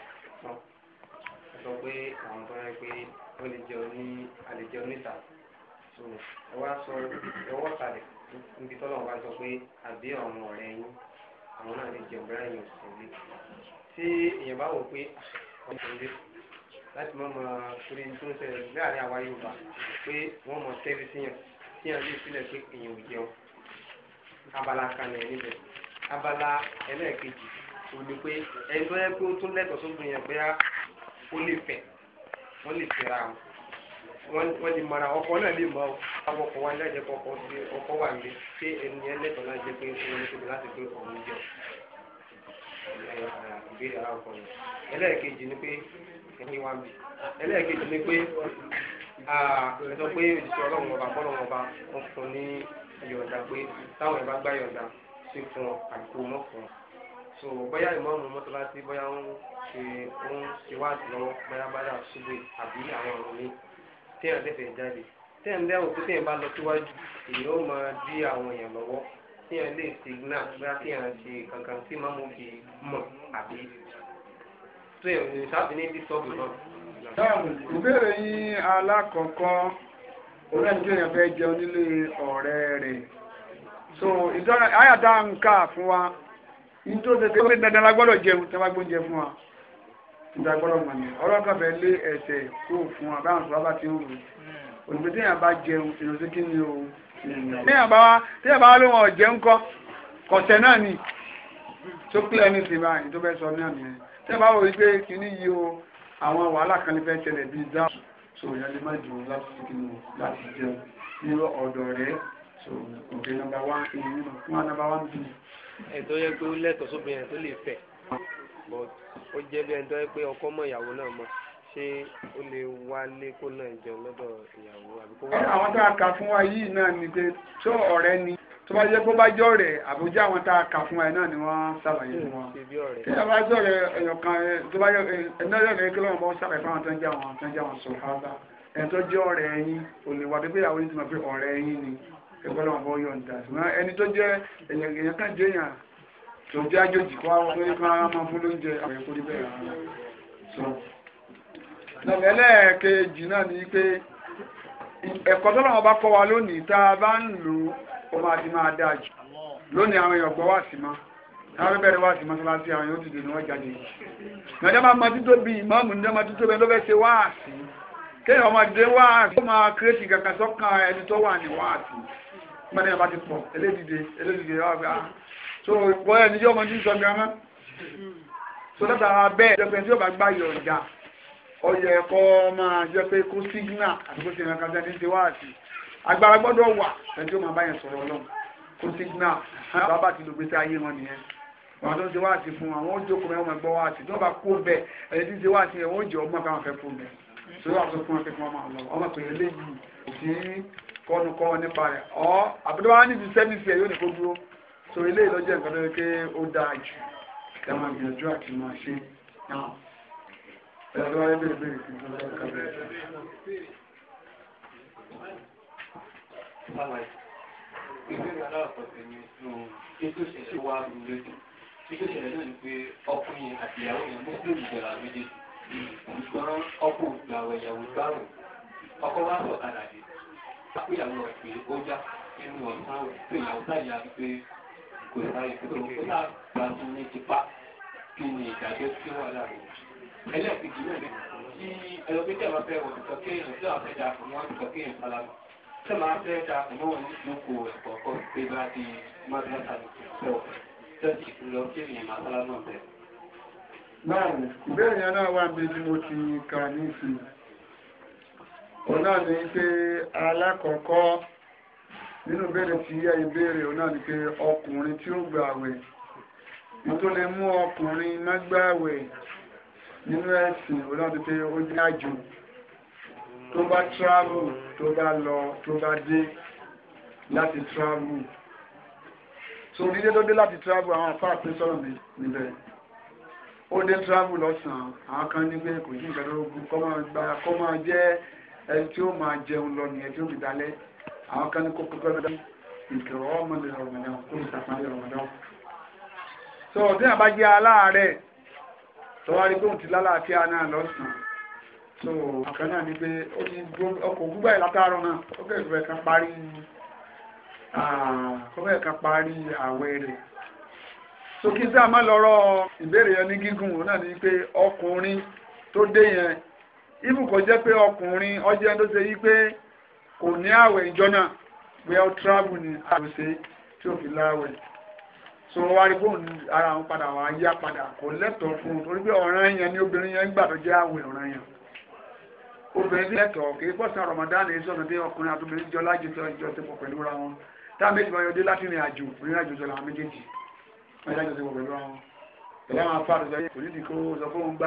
ẹ sọ pé àwọn tó ń rẹ pé ó lè jẹun ní àlejò níta so ẹ wá sọ ẹ wọ́ sàlẹ̀ níbi tọ́lọ̀ wá sọ pé àbí àwọn ọ̀rẹ́ yín àwọn náà lè jẹun bẹ́rẹ̀ yìí òsèlè tí èèyàn bá wò pé ah, ọmọ òsèlè láti mọ̀ mọ̀ torí tó ń ṣẹlẹ̀ láàrin àwa Yorùbá pé wọ́n mọ̀ tẹ́lẹ̀ síyàn síyàn lè sílẹ̀ pé èèyàn ò jẹun abala kan nìyẹn níbẹ̀ abala ẹlẹ́ẹ̀kejì òní pé ẹni tó yẹ pé ó tún lẹ́tọ̀ọ́ sóbìn yẹn pé ó lè fẹ́ wọ́n lè fẹ́ra wọn wọ́n lè mara ọkọ náà lè mọ àwọn ọkọ wa ní ẹ̀jẹ̀ kọ́ ọkọ wà ní ṣé ẹni yẹn lẹ́tọ̀ọ́ láti jẹ́ pé ó lè tóbi láti pé ọ̀hún jẹ́ ìbéèrè aláwọ̀kọ́ ni ẹlẹ́ẹ̀kejì ni pé ẹ̀yin wa bì ẹlẹ́ẹ̀kejì ni pé ẹ̀sọ́ pé òṣìṣẹ́ ọlọ́run ọba bọ́lọ̀ ọba wọn fún ní yọ̀ǹda pé táwọn ẹ̀ bá gbá ọ so bóyá ìmọ̀ọ́mù mọ́tòlásí bóyá ń ṣe ń ṣe wá lọ́wọ́ bóyá báyà ṣubú àbí àwọn ọ̀rọ̀ mi téèyàn tẹ̀fẹ̀ jáde téèyàn dẹ́wọ̀n pé téèyàn bá lọ síwájú èyí ó máa dí àwọn èèyàn lọ́wọ́ téèyàn lè signa bóyá téèyàn ṣe kankan tí mọ́mú fi mọ̀ àbí téèyàn ní sábì ní dísọ́ọ̀bù náà. táwọn ìbéèrè yín alákọ̀ọ́kọ́ oníjìyàn fẹ́ jẹun nílé ọ̀rẹ́ rẹ̀ so ìdọ́rẹ̀ àyàdá nǹka fún wa nítorí tó pé dandan lágbọ́dọ̀ jẹun tó bá gbóúnjẹ fún wa ìdàgbọ́dọ̀ mọ̀ ní ọlọ́kàn fẹ́ lé ẹsẹ̀ kó fún wa báwọn sọ́ba ti ń rò òdìbò tí èèyàn bá jẹun èèyàn sí kí ni o téèyàn bá wá téèyàn bá wá ló wọn jẹun kọ tẹ́ bá wò ó pé kíní yìí o àwọn wàhálà kan ní fẹ́ ṣẹlẹ̀ bíi dáhùn so ìyá lè má jù láti sí kí ni láti jẹun ní ọ̀dọ̀ rẹ̀ so òkè nọ́mbà wá ìyẹn nínú fún wa nọ́mbà wá ń ẹ̀tọ́ yẹ pé ó lẹ́tọ̀ọ́ sóbìnrin tó lè fẹ́ but ó jẹ́ bí ẹni tó yẹ pé ọkọ mọ ìyàwó náà mọ̀ ṣé ó lè wálé kó náà jẹun lọ́dọ̀ ìyàwó àbí kó wá. àwọn tá a kà fún wa yìí náà ni pé tó ọ̀rẹ́ ni tó bá jẹ́ kó bá jọ rẹ̀ àbújá àwọn tá a kà fún wa náà ni wọ́n ṣàlàyé fún wọn. kí ló bá jọ rẹ̀ èèyàn kan tó bá ẹ̀ná yọ̀ rẹ̀ kí lọ́wọ́ bá ṣàlàyé fún àwọn tó ń jẹ́ àwọn tó ń jẹ́ àwọn sọ̀rọ̀ ẹ̀tọ́ jẹ́ ọ̀rẹ́ yín òní wà pé ìyàwó yín ti mọ̀ pé ọ̀rẹ́ yín ni ẹgbẹ́lọ́wọ́ bọ́ yọ̀ ǹda ṣùgbọ́n ẹni tó jẹ́ èèyàn kan jẹ́ èèyàn tó jẹ́ àjòjì kó àwọn ọmọ ẹgbẹ́ máa fún lóúnjẹ àwọn ẹ̀kọ́ níbẹ̀ so lọ́nà ẹlẹ́ẹ̀kejì náà ni pé ẹ̀kọ́ tó lọ́wọ́ bá kọ́ wa lónìí tá a bá ń lò ó máa ti máa dáa jù lónìí àwọn èèyàn gbọ́ wà sí máa àwọn bẹ̀rẹ̀ wá sí mọ́sálásí àwọn yóò dìde ní wọ́n jáde yìí nàìjá máa ma tító bí mọ́ni ẹ̀ bá ti pọ̀ elédìde elédìde ọ̀ gbà ah. so wọ́n ẹ̀ níjọ́ ọmọdé sọ gírámà so látara bẹ́ẹ̀ jẹ́ pé tí ó bá gbá yọ̀ǹda ọyọ̀ ẹ̀kọ́ máa jẹ́ pé kó sígínà àti kó sì rìn kan sẹ́ni ti wá àti agbára gbọ́dọ̀ wà ẹni tí ó máa bá yẹn sọ̀rọ̀ ọlọ́run kó sígínà bàbá ti lò gbèsè ayé wọn nìyẹn àwọn tó ń ṣe wá àti fún àwọn ojókòó mẹ́wọ́n máa gbọ́ wá àti tí wọ́n bá kó bẹ́ẹ̀ kọ́nu kọ́ wọn nípa rẹ̀ ọ́ àbúrò wa níbi sẹ́mìsì ẹ̀ yóò ní kó dúró so ilé ìlọ́jẹ́ nǹkan lórí pé ó dáa jù ẹ máa gbìyànjú àti máa ṣe náà ẹ̀rọ ẹgbẹ̀rẹ̀ Ìgbésẹ̀ náà ni pé ọkùnrin àti ìyàwó yẹn mú sí ìjọra méjèèjì. Ìgbọ́n ọkùnrin gbàwẹ̀ ìyàwó gbárùn-ún. Ọkọ wá sọ̀kadà dé pé àwọn ẹ̀fẹ̀ ó já nínú ọ̀sán pé ìyàwó táyà pé kò sáré pé ó sá gba tún ní tipa kí ni ìdájọ́ tí ó wà láàrin ẹlẹ́ẹ̀kejì náà ni tí ẹlòmídìí àwọn afẹ́ wọn sọ kéèyàn tí àwọn afẹ́ dà fún wọn sọ kéèyàn sálámà tí màá fẹ́ dà fún wọn ní ìlúkọ ẹ̀kọ́ kọ́ pé bá di mọ́tàlá sọ tẹ́sí lọ kéèyàn máa sálámà bẹ̀rẹ̀. báwo ìbéèrè náà wà bí mo ti kà ní ìsinmi ọ̀nà ni pé alákọ̀ọ́kọ́ nínú bẹ̀rẹ̀ tí yẹ ìbéèrè ọ̀nà ni pé ọkùnrin tí ó gbààwẹ̀ wọ́n tó lè mú ọkùnrin mágbààwẹ̀ nínú ẹ̀sìn ọ̀nà ni pé ó jẹ́ àjò tó bá travel tó bá lọ tó bá dé láti travel so nílé tó dé láti travel àwọn afá àpésọ́rọ̀ níbẹ̀ ó dé travel lọ́sàn-án àwọn kan nígbẹ́ kò sí ìgbàlógún kọ́ máa jẹ́ ẹni tí ó máa jẹun lọ ní ẹjọ́ mi dalẹ̀ àwọn kan ní kó kọ́kọ́ lọ́dá ìkẹ̀rọ ọmọ ní rọmọdán kó ní sàpàdé rọmọdán. sọ ọ̀dún àbájá So tọ́wárí pé òun ti lálàáfíà náà lọ́sàn so àkàn náà ni pé ó ti ọkọ̀ gbúgbà ẹ̀ náà ó bẹ̀rẹ̀ bẹ̀rẹ̀ kan parí ó bẹ̀rẹ̀ parí so kí sáà má lọ́rọ̀ ìbéèrè yẹn ní gígùn náà ni pé ọkùnrin tó dé yẹn ibù kò jẹ́ pé ọkùnrin ọjẹ́ tó ṣe yí pé kò ní àwẹ̀ ìjọ náà pé travel ní àròsé tí ó fi láwẹ̀ so wá rí fóun ara àwọn padà wá yá padà kò lẹ́tọ̀ọ́ fún un torí pé ọ̀ràn yẹn ni obìnrin yẹn gbà tó jẹ́ àwẹ̀ ọ̀ràn obìnrin bí Ramadan èyí ọkùnrin jọ lájú ti pọ̀ pẹ̀lú ra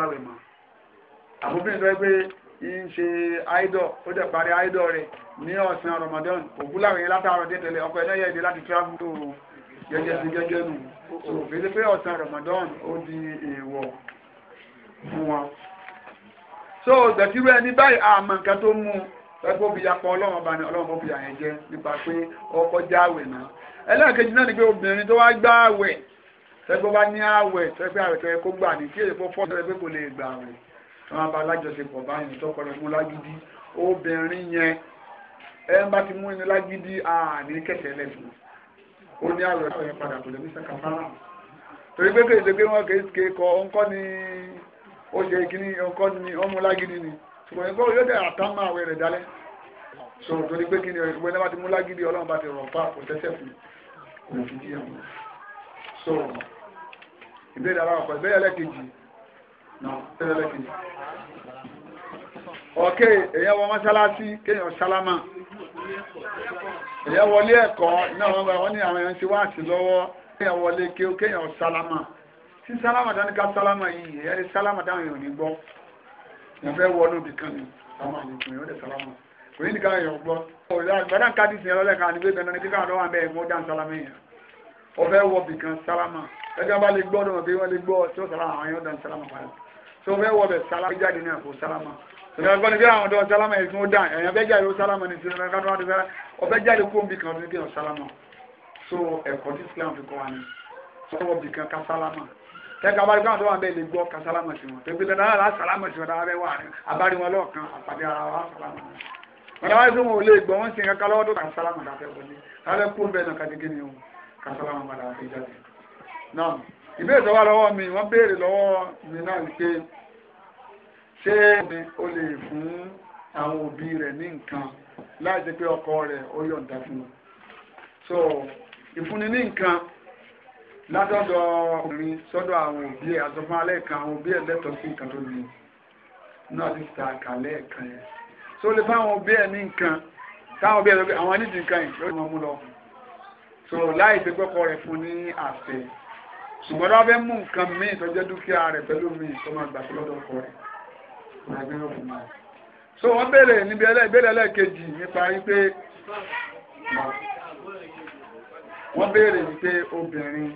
wọn àbúbìnrin tó pé ń ṣe idol ó dẹ̀ parí idol rẹ̀ ní ọ̀sán Ramadan òkú láwọn yẹn látàárọ̀ dé tẹ̀lé ọkọ̀ ẹlẹ́yẹ̀ èdè láti travel to gẹ́gẹ́ sí gẹ́gẹ́ nù so fèsì pé ọ̀sán Ramadan ó di èèwọ̀ fún wọn so gbẹ̀tírú ẹni báyìí àmọ́ nǹkan tó mú ẹgbẹ́ òbí yapọ̀ ọlọ́run ọba ni ọlọ́run ó fi àyẹ̀ jẹ nípa pé ọkọ̀ jáwèé náà ẹlẹ́ẹ̀kejì náà ni pé obìnrin tó wá gbá àwẹ̀ tẹ́gbọ́ bá ní àwẹ̀ tẹ́gbẹ́ àwẹ̀ tẹ́gbẹ́ kó gbà ní kí èyí fọ́ fọ́ tẹ́gbẹ́ kò lè gbà àwẹ̀ tí wọ́n bá lájọṣepọ̀ báyìí tọkọlẹ̀ mú lágídí obìnrin yẹn ẹ bá ti mú ẹni lágídí àní kẹsẹ̀ lẹ́sìn ó ní àwẹ̀ ọ̀rẹ́ padà kò lè ní sàkàfàrà torí pé kéde pé wọ́n kéèké kọ ọ̀nkọ́ ni ó ṣe kíní ọ̀nkọ́ ni ó mú lágídí ni ṣùgbọ́n ìgbọ́ yóò dẹ̀ àtàmà àwẹ̀ rẹ̀ dálẹ́ so torí pé kíni ìwé náà bá ti mú lágídí ọlọ́run bá ti rọ̀ pa kò tẹ́sẹ̀ fún kò fi díẹ̀ so ìbéèrè aláwọ̀ pẹ̀lú ìbéèrè ẹlẹ́kejì ọ̀kẹ́ èyàn wọ mọ́ṣáláṣí kéèyàn sálámà èyàn wọlé ẹ̀kọ́ náà wọ́n wọ́n ní àwọn èèyàn ti wá sí lọ́wọ́ kéèyàn wọlé kéèyàn sálámà sí sálámà dání ká sálámà yìí èyàn lè sálámà dáhùn èèyàn ní gbọ́ èèyàn fẹ́ wọ inú ibìkan ni sálámà ní ìpín èèyàn lè sálámà kò ní nìkan èèyàn gbọ́ ìgbàdàn káàdì sí ẹlọ́lẹ̀ kan níbi ìbẹ̀rẹ̀ ní kíkà àwọn àmì ẹ̀mọ́ dá sálámà èèyàn ọ̀fẹ́ wọ ibìkan sálámà ẹgbẹ́ bá lè gbọ́ tó fẹ́ wọ bẹ̀ sálámà jáde náà kò sálámà ìyẹn kọ́ni bí àwọn ọ̀dọ́ sálámà yìí tún ó dà ẹ̀yàn fẹ́ jáde ó sálámà ní sinimá kátó wọn ti fẹ́ ọ̀fẹ́ jáde kó ń bì kan ní kéèyàn sálámà so ẹ̀kọ́ tí Islam fi kọ́ wa ni sọ́wọ́ bì kan ká sálámà tẹ́ka abárí kan tó wà bẹ́ẹ̀ lè gbọ́ ká sálámà sí wọn pépé lọ́dọ̀ náà sálámà sí wọn dára bẹ́ẹ̀ wà ní abárí wọn lọ́ọ̀kan àpàdé ara wa sálámà wọn dáwà sí wọn ò lè gbọ́ wọn sì ń kakalọ́wọ́ tó kà sálámà dáfẹ́ wọlé káfẹ́ kúrò bẹ́ẹ̀ náà kàdégé ni wọn kà sálámà padà àfẹ́jáde náà ìbéèrè tó lọ́wọ́ mi wọ́n béèrè lọ́wọ́ mi náà wípé ṣé o lè fún àwọn òbí rẹ̀ ní nǹkan láì jẹ́ pé ọkọ rẹ̀ ó yọ̀ǹda fún wọn so ìfúnni ní nǹkan látọ̀dọ̀ obìnrin sọ́dọ̀ àwọn òbí ẹ̀ àtọ́fún alẹ́ kan àwọn òbí ẹ̀ lẹ́tọ̀ọ́ sí nǹkan tó ní náà ti ta àkàlẹ́ ẹ̀kan yẹn so lè fáwọn òbí ẹ̀ ní nǹkan táwọn òbí ẹ̀ lọ́gbẹ́ àwọn nídìí nǹkan yìí ló ń mú lọ so láì ṣe gbọ́kọ rẹ̀ fún ní àṣẹ ṣùgbọ́n láwọn fẹ́ mú nǹkan míì tó jẹ́ dúkìá rẹ̀ pẹ̀lú míì tó máa gbà so wọ́n béèrè níbi ìbéèrè ẹlẹ́ẹ̀kejì nípa wípé wọ́n béèrè wípé obìnrin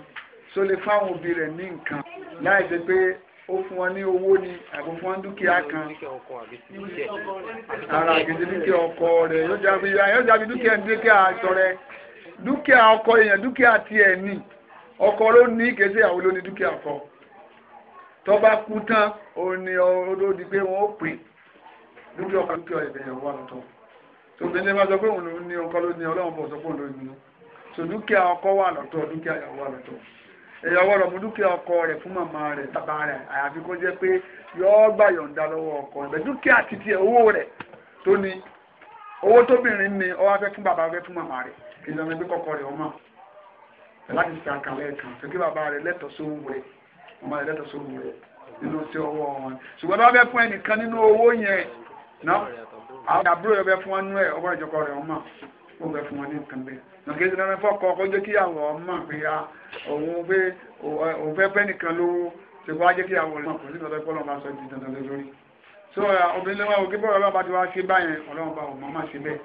tó lè fáwọn òbí rẹ̀ ní nǹkan láì jẹ́ pé ó fún wọn ní owó ni àbò fún wọn dúkìá kan ara gidi dúkìá ọkọ rẹ̀ yóò jábí dúkìá dúkìá dúkìá ọkọ èèyàn dúkìá tiẹ̀ ni. ọkọ ló ní kéṣe ìyàwó ló ní dúkìá tó bá kú tán ó ní ọdún di pé wọ́n ó pè dúkìá ọkọ̀ dúkìá ìbẹ̀yẹ̀ wà tó ní bá sọ pé òun ló ní ọkọ ló ní ọlọ́run bọ̀ sọ ló ní so dúkìá wà dúkìá ìyàwó wà ìyàwó mú ọkọ rẹ̀ fún màmá rẹ̀ bàbá rẹ̀ àyàfi kó jẹ́ pé yọ́ọ́ gbà yọ̀ǹda ọkọ rẹ̀ dúkìá títí owó rẹ̀ tó ní owó tóbìnrin ni fún bàbá fún màmá rẹ̀ láti ṣe àkàlẹ̀ kan tó kí bàbá rẹ̀ lẹ́tọ̀ọ́ sóhun rẹ̀ ọmọ rẹ̀ lẹ́tọ̀ọ́ sóhun rẹ̀ nínú sí ọwọ́ wọn ṣùgbọ́n tó bá fẹ́ fún ẹnìkan nínú owó yẹn ná àwọn àbúrò yẹn bẹ fún wọn nú ẹ ọgbọ́n ìjọkọ rẹ̀ ọmọ ó bẹ fún wọn ní nǹkan bẹ́ẹ̀ nàkè sí náà fọkọ kó jẹ́ kí àwọn ọmọ pé a òun pé òun fẹ́ fẹ́ nìkan lówó ṣe kó wá jẹ́ kí àwọn ọmọ kò sí ìtọ́jú pọ́lọ́ máa sọ di dandan lórí so obìnrin lọ́wọ́ òkè bọ́ọ̀rọ̀ bá ti wá ṣe báyẹn ọlọ́run bá òun máa ṣe bẹ́ẹ̀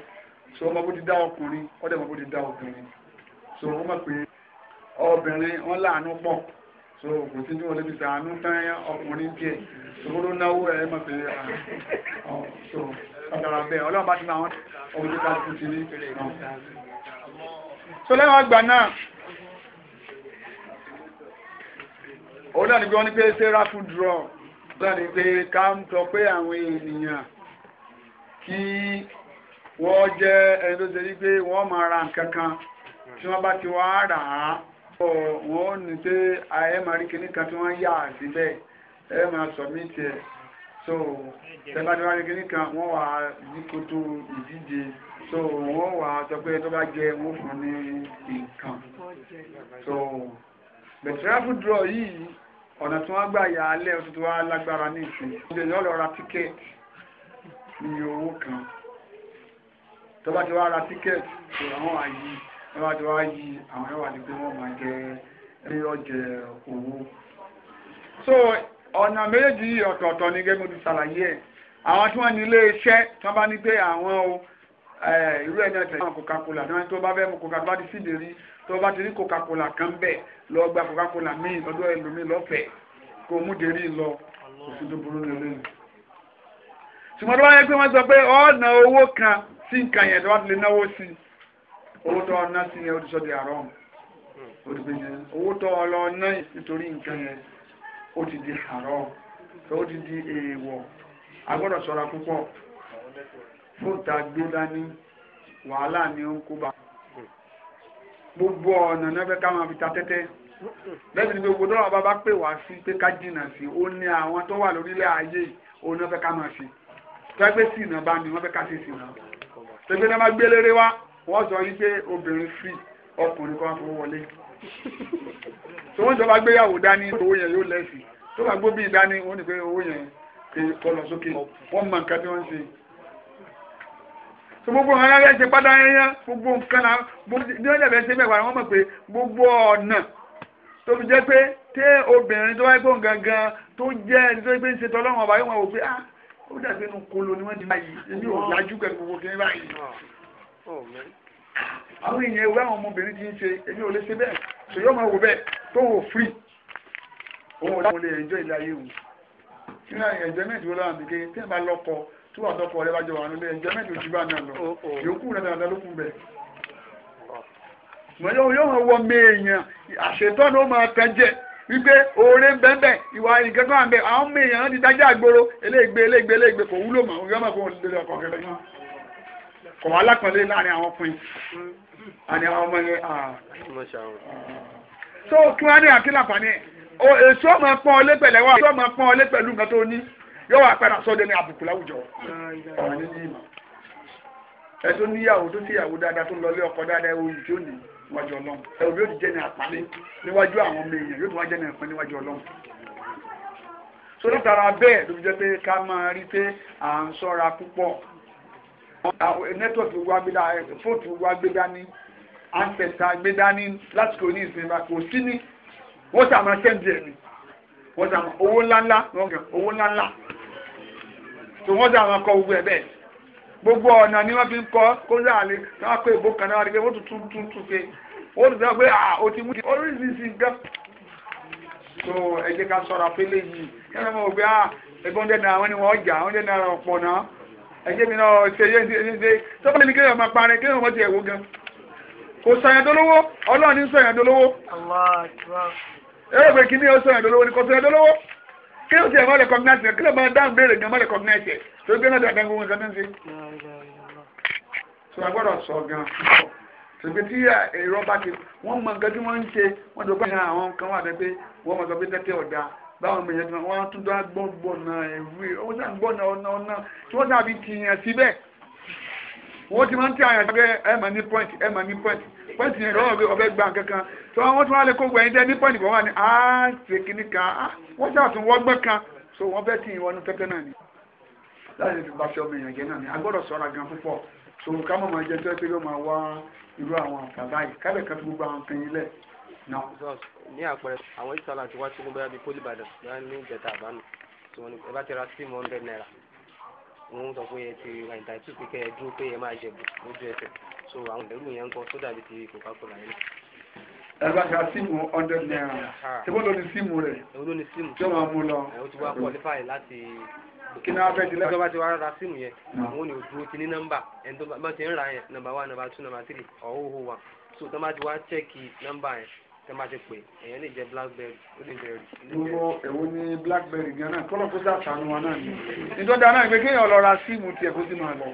so ọmọ bó ti dá ọkùnrin ọdẹ ọmọ bó ti dá ọkùnrin so wọ́n mọ̀ pé obìnrin wọ́n láàánú pọ̀ so kò sí ní wọ́n lè fi sàánú tán ọkùnrin díẹ̀ ṣòro náwó ẹ̀ mọ̀ pé so ọ̀dàrà bẹ́ẹ̀ ọlọ́run bá ti máa wọ́n ọmọ tó bá ti ti ní. so lẹ́wọ̀n àgbà náà òun náà ni pé wọ́n ní pé sẹ́ráfù draw náà ni pé ká ń sọ pé àwọn ènìyàn kí wọ́n jẹ́ ẹni tó ṣe wípé wọ́n máa ra nǹkan tí wọ́n bá ti wá rà so wọ́n ní pé ayé máa rí kíní kan tí wọ́n yà síbẹ̀ ẹ máa submit ẹ̀ so tẹ́bàdíwá rí kíní kan wọ́n wà ní kòtò ìdíje so wọ́n wà sọ pé tó bá jẹ wọ́n fún ní nǹkan so bẹ̀tẹ̀ráfù draw yìí ọ̀nà tí wọ́n gbà yà á lẹ́ oṣù tó wá lágbára ní ìsìn ìdèyàn lọ ra tíkẹ́ẹ̀tì ní owó kan tó bá ti wá ra tíkẹ́ẹ̀tì so àwọn àyè ẹwà wá yí àwọn ẹwà ní pé wọ́n máa jẹ bí ọjẹ owó so ọ̀nà méjì ọ̀tọ̀ọ̀tọ̀ ni gẹ́gẹ́ bí ṣàlàyé ẹ̀ àwọn tí wọ́n ní ilé iṣẹ́ tí wọ́n bá ní pé àwọn o irú ẹ̀ náà tẹ̀lé àwọn coca-cola tí wọ́n tó bá fẹ́ mu coca-cola ti sì lérí tó bá ti rí coca-cola kan bẹ̀ lọ gba coca-cola míì lọ́dọ̀ ẹlòmíì lọ́fẹ̀ẹ́ kó mú dérí lọ òsì tó burú nílé ṣùgbọ́n tó bá yẹ pé wọ́n sọ pé ọ̀nà owó kan sí nǹkan yẹn tó bá ti lè náwó sí i owó tọ́ ọ̀nà sí yẹn ó ti sọ́dí àárọ̀ hmm. owó tọ́ ọlọ ọ̀nà nítorí nǹkan yẹn ó ti di àárọ̀ ó ti di èèwọ̀ agbọ́dọ̀ ṣọ́ra púpọ̀ fóòtà gbé dání wàhálà ni ó ń kó bá gbogbo ọ̀nà náà fẹ́ ká máa fi ta tẹ́tẹ́ lẹ́yìn ní gbogbo dọ́là bàbá pè wá sí pé ká jìnnà sí ó ní àwọn tó wà lórílẹ̀ ayé òun náà fẹ́ ká máa ṣe tọ́pẹ́ sí ìnà bá wọ́n fẹ́ ká ṣe sí ìnà tẹ́gbẹ́ náà má gbélére wá wọ́n sọ wípé obìnrin fi ọkùnrin kan fowó wọlé tó wọ́n jọba gbéyàwó dání owó yẹn yóò lẹ́sìn tó bá gbó bíi dání wọ́n ní pé owó yẹn pé kọlọ sókè wọ́n mọ nǹkan tí wọ́n ń ṣe. tó gbogbo nǹkan yára ṣe pátá yẹn gbogbo nǹkan náà ní wọ́n dẹ̀bẹ̀ ṣe mẹ́wàá wọ́n mọ̀ pé gbogbo ọ̀nà tó fi jẹ́ pé té obìnrin tó wáyé gbóhùn gangan tó jẹ́ ẹni tó gbé ń ṣe tọ́lọ́run ọba yóò wọ́n wò pé ah ó dàbí inú kolo ni wọ́n ti báyìí èmi ò yájú pẹ̀lú gbogbo kìnìún báyìí àwọn èèyàn ewé àwọn ọmọbìnrin ti ń ṣe èmi ò lè ṣe bẹ́ẹ̀ ṣèyí ọmọ wò bẹ́ẹ̀ tó wò free òun ò lè enjoy ilé ayé òun nínú àwọn enjoyment wo láwọn àbíké tí ẹ bá lọ́kọ tí wà tọkọ rẹ bá jọ wà nílé enjoyment ojú bá náà lọ oh, oh. yòókù rẹ dáadáa ló kù bẹ́ẹ̀. mọ̀lẹ́ yóò máa wọ méèyàn àṣetọ́ ni ó máa tẹ́ jẹ́ wípé oore ń bẹ́ẹ̀ bẹ́ẹ̀ ìwà ìkẹ́kọ̀ọ́ àbẹ̀ àwọn méèyàn ti dájẹ́ àgbòrò eléègbé eléègbé eléègbé kò wúlò mọ́ òun yóò máa kó wọn lé ọkọ̀ kẹlẹ́ kọ̀wá alákànlé láàrin àwọn ọkùnrin àní àwọn ọmọ yẹn. Ah. so kí wọ́n á ní àkílà fani èso ọmọ pọ́n ọlé pẹ̀lẹ́ wà èso ọmọ pọ́n ọlé pẹ̀lú nǹkan tó ní yóò wá padà sọ́dọ̀ ní àbùkù láwùjọ ọ̀rọ̀ ní ní ìmọ̀ ẹ tó níyàwó tó tíyàwó dáadáa tó ń lọlé ọkọ dáadáa ẹ oyè tí ó ní níwájú ọlọ́run ẹ òbí yóò ti jẹ́ ní àpálẹ́ níwájú àwọn ọmọ èèyàn yóò tún wá jẹ́ ní níwájú ọlọ́run so látara bẹ́ẹ̀ ló fi jẹ́ pé ká máa rí pé à ń ṣọ́ra púpọ̀ nẹ́tọ̀ọ̀kì wa eh, gbé dání fóòtù wa gbé dání ancestor gbé dání lásìkò ní ìsinmi kò sí ní wọ́n sà máa sẹ́ǹdì ẹ̀mí wọ́n sà máa owó ńláńlá owó ńláńlá tó wọ́n sà máa kọ gbogbo ẹ̀ bẹ́ẹ̀ gbogbo ọ̀nà ni wọ́n fi ń kọ́ kó sáà lè káwọn pé ìbò kan náà wọ́n ti wọ́n tún tún tún ṣe wọ́n tún sọ pé à ó ti mú ti oríṣiríṣi gan. so ẹ jẹ́ ká sọ̀rọ̀ pélé yìí kí mọ̀ pé à ẹgbọ́n dẹ́nu àwọn ni wọ́n jà wọ́n dẹ́nu ọ̀pọ̀ náà ẹjẹ́ mi náà ṣe yé ṣe ṣe tó bá kéèyàn máa parí kéèyàn mọ́ ti ẹ̀wò gan kò sọ̀yàn dolówó ọlọ́run ní sọ̀yàn dolówó ẹ̀rọ pé ni ó sọ̀yàn dolówó ni kò sọ̀yàn dolówó kí ló ti ẹ̀mọ́ lẹ̀ kọ́mínátì rẹ̀ kí ló máa dáhùn béèrè gan mọ́lẹ̀ kọ́mínátì rẹ̀ tó gbé náà dáadáa gbogbo nǹkan tó sọ agbọ́dọ̀ sọ gan ṣùgbọ́n tí èrò bá ti wọ́n mọ nǹkan tí wọ́n ń ṣe wọ́n ti báwọn èèyàn kan wọ́n tún dá gbọ́ngbọ̀nà ẹ̀rí wọ́n dá gbọ́nà ọ̀nà ọ̀nà tí wọ́n dàbí tìyàn síbẹ̀ wọ́n ti máa ń tẹ àyàn sábẹ́ ẹ̀mà ní point ẹ̀mà ní point point yẹn lọ́wọ́ ọbẹ̀ gbà kankan tí wọ́n tún wá lè kó gbẹ̀yìn dẹ́ ní point kan wà ní àṣẹ kìíní kan wọ́n ni láti fi bá ni a gbọ́dọ̀ ní àpẹẹrẹ àwọn ìsọlá ti wá sínú bóyá bíi poli ìbàdàn bóyá ní ìjẹta àbánu tí wọn ní ẹ bá ti ra steam hundred naira wọn sọ pé ẹ ti ra ìta ìtú pé kẹ ẹ dúró pé ẹ máa jẹ̀bù lójú ẹsẹ̀ so àwọn ìlú yẹn ń kọ sódà bíi ti coca cola yẹn. ẹ bá ti ra steam hundred naira ṣé wọ́n ló ní steam rẹ̀ tí wọ́n máa mú lọ. o ti wá qualify láti kí ni wọ́n fẹ́ di lẹ́gbẹ̀ẹ́ bá ti wá ra sim yẹn àwọn ò ní dúró ti ní nọ́mbà ẹni tó bá ti ń ra yẹn nọ́mbà one tẹ máa ṣe pé èèyàn lè jẹ blackberry ó lè jẹ rí. gbogbo èwo ni blackberry gan náà kọ́lọ́ kó sàtànù wa náà ni nítorí àná ìgbé kéèyàn lọ ra síìmù tiẹ̀ kó sì máa lọ.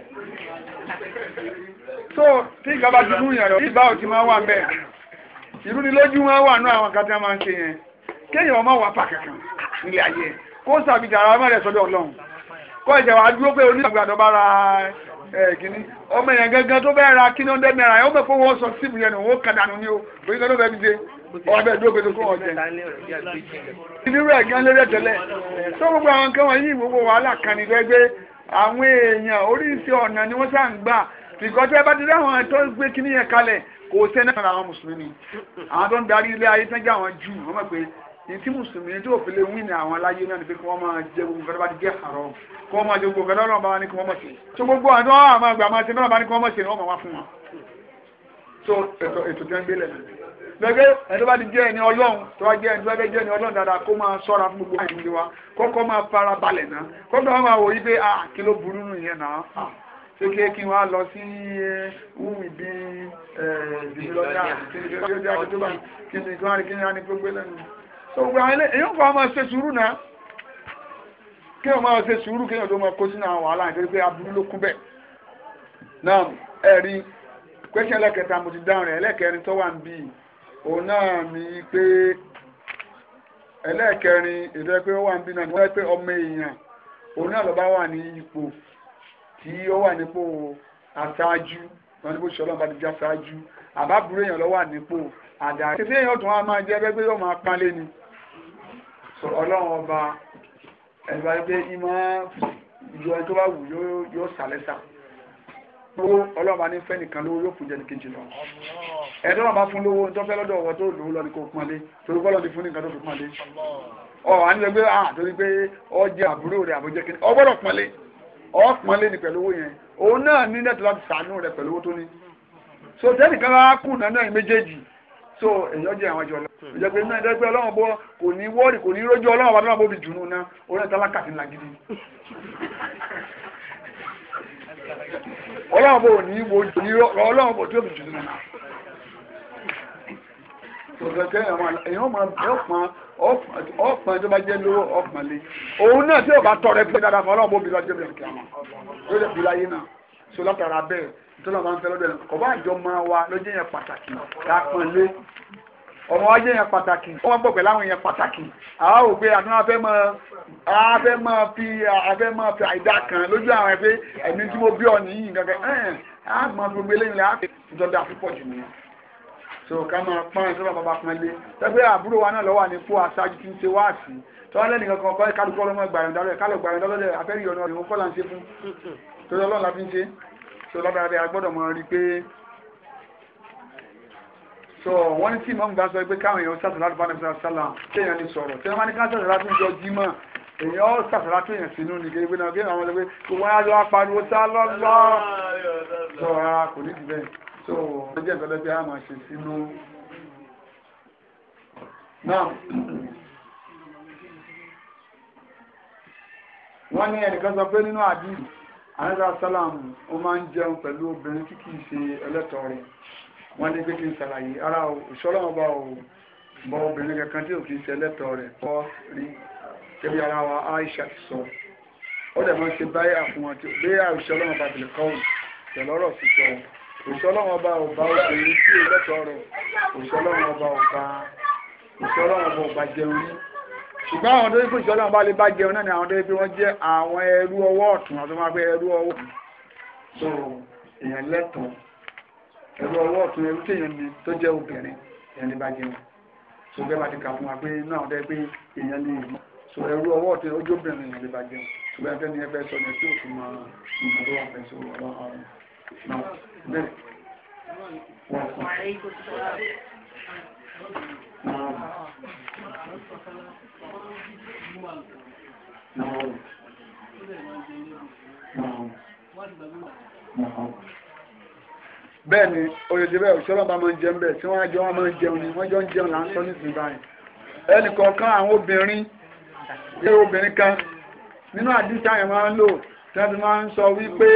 so tí ìjọba ti mú ìyàrá ìbá ò ti máa wà bẹ́ẹ̀ ìlú ni lójú wọn wà nú àwọn kátà máa ń ṣe yẹn kéèyàn ọmọ wà pa kankan nílé ayé kó sàbìjà ara mọ́rẹ̀ sọ́dọ̀ ọlọ́run kó ìjẹ̀ wá dúró pé onígbàgbọ́ ọmọ yẹn gangan tó bẹ́ẹ̀ ra kíní ọ̀dẹ́ mẹ́ra yẹn ó mẹ́ fọwọ́ sọ síìmù yẹn nù ó kàdánù ni ó bóyá ló bẹ́ẹ̀ bí dé ọwọ́ bẹ́ẹ̀ dúró pé kókó ọ̀jẹ̀. ìdírú ẹ̀ gan lórí ẹ̀tẹ̀lẹ̀ tó gbogbo àwọn nǹkan wọ̀nyí gbogbo wàhálà kan ní gbẹgbẹ́ àwọn èèyàn oríṣi ọ̀nà ni wọ́n sá ń gbà tìkọ́tẹ́ bá ti dáhùn ẹ̀ tó gbé kíní yẹn kalẹ̀ kò sẹ́ni ara àwọn mùsùlùmí àwọn tó ń darí ilé ayé tán jẹ́ àwọn jù wọ́n mọ̀ pé ní tí mùsùlùmí tí òfin lè wíìnì àwọn aláyé náà ni pé kí wọ́n máa jẹ gbogbo nǹkan tó bá ti jẹ́ àrọ́ kí wọ́n máa jẹ gbogbo nǹkan tó bá ní kí wọ́n mọ̀ sí. tó gbogbo àwọn àgbà máa ṣe náà bá ní kí wọ́n mọ̀ sí ni wọ́n máa wá fún wọn. so ètò ètò tí wọ́n gbé náà gbẹgbẹ ẹni ti jẹ́ ẹni ọlọ́run tó bá jẹ́ ẹni bá fẹ́ ẹni ọlọ́run dáadáa kó máa ṣọ́ra fún gbogbo àyè wa kọ́kọ́ máa fara balẹ̀ náà kọ́kọ́ máa wò yí pé kí ló burú nù yẹn náà kí kí lọ sí kí ni kí kí ni gbogbo so gbogbo àwọn ilé èyí máa ṣe sùúrù náà kí máa ṣe sùúrù kí tó máa kó sínú àwọn wàhálà nítorí pé aburú ló kú mo ti dáhùn rẹ̀ ẹlẹ́kẹrin tó wà ń bí o náà mi pé ẹlẹ́ẹ̀kẹrin ètò ẹgbẹ́ wà ń bí náà wọ́n pé ọmọ èèyàn òun náà lọ́ba wà ní ipò tí ó wà nípò aṣáájú wọn ní bó ṣe ọlọ́run bá ti jẹ́ aṣáájú àbábúrò èèyàn ló wà nípò àdáyé. ṣé èèyàn tún wá máa jẹ́ ẹgbẹ́ pé yóò máa pálé ni ọlọ́run ọba ẹ̀rọ ẹgbẹ́ ìmọ̀ ìjọ ẹni tó bá wù yóò sàlẹ́sà lówó ọlọ́ọ̀bá ní fẹ́ nìkan lówó yóò fún jẹ́ nìkejì lọ ẹ̀dọ́ náà bá fún lówó tó fẹ́ lọ́dọ̀ ọ̀wọ́ tó lówó lọ ní kò pọ́nlé torí kọ́ lọ́dún fún nìkan tó fi pọ́nlé ọ̀ à ń lọ gbé ah torí pé ọ jẹ àbúrò rẹ àbójẹ kí ọ gbọ́dọ̀ pọ́nlé ọ pọ́nlé ní pẹ̀lú owó yẹn òun náà ní nẹ́tọ̀ láti sàánú rẹ pẹ̀lú owó tó ní so tẹ́nìkan bá kù náà méjèèjì so èyàn jẹ àwọn ìjọ ọlọ́run ìjọ pé náà ìdẹ́gbẹ́ ọlọ́run bọ́ kò ní wọ́ọ̀rì kò ní rójú ọlọ́run bá tó máa bóbi jùnú náà orí ẹ̀ tálákà ti là gidi ọlọ́run bò ní wo ní ọlọ́run bò tí ó fi jù nínú ọ̀pọ̀ tó bá jẹ́ lówó ọ̀pọ̀ lé òun náà tí ó bá tọrẹ pé dáadáa fún ọlọ́run bó bí lọ́jọ́ bí ọ̀kẹ́ àwọn ló lè bí láyé náà so látara bẹ́ẹ̀ tó jẹ́ yẹn pàtàkì lápọ̀n lé ọmọ wa jẹ́ yẹn pàtàkì wọ́n gbọ́ pẹ̀lú àwọn yẹn pàtàkì àwa ò pé àdúrà fẹ́ mọ afẹ́ mọ fi afẹ́ mọ fi àìdá kan lójú àwọn ẹgbẹ́ ẹ̀mí tí mo bí ọ nìyí gẹ́gẹ́ ẹ̀ẹ́n á mọ gbogbo eléyìí lẹ́yìn àpè ìjọba àfipọ̀ jù nìyẹn so ká máa pọ́n ẹ̀ sọ́dọ̀ bàbá pọ́n lé tẹ́gbẹ́ àbúrò wa náà lọ́wọ́ àníkó aṣáájú tí ń ṣe wá sí tọ́lá lẹ́nu kankan kọ́ kálukọ́ lọ́mọ gbàyàn dálẹ̀ kálọ̀ gbàyàn dálẹ̀ afẹ́rí ọ̀nà ìwọ́n kọ́ là ń so wọ́n ní tí mọ́mù bá sọ pé káwọn èèyàn sàtàlátù bá nàìjíríà sálà kéèyàn ní sọ̀rọ̀ tí wọ́n bá ní ká sàtàlátù ń jọ jímọ̀ èèyàn sàtàlátù èèyàn sínú ní kéèyàn náà kéèyàn àwọn ọlọ́gbẹ́ kò wọ́n á lọ apariwo sá lọ́lọ́ so ara kò ní jù bẹ́ẹ̀ so ó jẹ́ nǹkan lẹ́gbẹ́ àmọ́ ṣe sínú. náà wọ́n ní ẹnìkan sọ pé nínú àdìs àrẹ́sà sálàm ó máa ń jẹun pẹ̀lú obìnrin tí kì í ṣe ẹlẹ́tọ̀ọ́ rẹ̀ wọ́n ní pé kí n ṣàlàyé ara òṣọ́lọ́wọ́ bá ò bọ obìnrin kankan tí ò kí ń ṣe lẹ́tọ̀ọ́ rẹ̀ kọ́ rí tẹ́bí ara wa Aisha ti sọ ó dẹ̀ máa ń ṣe báyà fún wọn tí ó bẹ́ẹ̀ òṣọ́lọ́wọ́ bá bìlẹ̀ kọ́ ìṣẹ̀lọ́rọ̀ sí sọ òṣọ́lọ́wọ́ bá ò bá obìnrin tí ò lẹ́tọ̀ọ́ rẹ̀ òṣọ́lọ́wọ́ bá ò bá òṣọ́lọ́wọ́ bá ò bá jẹun rí ṣùgbọ́n àwọn tó ń pèsè ọlọ́run bá lè bá jẹun náà ni àwọn tó ń pè wọ́n ẹrú ọwọ́ ọ̀tún ẹrú téèyàn ni tó jẹ́ obìnrin ẹ̀yàn lè bá jẹun so bẹ́ẹ̀ bá ti kà fún wa pé náà ọ̀dẹ́ pé èèyàn lè mọ́ so ẹrú ọwọ́ ọ̀tún ẹrú jóbìnrin ẹ̀yàn lè bá jẹun ṣùgbọ́n ẹgbẹ́ ni ẹgbẹ́ sọ ní ẹtí òfin máa ìmọ̀ tó wà fẹ́ sí ọlọ́run náà bẹ́ẹ̀ bẹ́ẹ̀ ni oyèdè bẹ́ẹ̀ òṣèlú ọba máa ń jẹun bẹ́ẹ̀ tí wọ́n wọn máa ń jẹun ni wọ́n jọ ń jẹun là ń báyìí àwọn obìnrin ṣé obìnrin kan nínú àdìsí àyẹ̀ máa ń lò tí wọ́n máa ń sọ wípé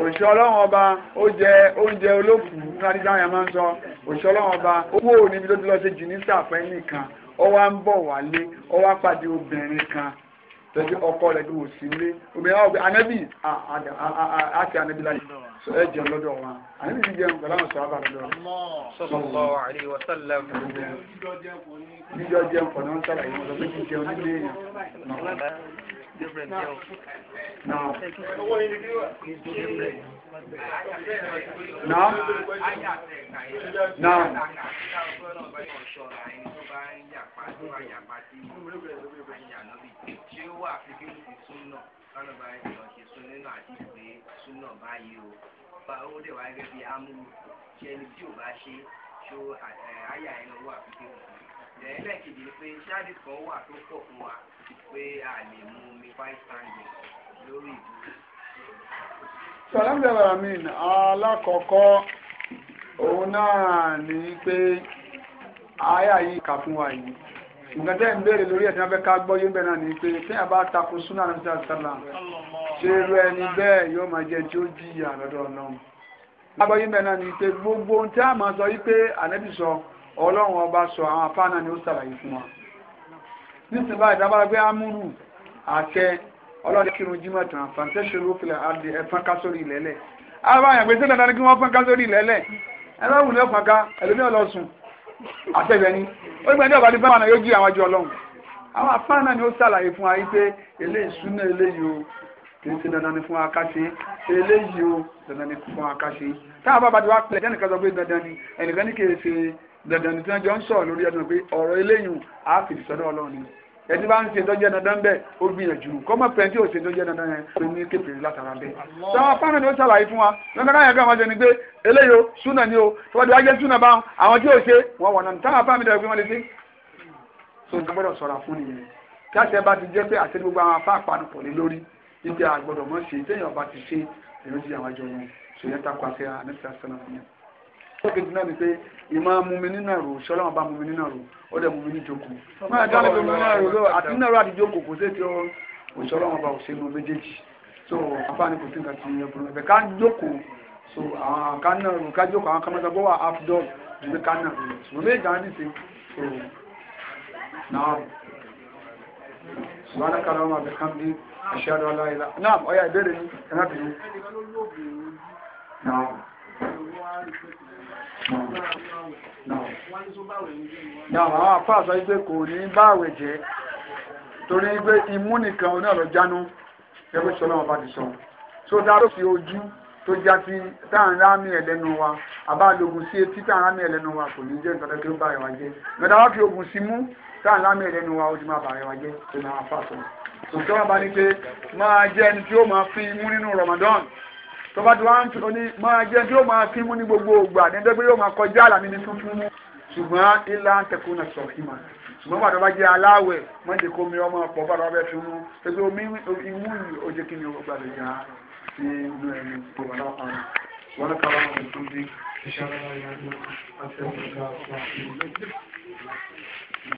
òṣìṣẹ́ ọlọ́run ọba ó jẹ oúnjẹ olókùú nínú àdìsí àyẹ̀ máa ń sọ ọba owó òní lọ nìkan ń bọ̀ wálé pàdé obìnrin tẹ́jú ọkọ rẹ̀ ló sì lé obìnrin àwọn anabi àti anabi láyé sọ ẹ jẹun lọ́dọ̀ wọn anabi ti jẹun pẹ̀lú àwọn sọ̀rọ̀ àbàlọ́dọ̀ sallallahu alaihi wa sallam jíjọ jẹun pọ̀ ní wọ́n sàlàyé wọn lọ pé jíjẹun nílé èèyàn different deal. No. No. No. Bá ó dẹ̀ wá gẹ́gẹ́ bí amúlù, ṣe ẹni tí ò bá ṣe, ṣó àyà ẹnu wà fífẹ́ òfin. ẹlẹ́ẹ̀kejì ni pé ṣáàdì kan wà tó pọ̀ fún a lè mú omi five standing lórí ìdúró. sàlámù alamin alákọ̀ọ́kọ́ òun náà ní pé àyà yìí kà fún wa yìí nǹkan tẹ́ ń béèrè lórí ẹ̀sìn abẹ́ká gbọ́ ní pé tí a bá súnà ní ṣe irú ẹni bẹ́ẹ̀ yóò máa jẹ tí ó jìyà lọ́dọ̀ náà. ní pé gbogbo ohun tí a máa ọlọ́run ọba sọ àwọn afáànà ni ó sàlàyé fún wa nísìnyí báyìí dábàá pé amúnú àṣẹ ọlọ́run kírun jímọ̀ tán fàǹtẹ́sì rúfìlà àdì ẹ̀fọn ká sórí ìlẹ́lẹ̀ àwọn àyàn pé sẹ́dá dáadáa kí wọ́n fọ́n ká sórí ìlẹ́lẹ̀ ẹlọ́run ní ọ̀fọ̀n ká ẹlòmí ọlọ́sùn àtẹ̀bẹ̀ ni ó gbẹ́ ní ọ̀bàdí fáwọn yóò jí àwọn àjọ ọlọ́run àwọn afáànà ni ó sàlàyé fún wa yìí pé eléyìí súnà eléyìí o kì í ṣe dandan ni fún wa ká ṣe eléyìí o dandan ni fún wa ká ṣe táwọn bàbá ti wá pẹ̀lẹ́ dandan tí wọ́n jọ ń sọ̀rọ̀ lórí ẹnu pé ọ̀rọ̀ eléyìí á fi ìsọdọ̀ ọlọ́run ni ẹni bá ń ṣe tọ́jú dandan bẹ́ẹ̀ ó gbìyànjú kọ́mọ pẹ̀lú tí ò ṣe tọ́jú dandan yẹn pé ní kékeré látara bẹ́ẹ̀. sọ fáwọn ènìyàn ṣàlàyé fún wa lọ́dọ̀ káyọ̀ kan wọ́n ṣe ni pé eléyìí o súnà ni o tọ́jú ajé súnà bá àwọn tí ò ṣe wọ́n wọ̀nà ní táwọn fáwọn ènìyàn pé wọ́n lè ṣe. so n gbọ́dọ̀ sọ̀rọ̀ fún nìyẹn kí àṣẹ bá ìmọ̀ mumi nínú ẹ̀rù ṣọlọ́wọ́n bá mumi nínú ẹ̀rù ó dẹ̀ mumi ní joko máa dá lóbi mumi nínú ẹ̀rù àti nínú ẹ̀rù àti joko kò sí ti ó òṣọlọ́wọ́n bá òṣèlú méjèèjì so àǹfààní kò sí nǹkan ti yẹ burú ẹ̀bẹ̀ ká joko so àwọn ká nínú ẹ̀rù ká joko àwọn kọ́mọ́tà bó wà afdol ju pé ká nínú ẹ̀rù ṣùgbọ́n méjì àwọn ìdíje so náà ṣùgbọ́n alákàlọ́ máa bẹ̀ kán bí aṣáájú aláìlá náà náà àwọn àfáà sọ pé kò ní báwẹ̀ jẹ́ torí pé imú nìkan oní ọ̀rọ̀ jánú ẹgbẹ́ sọ náà bá ti sọ tó dárò sí ojú tó já sí táwọn rámì ẹlẹ́nu wa àbálogun sí etí táwọn rámì ẹlẹ́nu wa kò ní jẹ́ nǹkan tó kí ó bá rẹ̀ wá jẹ́ mẹ́ta wá fi ogun sí mú táwọn rámì ẹlẹ́nu wa ó ti máa bà rẹ̀ wá jẹ́ tó náà àfáà sọ tòkí wọn bá ní pé máa jẹ́ ẹni tí ó máa fi imú nínú Ramadan tọ́ba tí wọ́n á ń tún ní máa jẹ́ kí ó máa fi mú ní gbogbo ògbà nígbà pé yóò máa kọjá àlàmì ní tuntun ṣùgbọ́n ilà ń tẹ̀kùn náà sọ̀rọ̀ ìmọ̀ ṣùgbọ́n bàtọ́ bá jẹ́ aláwẹ̀ máa jẹ́ kó mi ọmọ ọ̀pọ̀ bàtọ́ bẹ́ẹ̀ fi mú pé omi imú yìí ó jẹ́ kí ni ọgbà lè yá sí inú ẹni tó wà láwọn wọn náà káwọn ọmọ tó dé iṣẹ́ ọlọ́run yá